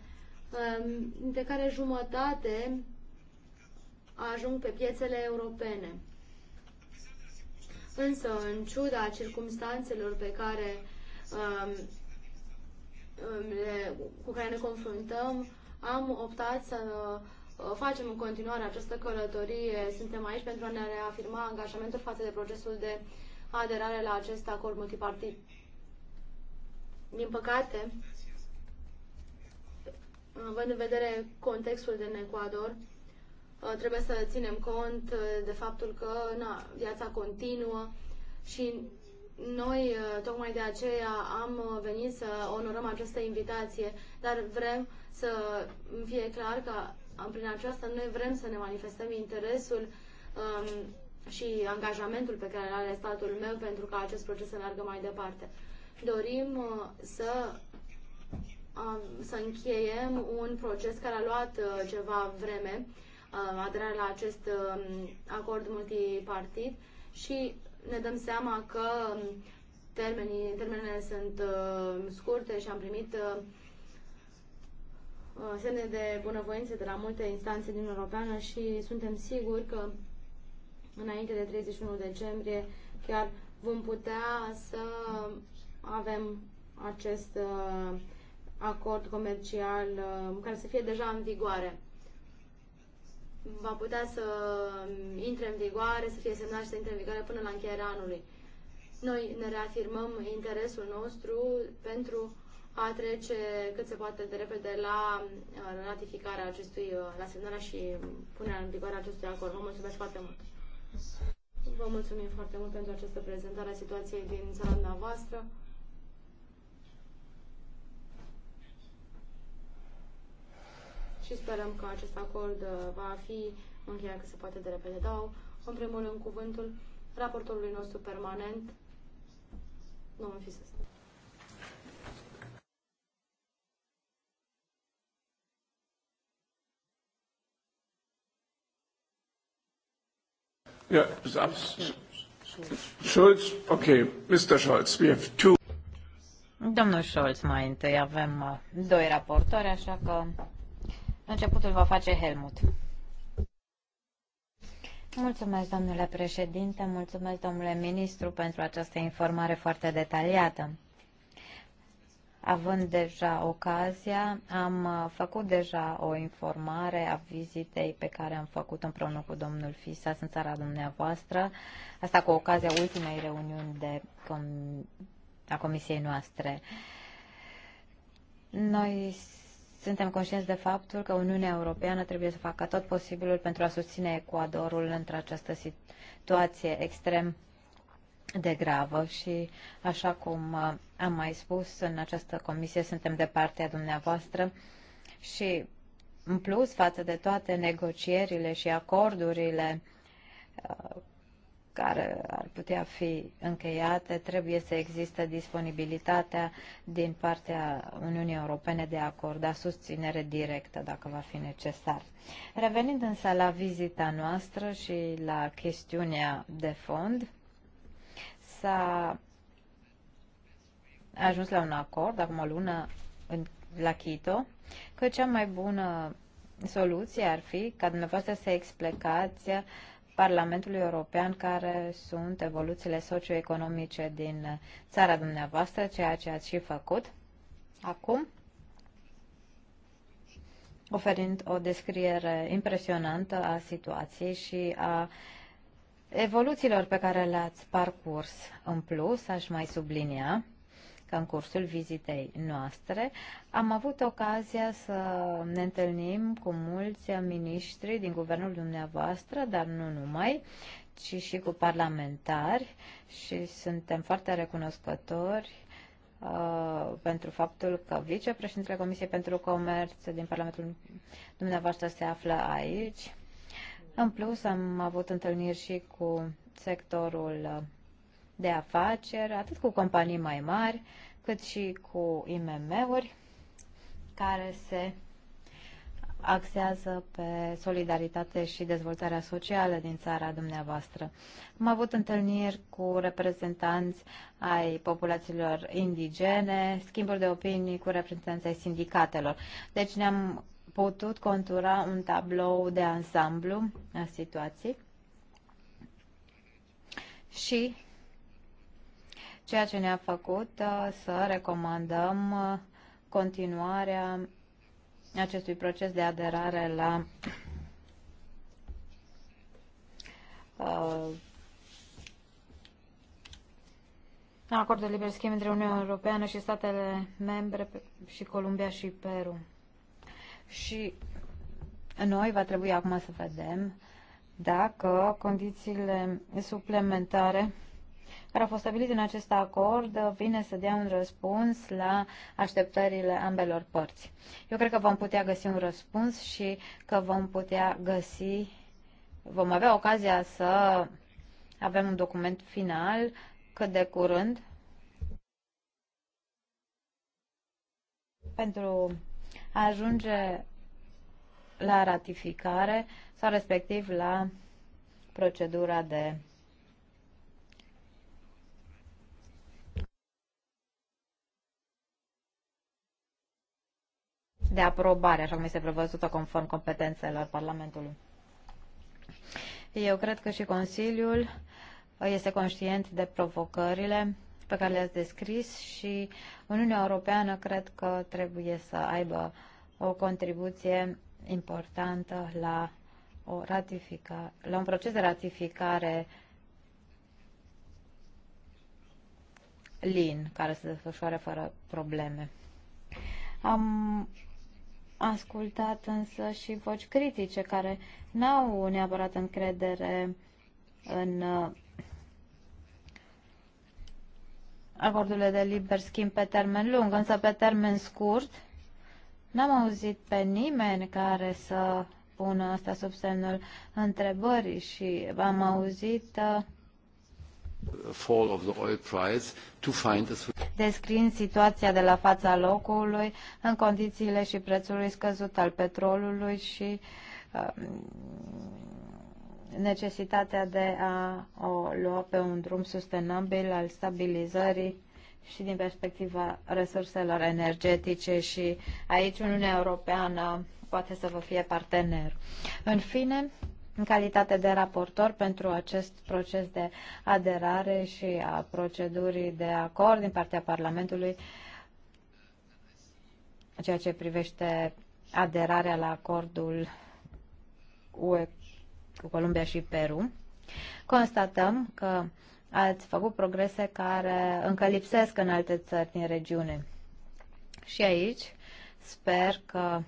um, de care jumătate ajung pe piețele europene. Însă, în ciuda circumstanțelor pe care, um, um, cu care ne confruntăm, am optat să uh, facem în continuare această călătorie. Suntem aici pentru a ne reafirma angajamentul față de procesul de aderare la acest acord multipartit din păcate, având în vedere contextul din Ecuador, uh, trebuie să ținem cont uh, de faptul că na, viața continuă și noi uh, tocmai de aceea am venit să onorăm această invitație, dar vrem să fie clar că prin aceasta noi vrem să ne manifestăm interesul um, și angajamentul pe care îl are statul meu pentru ca acest proces să meargă mai departe dorim uh, să să încheiem un proces care a luat uh, ceva vreme, uh, aderarea la acest um, acord multipartit și ne dăm seama că um, termenii, termenele sunt scurte și am primit semne de bunăvoință de la multe instanțe din Europeană și suntem siguri că înainte de 31 decembrie chiar vom putea să avem acest uh, acord comercial uh, care să fie deja în vigoare. Va putea să um, intre în vigoare, să fie semnat și să intre în vigoare până la încheierea anului. Noi ne reafirmăm interesul nostru pentru a trece cât se poate de repede la uh, ratificarea acestui, la semnarea și punerea în vigoare acestui acord. Vă mulțumesc foarte mult! Vă mulțumim foarte mult pentru această prezentare a situației din țara noastră. și sperăm că acest acord uh, va fi încheiat cât se poate de repede. Dau în primul rând cuvântul raportorului nostru permanent, domnul Fisescu. Yeah, Schulz, Ok, Mr. Schulz, we have two. Domnul Scholz, mai întâi avem uh, doi raportori, așa că Începutul va face Helmut. Mulțumesc, domnule președinte, mulțumesc, domnule ministru, pentru această informare foarte detaliată. Având deja ocazia, am făcut deja o informare a vizitei pe care am făcut împreună cu domnul Fisas în țara dumneavoastră, asta cu ocazia ultimei reuniuni de com- a comisiei noastre. Noi suntem conștienți de faptul că Uniunea Europeană trebuie să facă tot posibilul pentru a susține Ecuadorul într-această situație extrem de gravă și, așa cum uh, am mai spus, în această comisie suntem de partea dumneavoastră și, în plus, față de toate negocierile și acordurile uh, care ar putea fi încheiate, trebuie să existe disponibilitatea din partea Uniunii Europene de a acorda susținere directă, dacă va fi necesar. Revenind însă la vizita noastră și la chestiunea de fond, s-a ajuns la un acord, acum o lună, în, la Quito, că cea mai bună soluție ar fi ca dumneavoastră să explicați uh, Parlamentului European care sunt evoluțiile socioeconomice din țara dumneavoastră, ceea ce ați și făcut acum, oferind o descriere impresionantă a situației și a evoluțiilor pe care le-ați parcurs. În plus, aș mai sublinia că în cursul vizitei noastre am avut ocazia să ne întâlnim cu mulți miniștri din guvernul dumneavoastră, dar nu numai, ci și cu parlamentari și suntem foarte recunoscători uh, pentru faptul că vicepreședintele Comisiei pentru Comerț din Parlamentul dumneavoastră se află aici. În plus, am avut întâlniri și cu sectorul de afaceri, atât cu companii mai mari, cât și cu IMM-uri care se axează pe solidaritate și dezvoltarea socială din țara dumneavoastră. Am avut întâlniri cu reprezentanți ai populațiilor indigene, schimburi de opinii cu reprezentanți ai sindicatelor. Deci ne-am putut contura un tablou de ansamblu a situației și ceea ce ne-a făcut uh, să recomandăm uh, continuarea acestui proces de aderare la uh, acordul de liber schimb între Uniunea Europeană și statele membre și Columbia și Peru. Și noi va trebui acum să vedem dacă condițiile suplimentare care a fost stabilit în acest acord vine să dea un răspuns la așteptările ambelor părți. Eu cred că vom putea găsi un răspuns și că vom putea găsi, vom avea ocazia să avem un document final cât de curând pentru a ajunge la ratificare sau respectiv la procedura de de aprobare, așa cum este prevăzută conform competențelor Parlamentului. Eu cred că și Consiliul uh, este conștient de provocările pe care le-ați descris și Uniunea Europeană cred că trebuie să aibă o contribuție importantă la, o ratifica, la un proces de ratificare lin, care se desfășoare fără probleme. Am ascultat însă și voci critice care n-au neapărat încredere în uh, acordurile de liber schimb pe termen lung, însă pe termen scurt n-am auzit pe nimeni care să pună asta sub semnul întrebării și am auzit uh, fall of the oil price to find a... situația de la fața locului în condițiile și prețului scăzut al petrolului și uh, necesitatea de a o lua pe un drum sustenabil al stabilizării și din perspectiva resurselor energetice și aici Uniunea Europeană poate să vă fie partener. În fine, în calitate de raportor pentru acest proces de aderare și a procedurii de acord din partea Parlamentului, ceea ce privește aderarea la acordul UE cu Columbia și Peru, constatăm că ați făcut progrese care încă lipsesc în alte țări din regiune. Și aici sper că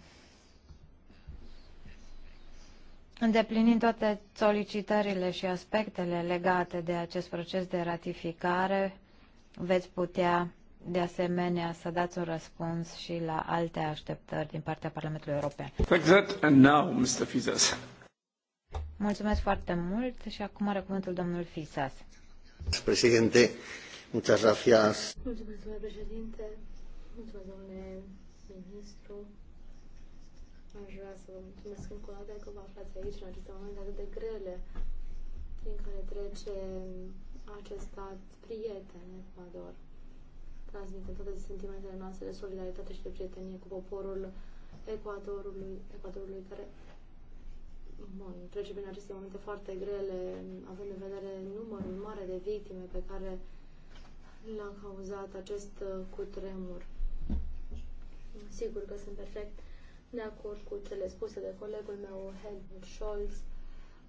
îndeplinind toate solicitările și aspectele legate de acest proces de ratificare, veți putea de asemenea să dați un răspuns și la alte așteptări din partea Parlamentului European. Exact. Mulțumesc foarte mult și acum are cuvântul domnul Fisas. Președinte, Mulțumesc, domnule președinte. Mulțumesc, domnule ministru. Aș vrea să vă mulțumesc încă o dată că vă aflați aici în aceste momente atât de grele prin care trece acest stat prieten, Ecuador. transmite toate sentimentele noastre de solidaritate și de prietenie cu poporul Ecuadorului, Ecuadorului care bun, trece prin aceste momente foarte grele, având în vedere numărul mare de victime pe care l-a cauzat acest cutremur. Sigur că sunt perfect de acord cu cele spuse de colegul meu, Helmut Scholz.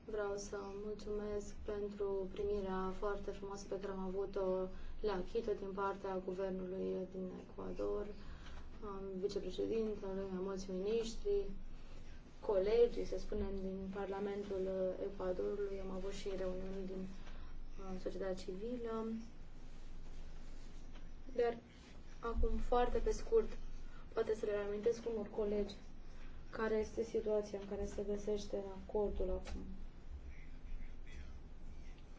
Vreau să mulțumesc pentru primirea foarte frumoasă pe care am avut-o la Quito din partea guvernului din Ecuador, vicepreședintelui, mai mulți miniștri, colegii, să spunem, din Parlamentul Ecuadorului. Am avut și reuniuni din uh, societatea civilă. Dar acum, foarte pe scurt, poate să le reamintesc unor colegi care este situația în care se găsește acordul acum.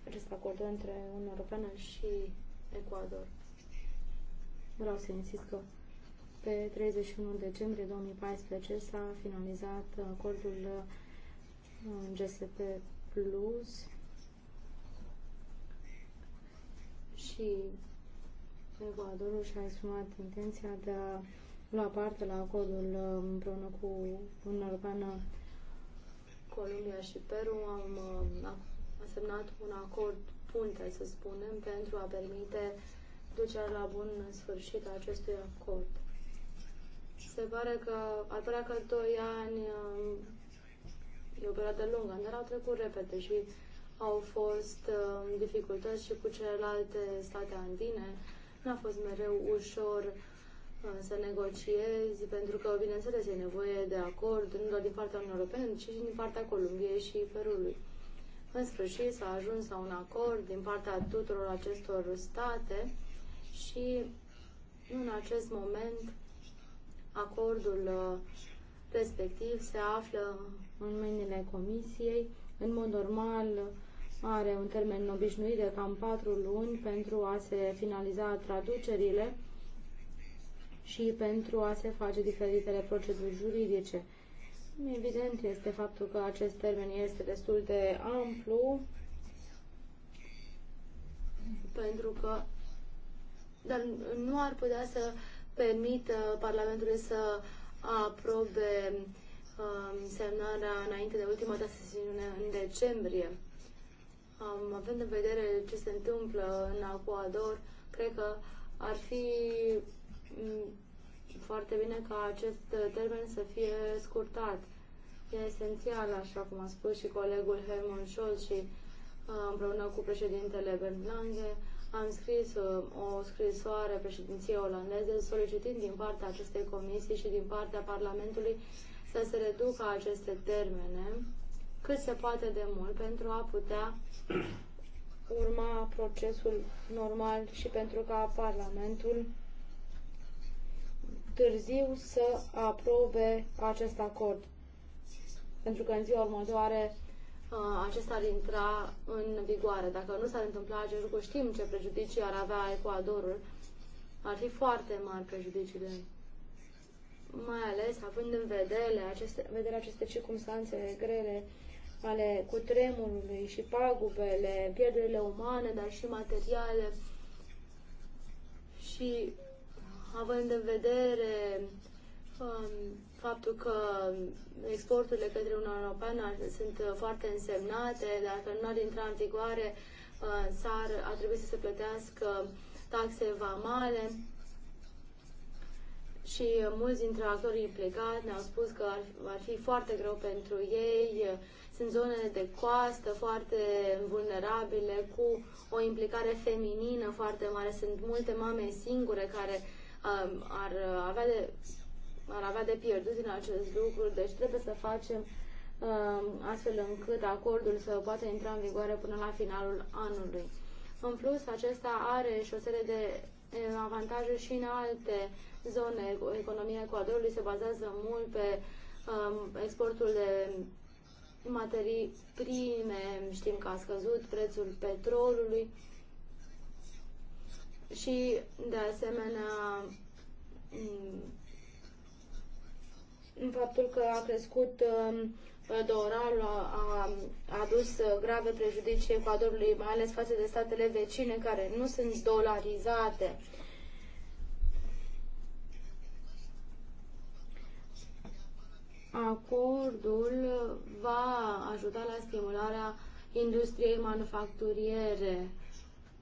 Acest acord între Uniunea Europeană și Ecuador. Vreau să insist că pe 31 decembrie 2014 s-a finalizat acordul uh, GSP Plus și Ecuadorul și-a exprimat intenția de a lua parte la acordul um, împreună cu Uniunea Europeană, Columbia și Peru. Am, um, am semnat un acord punte, să spunem, pentru a permite ducerea la bun sfârșit a acestui acord. Se pare că, ar părea că doi ani um, e o perioadă lungă, dar au trecut repede și au fost dificultăți și cu celelalte state andine. N-a fost mereu ușor să negociezi, pentru că, bineînțeles, e nevoie de acord nu doar din partea Uniunii Europene, ci și din partea Columbiei și Perului. În sfârșit s-a ajuns la un acord din partea tuturor acestor state și în acest moment acordul uh, respectiv se află în mâinile Comisiei. În mod normal, are un termen obișnuit de cam patru luni pentru a se finaliza traducerile și pentru a se face diferitele proceduri juridice. Evident este faptul că acest termen este destul de amplu, pentru că dar nu ar putea să permită Parlamentului să aprobe um, semnarea înainte de ultima dată sesiune în decembrie. Um, având în vedere ce se întâmplă în Ecuador, cred că ar fi Mm, foarte bine ca acest uh, termen să fie scurtat. E esențial, așa cum a spus și colegul Herman Scholz și uh, împreună cu președintele Bernd Lange, am scris uh, o scrisoare președinției olandeze solicitând din partea acestei comisii și din partea Parlamentului să se reducă aceste termene cât se poate de mult pentru a putea urma procesul normal și pentru ca Parlamentul târziu să aprobe acest acord. Pentru că în ziua următoare acesta ar intra în vigoare. Dacă nu s-ar întâmpla acest lucru, știm ce prejudicii ar avea Ecuadorul. Ar fi foarte mari prejudiciile. Mai ales având în vedere aceste, vedere aceste circunstanțe grele ale cutremurului și pagubele, pierderile umane, dar și materiale și având în vedere um, faptul că exporturile către Uniunea Europeană sunt uh, foarte însemnate, dacă nu ar intra în vigoare, uh, s-ar, ar trebui să se plătească taxe vamale și uh, mulți dintre actorii implicați ne-au spus că ar, ar fi foarte greu pentru ei. Sunt zone de coastă foarte vulnerabile, cu o implicare feminină foarte mare. Sunt multe mame singure care ar avea de, ar avea de pierdut din acest lucru, deci trebuie să facem um, astfel încât acordul să poată intra în vigoare până la finalul anului. În plus, acesta are și o serie de um, avantaje și în alte zone. Economia Ecuadorului se bazează mult pe um, exportul de materii prime, știm că a scăzut prețul petrolului și, de asemenea, mm, faptul că a crescut um, doralul a, a adus grave prejudicii Ecuadorului, mai ales față de statele vecine care nu sunt dolarizate. Acordul va ajuta la stimularea industriei manufacturiere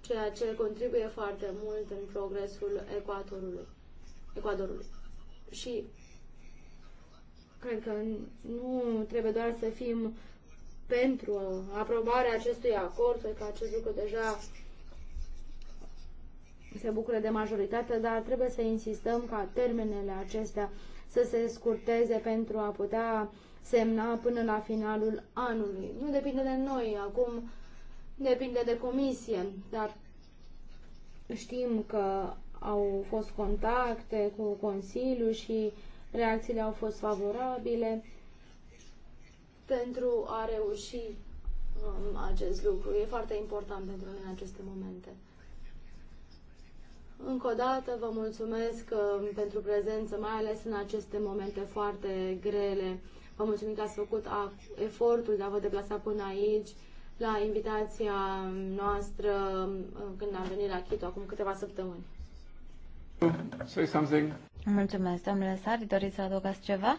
ceea ce contribuie foarte mult în progresul Ecuatorului, Ecuadorului. Și cred că nu trebuie doar să fim pentru aprobarea acestui acord, pentru că acest lucru deja se bucură de majoritate, dar trebuie să insistăm ca termenele acestea să se scurteze pentru a putea semna până la finalul anului. Nu depinde de noi acum depinde de comisie, dar știm că au fost contacte cu Consiliul și reacțiile au fost favorabile pentru a reuși um, acest lucru. E foarte important pentru noi în aceste momente. Încă o dată vă mulțumesc uh, pentru prezență, mai ales în aceste momente foarte grele. Vă mulțumim că ați făcut efortul de a vă deplasa până aici la invitația noastră uh, când am venit la Quito acum câteva săptămâni. Say something. Mulțumesc, domnule Sari. Doriți să adăugați ceva?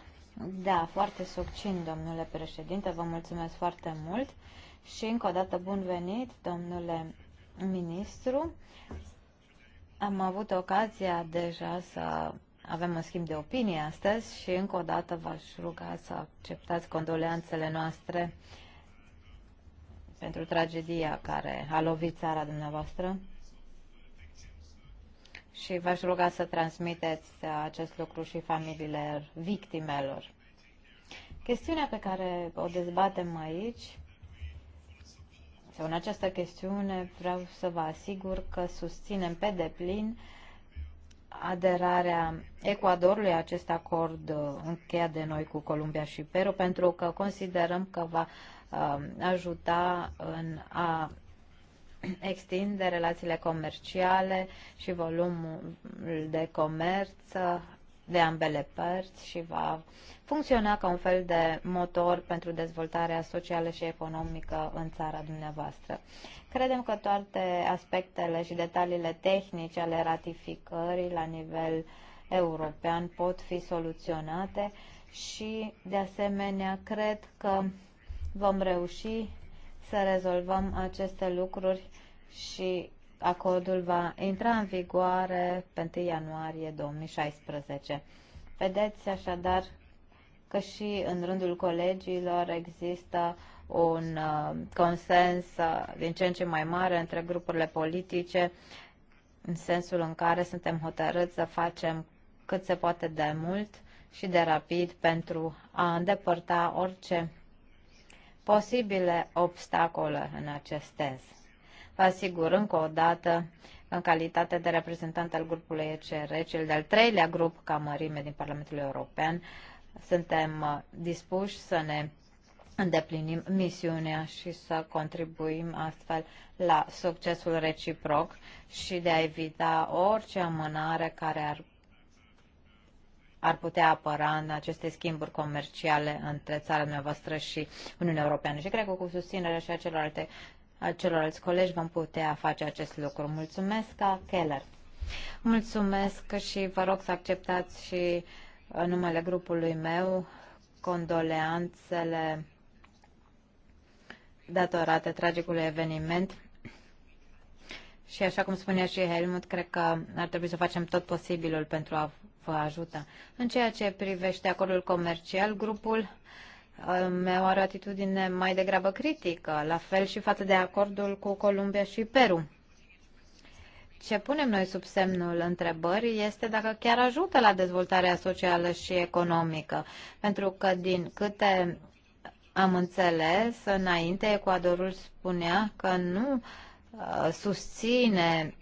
Da, foarte succint, domnule președinte. Vă mulțumesc foarte mult și încă o dată bun venit, domnule ministru. Am avut ocazia deja să avem un schimb de opinie astăzi și încă o dată v-aș ruga să acceptați condoleanțele noastre pentru tragedia care a lovit țara dumneavoastră și v-aș ruga să transmiteți acest lucru și familiilor victimelor. Chestiunea pe care o dezbatem aici, sau în această chestiune, vreau să vă asigur că susținem pe deplin aderarea Ecuadorului acest acord încheiat de noi cu Columbia și Peru, pentru că considerăm că va Um, ajuta în a extinde relațiile comerciale și volumul de comerț de ambele părți și va funcționa ca un fel de motor pentru dezvoltarea socială și economică în țara dumneavoastră. Credem că toate aspectele și detaliile tehnice ale ratificării la nivel european pot fi soluționate și, de asemenea, cred că vom reuși să rezolvăm aceste lucruri și acordul va intra în vigoare pe 1 ianuarie 2016. Vedeți așadar că și în rândul colegilor există un uh, consens uh, din ce în ce mai mare între grupurile politice în sensul în care suntem hotărâți să facem cât se poate de mult și de rapid pentru a îndepărta orice posibile obstacole în acest sens. Vă asigur încă o dată, în calitate de reprezentant al grupului ECR, cel de-al treilea grup ca mărime din Parlamentul European, suntem uh, dispuși să ne îndeplinim misiunea și să contribuim astfel la succesul reciproc și de a evita orice amânare care ar ar putea apăra în aceste schimburi comerciale între țara noastră și Uniunea Europeană. Și cred că cu susținerea și a celorlalte, a celorlalți colegi vom putea face acest lucru. Mulțumesc, Keller. Mulțumesc și vă rog să acceptați și în uh, numele grupului meu condoleanțele datorate tragicului eveniment. Și așa cum spunea și Helmut, cred că ar trebui să facem tot posibilul pentru a vă ajută. În ceea ce privește acordul comercial, grupul uh, meu are o atitudine mai degrabă critică, la fel și față de acordul cu Columbia și Peru. Ce punem noi sub semnul întrebării este dacă chiar ajută la dezvoltarea socială și economică, pentru că din câte am înțeles, înainte Ecuadorul spunea că nu uh, susține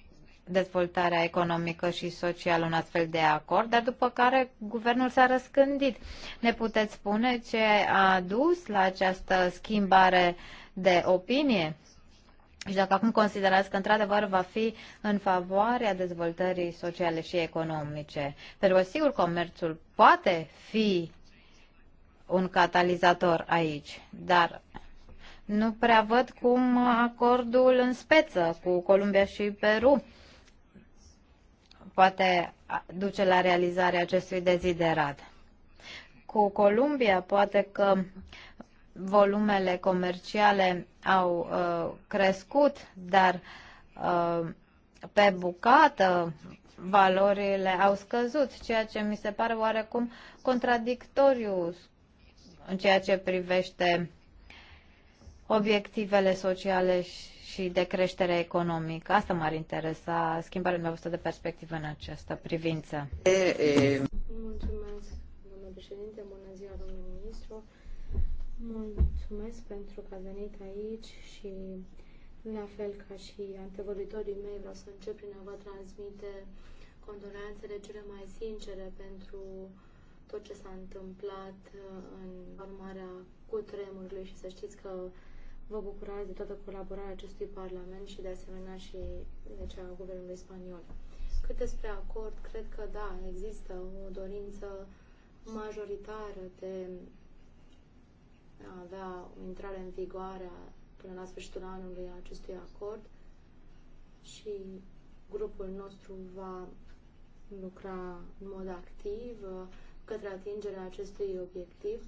dezvoltarea economică și socială un astfel de acord, dar după care guvernul s-a răscândit. Ne puteți spune ce a dus la această schimbare de opinie? Și dacă acum considerați că într-adevăr va fi în favoarea dezvoltării sociale și economice, pentru că sigur comerțul poate fi un catalizator aici, dar nu prea văd cum acordul în speță cu Columbia și Peru poate duce la realizarea acestui deziderat. Cu Columbia poate că volumele comerciale au uh, crescut, dar uh, pe bucată valorile au scăzut, ceea ce mi se pare oarecum contradictoriu în ceea ce privește obiectivele sociale și și de creștere economică. Asta m-ar interesa, schimbarea dumneavoastră de perspectivă în această privință. Mulțumesc, domnule președinte, bună ziua, domnule ministru. Mulțumesc pentru că a venit aici și la fel ca și antevorbitorii mei, vreau să încep prin a vă transmite condoleanțele cele mai sincere pentru tot ce s-a întâmplat uh, în urmarea cutremurului și să știți că vă bucurați de toată colaborarea acestui Parlament și de asemenea și de cea a Guvernului Spaniol. Cât despre acord, cred că da, există o dorință majoritară de a avea o intrare în vigoare până la sfârșitul anului acestui acord și grupul nostru va lucra în mod activ uh, către atingerea acestui obiectiv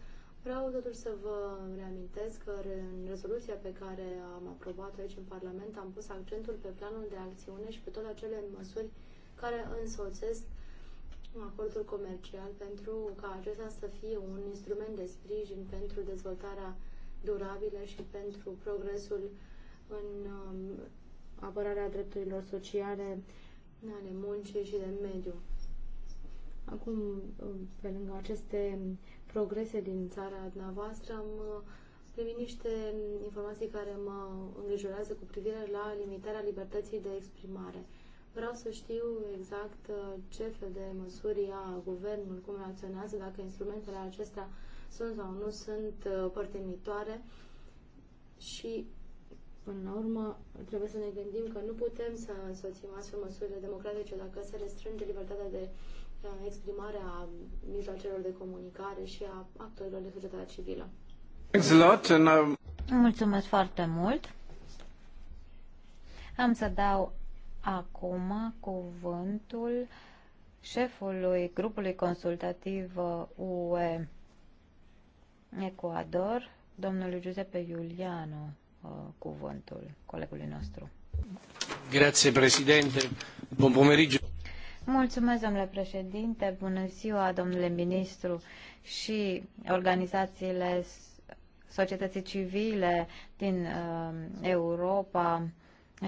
Vreau totuși să vă reamintesc că în rezoluția pe care am aprobat-o aici în Parlament am pus accentul pe planul de acțiune și pe toate acele măsuri care însoțesc acordul comercial pentru ca acesta să fie un instrument de sprijin pentru dezvoltarea durabilă și pentru progresul în um, apărarea drepturilor sociale, ale muncii și de mediu. Acum, um, pe lângă aceste progrese din țara dumneavoastră. Am uh, primit niște informații care mă îngrijorează cu privire la limitarea libertății de exprimare. Vreau să știu exact uh, ce fel de măsuri ia guvernul, cum reacționează, dacă instrumentele acestea sunt sau nu sunt uh, părtenitoare și Până la urmă, trebuie să ne gândim că nu putem să însoțim astfel măsurile democratice dacă se restrânge libertatea de da, exprimare a mijloacelor de comunicare și a actorilor de societatea civilă. Um, Mulțumesc foarte mult. Am să dau acum cuvântul șefului grupului consultativ UE Ecuador, domnului Giuseppe Iuliano, uh, cuvântul colegului nostru. Grazie, președinte. Bun pomeriggio. Mulțumesc, domnule președinte, bună ziua, domnule ministru și organizațiile societății civile din uh, Europa,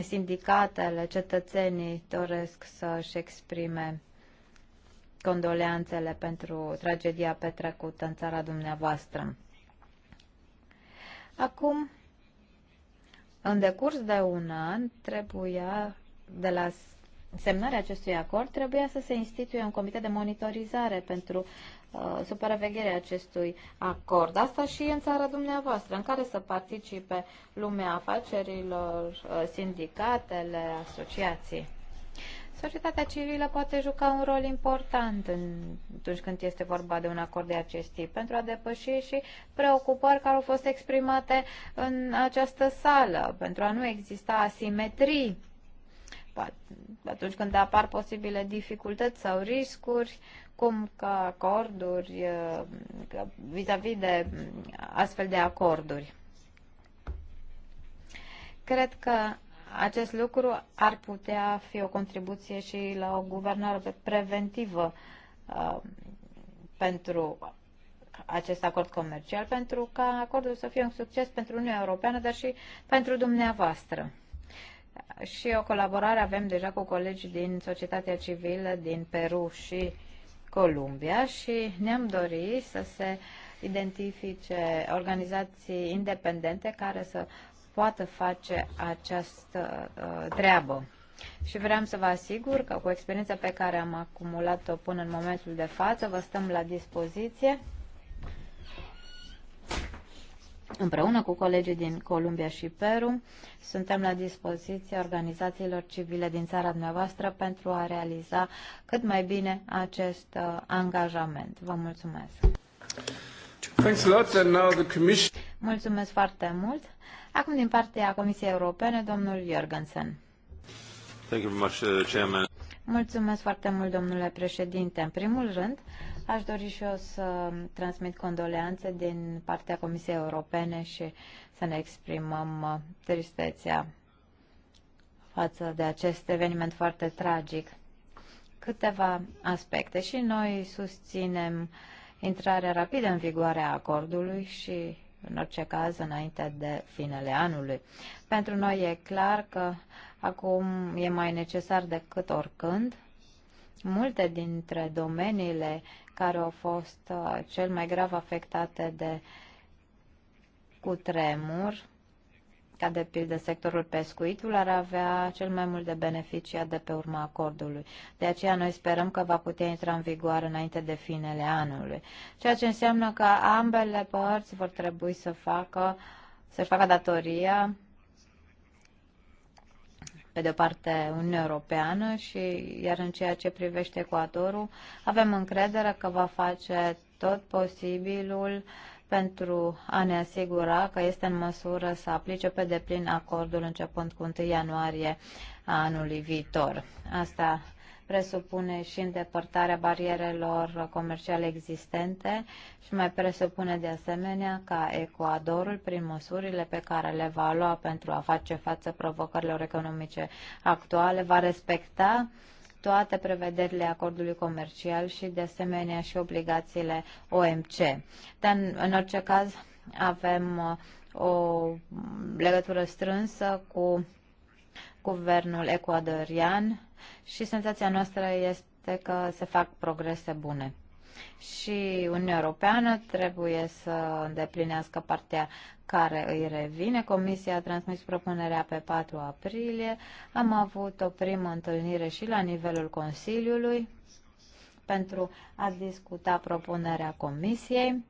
sindicatele, cetățenii doresc să-și exprime condoleanțele pentru tragedia petrecută în țara dumneavoastră. Acum, în decurs de un an, trebuia de la semnarea acestui acord trebuia să se instituie un comitet de monitorizare pentru uh, supravegherea acestui acord. Asta și în țara dumneavoastră, în care să participe lumea afacerilor, uh, sindicatele, asociații. Societatea civilă poate juca un rol important în, atunci când este vorba de un acord de acest tip, pentru a depăși și preocupări care au fost exprimate în această sală, pentru a nu exista asimetrii atunci când apar posibile dificultăți sau riscuri, cum că acorduri, vis-a-vis -vis de astfel de acorduri. Cred că acest lucru ar putea fi o contribuție și la o guvernare preventivă uh, pentru acest acord comercial, pentru ca acordul să fie un succes pentru Uniunea Europeană, dar și pentru dumneavoastră și o colaborare avem deja cu colegi din societatea civilă din Peru și Columbia și ne-am dorit să se identifice organizații independente care să poată face această uh, treabă. Și vreau să vă asigur că cu experiența pe care am acumulat-o până în momentul de față, vă stăm la dispoziție. Împreună cu colegii din Columbia și Peru, suntem la dispoziție organizațiilor civile din țara dumneavoastră pentru a realiza cât mai bine acest uh, angajament. Vă mulțumesc! Thanks a lot, and now the commission... Mulțumesc foarte mult! Acum din partea Comisiei Europene, domnul Jorgensen. Thank you very much, uh, Chairman. Mulțumesc foarte mult, domnule președinte. În primul rând, Aș dori și eu să transmit condoleanțe din partea Comisiei Europene și să ne exprimăm uh, tristețea față de acest eveniment foarte tragic. Câteva aspecte și noi susținem intrarea rapidă în vigoare a acordului și în orice caz înainte de finele anului. Pentru noi e clar că acum e mai necesar decât oricând multe dintre domeniile care au fost uh, cel mai grav afectate de cutremur, ca de pildă sectorul pescuitul, ar avea cel mai mult de beneficiat de pe urma acordului. De aceea noi sperăm că va putea intra în vigoare înainte de finele anului. Ceea ce înseamnă că ambele părți vor trebui să facă, să-și facă datoria pe de parte Uniunea Europeană și iar în ceea ce privește Ecuadorul avem încredere că va face tot posibilul pentru a ne asigura că este în măsură să aplice pe deplin acordul începând cu 1 ianuarie anului viitor. Asta presupune și îndepărtarea barierelor comerciale existente și mai presupune de asemenea ca Ecuadorul, prin măsurile pe care le va lua pentru a face față provocărilor economice actuale, va respecta toate prevederile acordului comercial și de asemenea și obligațiile OMC. Dar în orice caz avem uh, o legătură strânsă cu guvernul ecuadorian și senzația noastră este că se fac progrese bune. Și Uniunea Europeană trebuie să îndeplinească partea care îi revine. Comisia a transmis propunerea pe 4 aprilie. Am avut o primă întâlnire și la nivelul Consiliului pentru a discuta propunerea Comisiei.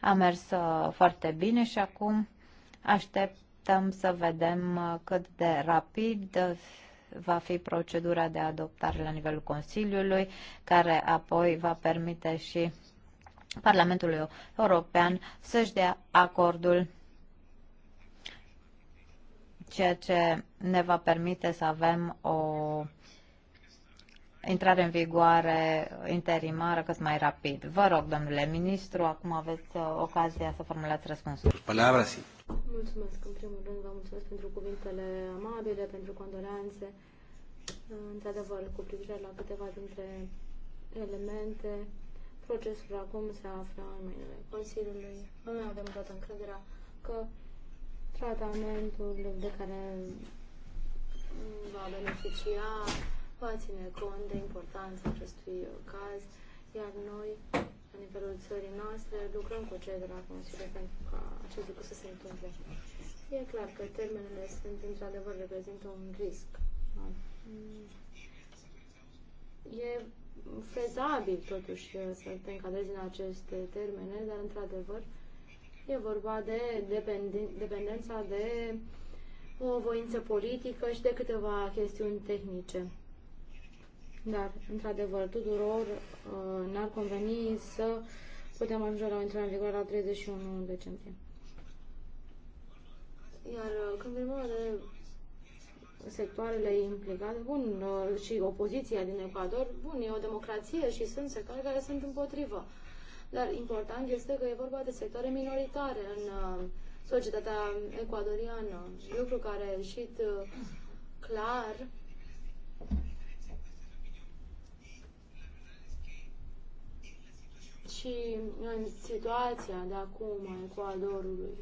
A mers uh, foarte bine și acum așteptăm să vedem uh, cât de rapid va fi procedura de adoptare la nivelul Consiliului, care apoi va permite și Parlamentului European să-și dea acordul ceea ce ne va permite să avem o intrare în vigoare interimară cât mai rapid. Vă rog, domnule ministru, acum aveți uh, ocazia să formulați răspunsul. Palabra, sí. Mulțumesc. În primul rând vă mulțumesc pentru cuvintele amabile, pentru condoleanțe. Într-adevăr, cu privire la câteva dintre elemente, procesul acum se află în mâinile Consiliului. Noi avem toată încrederea că tratamentul de care va beneficia va ține cont de importanța acestui caz, iar noi la nivelul țării noastre, lucrăm cu cei de la Consiliu pentru ca acest lucru să se întâmple. E clar că termenele sunt, într-adevăr, reprezintă un risc. E fezabil, totuși, să te încadrezi în aceste termene, dar, într-adevăr, e vorba de dependen- dependența de o voință politică și de câteva chestiuni tehnice dar, într-adevăr, tuturor uh, n-ar conveni să putem ajunge la o intrare în vigoare la 31 decembrie. Iar uh, când vorbim de sectoarele implicate, bun, uh, și opoziția din Ecuador, bun, e o democrație și sunt sectoare care sunt împotrivă. Dar important este că e vorba de sectoare minoritare în societatea ecuadoriană, lucru care a ieșit clar și în situația de acum a Ecuadorului,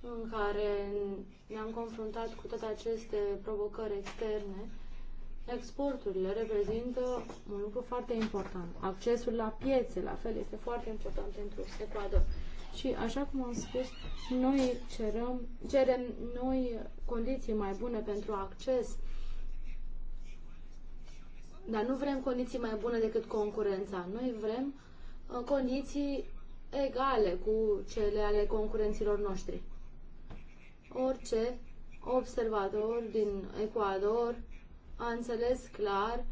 în care ne-am confruntat cu toate aceste provocări externe, exporturile reprezintă un lucru foarte important. Accesul la piețe, la fel, este foarte important pentru Ecuador. Și, așa cum am spus, noi cerăm, cerem noi condiții mai bune pentru acces, dar nu vrem condiții mai bune decât concurența. Noi vrem condiții egale cu cele ale concurenților noștri. Orice observator din Ecuador a înțeles clar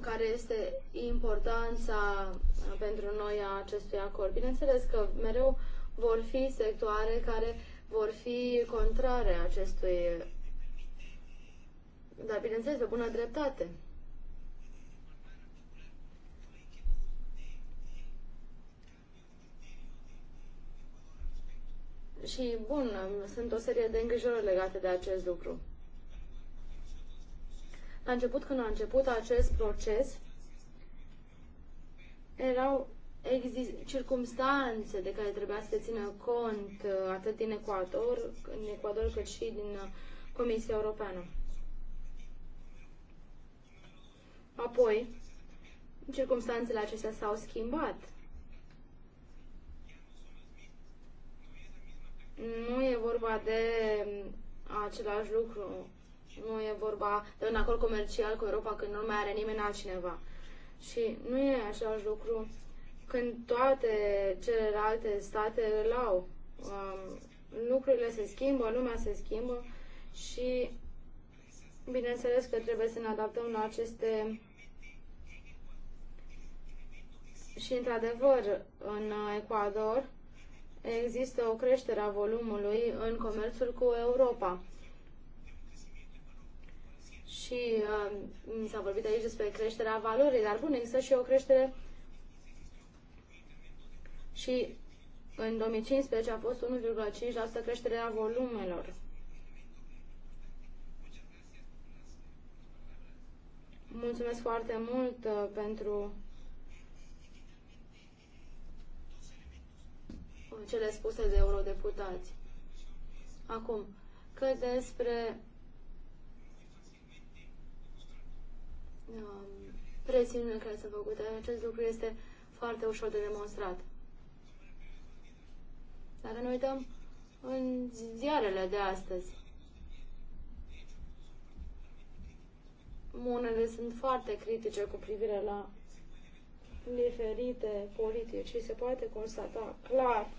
care este importanța pentru noi a acestui acord. Bineînțeles că mereu vor fi sectoare care vor fi contrare acestui. Dar bineînțeles, pe bună dreptate. Și, bun, sunt o serie de îngrijorări legate de acest lucru. La început, când a început acest proces, erau circumstanțe de care trebuia să se țină cont uh, atât din Ecuador, în Ecuador cât și din uh, Comisia Europeană. Apoi, circumstanțele acestea s-au schimbat nu e vorba de mm, același lucru. Nu e vorba de un acord comercial cu Europa când nu mai are nimeni altcineva. Și nu e același lucru când toate celelalte state îl au. Um, lucrurile se schimbă, lumea se schimbă și bineînțeles că trebuie să ne adaptăm la aceste și într-adevăr în Ecuador există o creștere a volumului în comerțul cu Europa. Și uh, s-a vorbit aici despre creșterea valorii, dar bun, există și o creștere și în 2015 a fost 1,5% creșterea volumelor. Mulțumesc foarte mult uh, pentru cele spuse de eurodeputați. Acum, că despre um, presiunile care sunt făcute, acest lucru este foarte ușor de demonstrat. Dacă ne uităm în ziarele de astăzi, unele sunt foarte critice cu privire la diferite politici și se poate constata clar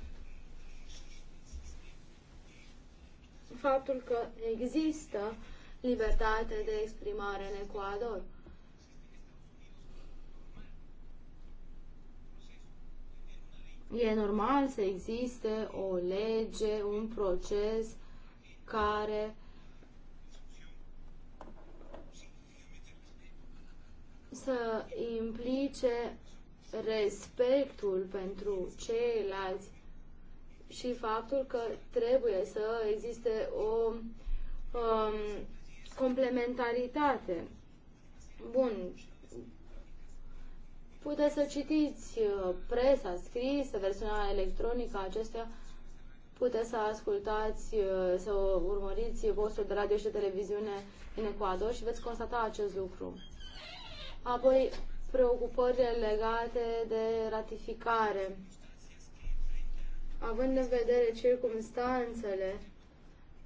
faptul că există libertate de exprimare în Ecuador. E normal să existe o lege, un proces care să implice respectul pentru ceilalți și faptul că trebuie să existe o um, complementaritate. Bun, puteți să citiți uh, presa scrisă, versiunea electronică acestea, puteți să ascultați, uh, să urmăriți postul de radio și de televiziune în Ecuador și veți constata acest lucru. Apoi, preocupările legate de ratificare având în vedere circumstanțele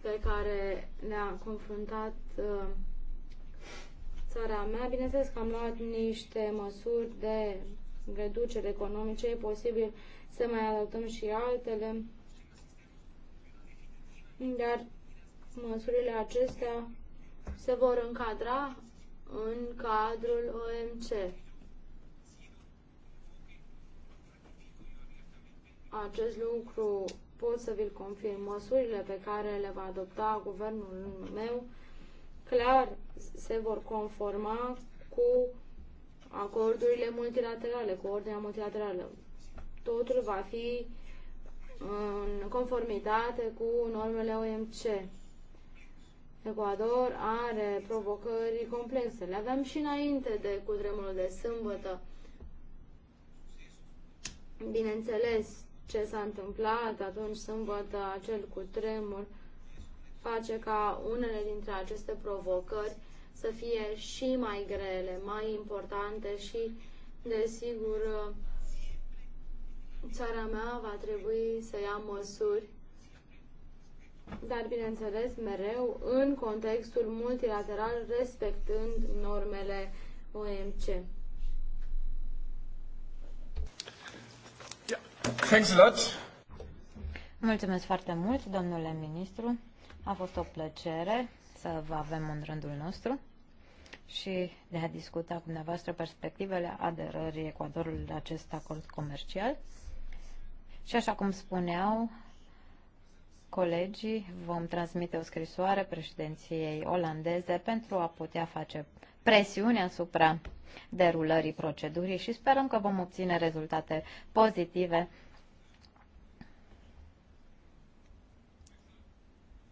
pe care le-a confruntat uh, țara mea, bineînțeles că am luat niște măsuri de reducere economice, e posibil să mai adoptăm și altele, dar măsurile acestea se vor încadra în cadrul OMC. acest lucru pot să vi-l confirm. Măsurile pe care le va adopta guvernul meu clar se vor conforma cu acordurile multilaterale, cu ordinea multilaterală. Totul va fi în conformitate cu normele OMC. Ecuador are provocări complexe. Le aveam și înainte de cutremurul de sâmbătă. Bineînțeles, ce s-a întâmplat atunci sâmbătă, acel cu tremur, face ca unele dintre aceste provocări să fie și mai grele, mai importante și, desigur, țara mea va trebui să ia măsuri, dar, bineînțeles, mereu în contextul multilateral, respectând normele OMC. Thanks a lot. Mulțumesc foarte mult, domnule ministru. A fost o plăcere să vă avem în rândul nostru și de a discuta cu dumneavoastră perspectivele aderării Ecuadorului la acest acord comercial. Și așa cum spuneau colegii, vom transmite o scrisoare președinției olandeze pentru a putea face presiune asupra derulării procedurii și sperăm că vom obține rezultate pozitive.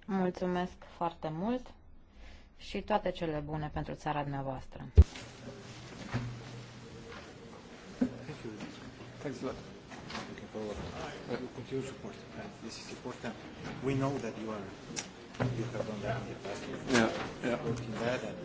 Mulțumesc foarte mult și toate cele bune pentru țara dumneavoastră. Thanks a lot. Looking forward. Uh, continue support. Uh, this is important. We know that you are you have done that in the past. Yeah, yeah. Working that and